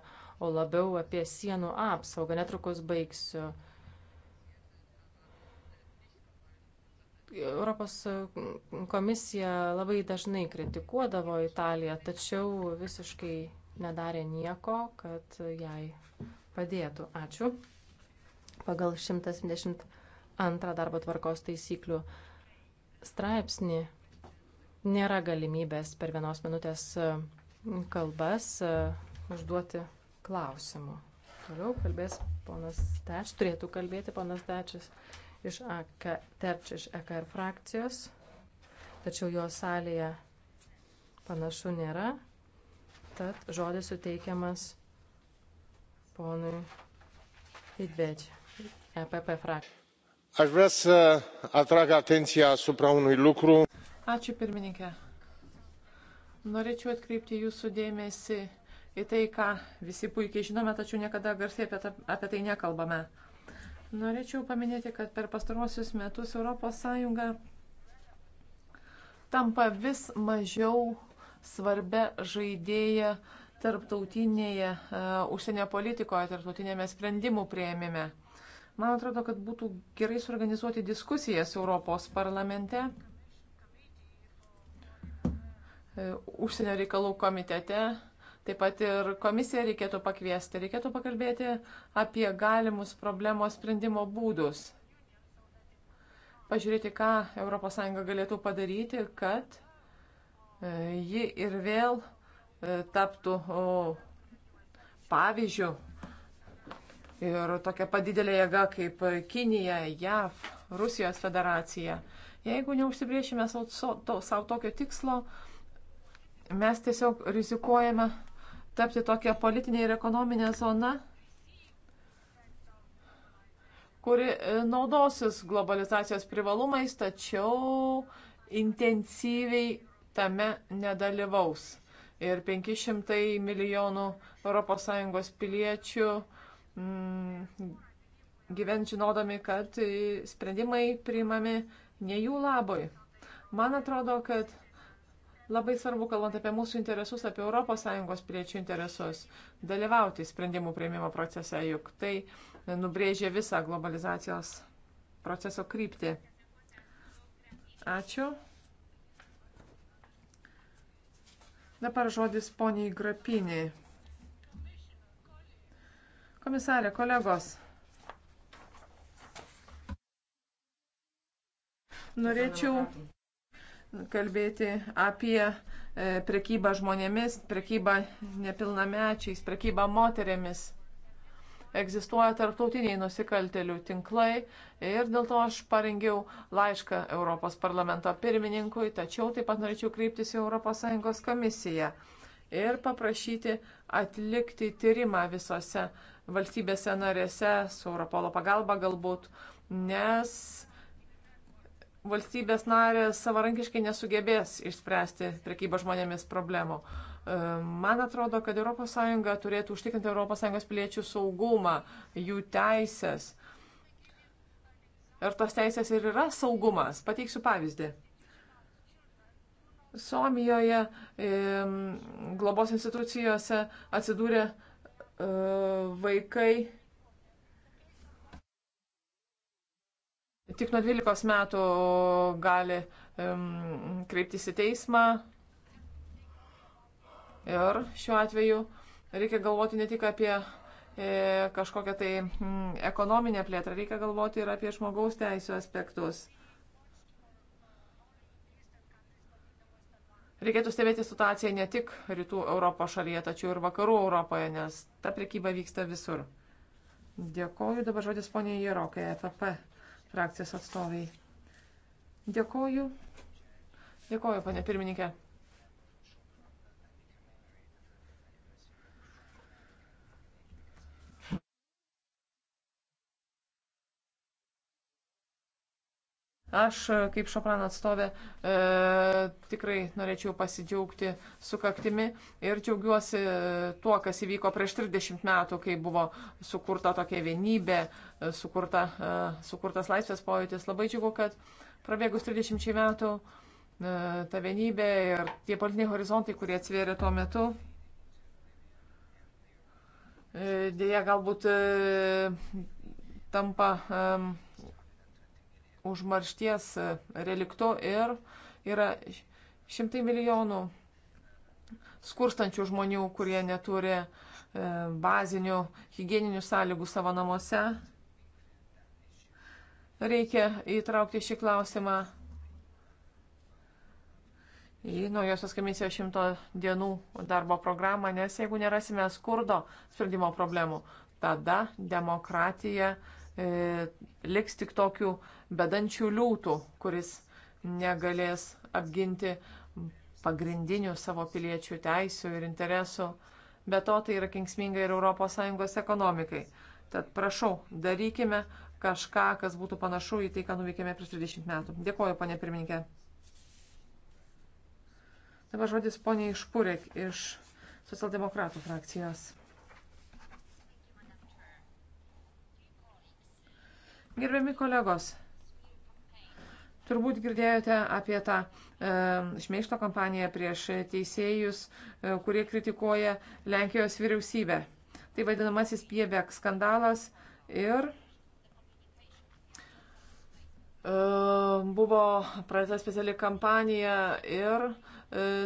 o labiau apie sienų apsaugą. Netrukus baigsiu. Europos komisija labai dažnai kritikuodavo Italiją, tačiau visiškai nedarė nieko, kad jai padėtų. Ačiū. Pagal 172 darbo tvarkos taisyklių straipsnį nėra galimybės per vienos minutės kalbas, e, užduoti klausimų. Toliau kalbės ponas Teč, turėtų kalbėti ponas Tečis iš, AK, terč, iš EKR frakcijos, tačiau jo salėje panašu nėra, tad žodis suteikiamas ponui Idveč, EPP frakcija. Aš vres atrag atencija supra unui lucru. Ačiū pirmininkė. Norėčiau atkreipti jūsų dėmesį į tai, ką visi puikiai žinome, tačiau niekada garsiai apie, ta, apie tai nekalbame. Norėčiau paminėti, kad per pastarosius metus ES tampa vis mažiau svarbia žaidėja tarptautinėje uh, užsienio politikoje, tarptautinėme sprendimų prieimime. Man atrodo, kad būtų gerai suorganizuoti diskusijas Europos parlamente E, užsienio reikalų komitete. Taip pat ir komisiją reikėtų pakviesti, reikėtų pakalbėti apie galimus problemos sprendimo būdus. Pažiūrėti, ką ES galėtų padaryti, kad e, ji ir vėl e, taptų pavyzdžių ir tokia padidelė jėga kaip Kinija, JAV, Rusijos federacija. Jeigu neužsibriešime savo tokio tikslo, mes tiesiog rizikuojame tapti tokią politinę ir ekonominę zoną, kuri e, naudosis globalizacijos privalumais, tačiau intensyviai tame nedalyvaus. Ir 500 milijonų ES piliečių mm, gyvent žinodami, kad sprendimai priimami ne jų labui. Man atrodo, kad Labai svarbu, kalbant apie mūsų interesus, apie ES priečių interesus, dalyvauti sprendimų prieimimo procese, juk tai nubrėžia visą globalizacijos proceso kryptį. Ačiū. Dabar žodis poniai Grapiniai. Komisarė, kolegos. Norėčiau kalbėti apie e, prekybą žmonėmis, prekybą nepilnamečiais, prekybą moterėmis. Egzistuoja tarptautiniai nusikaltelių tinklai ir dėl to aš parengiau laišką Europos parlamento pirmininkui, tačiau taip pat norėčiau kreiptis į ES komisiją ir paprašyti atlikti tyrimą visose valstybėse narėse su Europolo pagalba galbūt, nes valstybės narės savarankiškai nesugebės išspręsti prekybą žmonėmis problemų. E, man atrodo, kad ES turėtų užtikrinti ES piliečių saugumą, jų teisės. Ir tos teisės ir yra saugumas. Pateiksiu pavyzdį. Suomijoje e, globos institucijose atsidūrė e, vaikai tik nuo 12 metų gali um, kreiptis į teismą. Ir šiuo atveju reikia galvoti ne tik apie e, kažkokią tai mm, ekonominę plėtrą, reikia galvoti ir apie žmogaus teisų aspektus. Reikėtų stebėti situaciją ne tik rytų Europos šalyje, tačiau ir vakarų Europoje, nes ta prekyba vyksta visur. Dėkoju, dabar žodis poniai Jerokai, FFP frakcijos atstoviai. Dėkoju. Dėkoju, panė pirmininkė. Aš, e, kaip Šopran atstovė, e, tikrai norėčiau pasidžiaugti sukaktimi ir džiaugiuosi e, tuo, kas įvyko prieš 30 metų, kai buvo sukurta tokia vienybė, e, sukurta, e, sukurtas laisvės pojūtis. Labai džiugu, kad prabėgus 30 metų e, ta vienybė ir tie politiniai horizontai, kurie atsvėrė tuo metu, e, dėja galbūt e, tampa. E, užmaršties e, reliktų ir yra šimtai milijonų skurstančių žmonių, kurie neturi e, bazinių hygieninių sąlygų savo namuose. Reikia įtraukti šį klausimą į naujosios komisijos šimto dienų darbo programą, nes jeigu nerasime skurdo sprendimo problemų, tada demokratija e, liks tik tokių bedančių liūtų, kuris negalės apginti pagrindinių savo piliečių teisių ir interesų. Be to, tai yra kingsminga ir ES ekonomikai. Tad prašau, darykime kažką, kas būtų panašu į tai, ką nuveikėme prieš 20 metų. Dėkuoju, ponė pirmininkė. Dabar žodis ponė Išpurek iš Socialdemokratų frakcijos. Gerbiami kolegos, turbūt girdėjote apie tą e, šmeišto kampaniją prieš teisėjus, e, kurie kritikuoja Lenkijos vyriausybę. Tai vadinamasis Piebek skandalas ir e, buvo pradėta speciali kampanija ir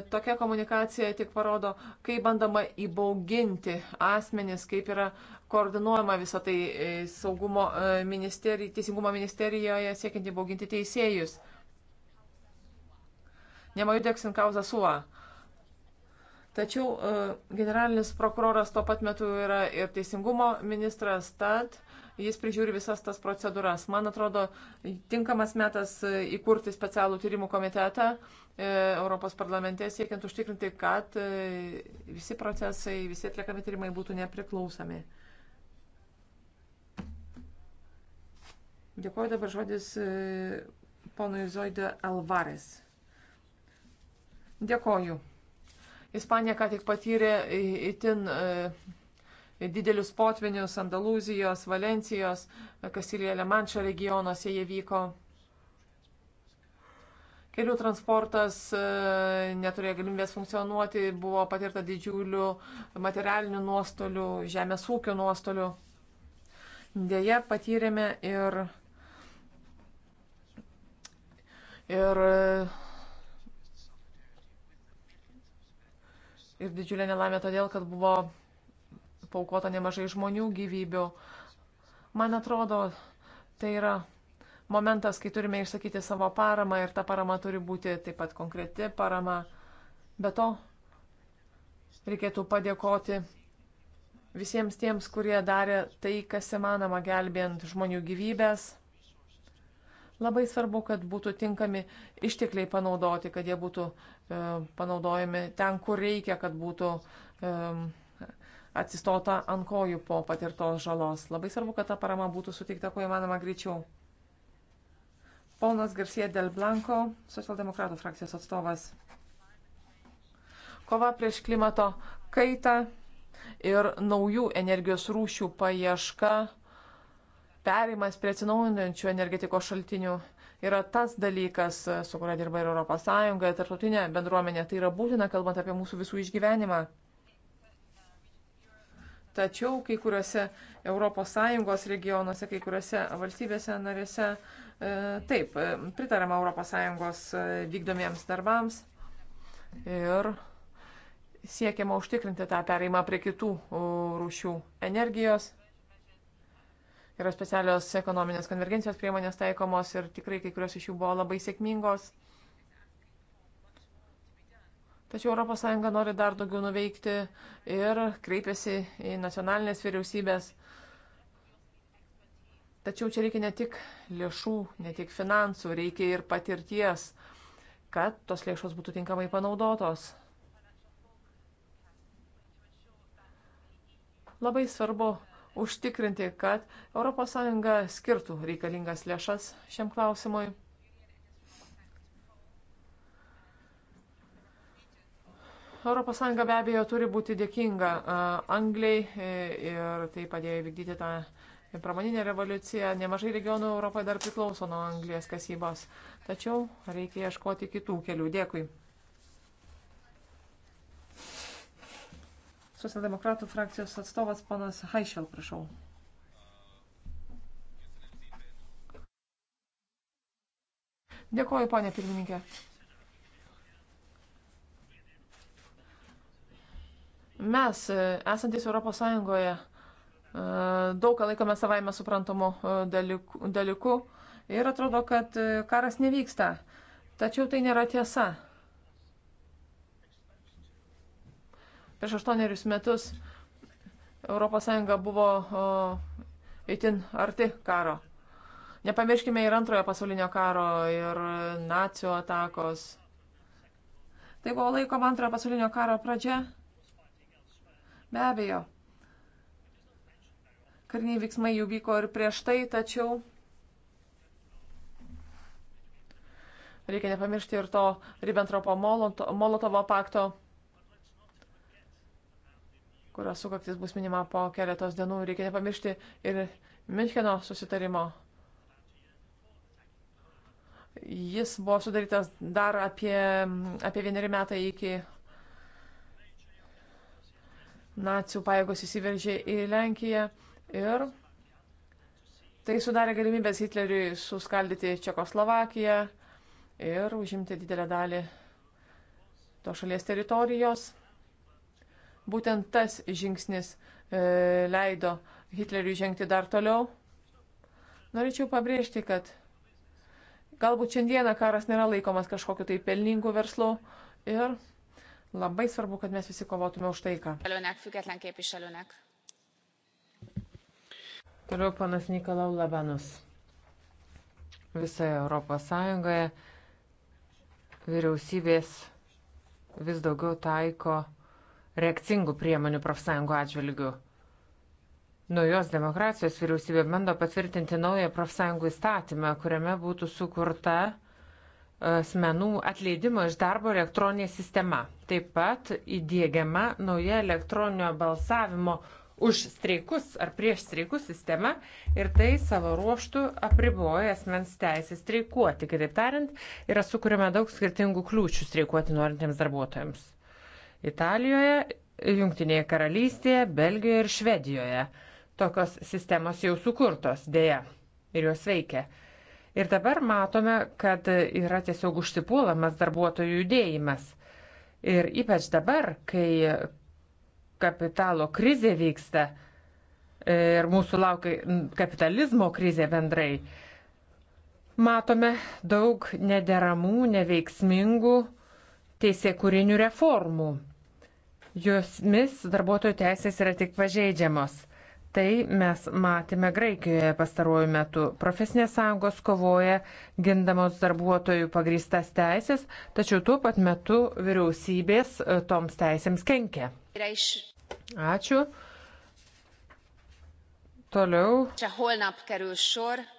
tokia komunikacija tik parodo, kaip bandama įbauginti asmenis, kaip yra koordinuojama visą tai e, saugumo e, ministeri, teisingumo ministerijoje siekiant įbauginti teisėjus. Nemajudek sinkauza suva. Tačiau e, generalinis prokuroras tuo pat metu yra ir teisingumo ministras, tad jis prižiūri visas tas procedūras. Man atrodo, tinkamas metas įkurti specialų tyrimų komitetą Europos parlamente, siekiant užtikrinti, kad visi procesai, visi atliekami tyrimai būtų nepriklausomi. Dėkuoju dabar žodis e, ponui Zoido Alvarės. Dėkuoju. Ispanija ką tik patyrė itin e, didelius potvinius Andalūzijos, Valencijos, Kasilija Lemančio regionuose jie vyko. Kelių transportas e, neturėjo galimybės funkcionuoti, buvo patirta didžiulių materialinių nuostolių, žemės ūkio nuostolių. Deja, patyrėme ir Ir, ir didžiulė nelaimė todėl, kad buvo paukota nemažai žmonių gyvybių. Man atrodo, tai yra momentas, kai turime išsakyti savo paramą ir ta parama turi būti taip pat konkreti parama. Be to, reikėtų padėkoti visiems tiems, kurie darė tai, kas įmanoma, gelbėjant žmonių gyvybės. Labai svarbu, kad būtų tinkami ištekliai panaudoti, kad jie būtų e, panaudojami ten, kur reikia, kad būtų e, atsistota ant kojų po patirtos žalos. Labai svarbu, kad ta parama būtų suteikta kuo įmanoma greičiau. Ponas Garcia Del Blanco, socialdemokratų frakcijos atstovas. Kova prieš klimato kaitą ir naujų energijos rūšių paieška Perimas prie atsinaujinančių energetikos šaltinių yra tas dalykas, su kuria dirba ir ES, tarptautinė bendruomenė. Tai yra būtina, kalbant apie mūsų visų išgyvenimą. Tačiau kai kuriuose ES regionuose, kai kuriuose valstybėse narėse, e, taip, pritarama ES e, vykdomiems darbams ir siekiama užtikrinti tą pereimą prie kitų rūšių energijos. Yra specialios ekonominės konvergencijos priemonės taikomos ir tikrai kai kurios iš jų buvo labai sėkmingos. Tačiau ES nori dar daugiau nuveikti ir kreipiasi į nacionalinės vyriausybės. Tačiau čia reikia ne tik lėšų, ne tik finansų, reikia ir patirties, kad tos lėšos būtų tinkamai panaudotos. Labai svarbu užtikrinti, kad ES skirtų reikalingas lėšas šiam klausimui. ES be abejo turi būti dėkinga Angliai e, ir tai padėjo įvykdyti tą pramoninę revoliuciją. Nemažai regionų Europoje dar priklauso nuo Anglijos kasybos, tačiau reikia ieškoti kitų kelių. Dėkui. Socialdemokratų frakcijos atstovas ponas Haišel, prašau. Dėkuoju, ponė pirmininkė. Mes, e, esantis Europos Sąjungoje, e, daug ką laikome savaime suprantamu e, dalyku, dalyku ir atrodo, kad karas nevyksta. Tačiau tai nėra tiesa. Prieš aštuonerius metus ES buvo itin arti karo. Nepamirškime ir antrojo pasaulinio karo, ir nacijų atakos. Tai buvo laikoma antrojo pasaulinio karo pradžia. Be abejo. Kariniai veiksmai jau vyko ir prieš tai, tačiau reikia nepamiršti ir to Ribbentropo Molotovo pakto kurios sukaktis bus minima po keletos dienų. Reikia nepamiršti ir Müncheno susitarimo. Jis buvo sudarytas dar apie, apie vienerį metą iki nacijų pajėgos įsiveržė į Lenkiją ir tai sudarė galimybės Hitleriui suskaldyti Čekoslovakiją ir užimti didelę dalį to šalies teritorijos. Būtent tas žingsnis e, leido Hitleriui žengti dar toliau. Norėčiau pabrėžti, kad galbūt šiandieną karas nėra laikomas kažkokiu tai pelningu verslu ir labai svarbu, kad mes visi kovotume už taiką. Toliau panas Nikolau Labanus. Visoje Europos Sąjungoje vyriausybės vis daugiau taiko reakcingų priemonių profsąjungų atžvilgių. Naujos demokratijos vyriausybė bando patvirtinti naują profsąjungų įstatymą, kuriame būtų sukurta e, asmenų atleidimo iš darbo elektroninė sistema. Taip pat įdėgiama nauja elektroninio balsavimo už streikus ar prieš streikus sistema ir tai savo ruoštų apriboja asmens teisę streikuoti. Kitaip tariant, yra sukūrima daug skirtingų kliūčių streikuoti norintiems darbuotojams. Italijoje, Junktinėje karalystėje, Belgijoje ir Švedijoje. Tokios sistemos jau sukurtos, dėja, ir jos veikia. Ir dabar matome, kad yra tiesiog užsipuolamas darbuotojų judėjimas. Ir ypač dabar, kai kapitalo krizė vyksta ir mūsų laukia kapitalizmo krizė bendrai, matome daug nederamų, neveiksmingų teisėkūrinių reformų. Josmis darbuotojų teisės yra tik pažeidžiamos. Tai mes matėme Graikijoje pastaruoju metu. Profesinės sąjungos kovoja gindamos darbuotojų pagrįstas teisės, tačiau tuo pat metu vyriausybės e, toms teisėms kenkia. Ačiū. Toliau. Čia holnap kerül sor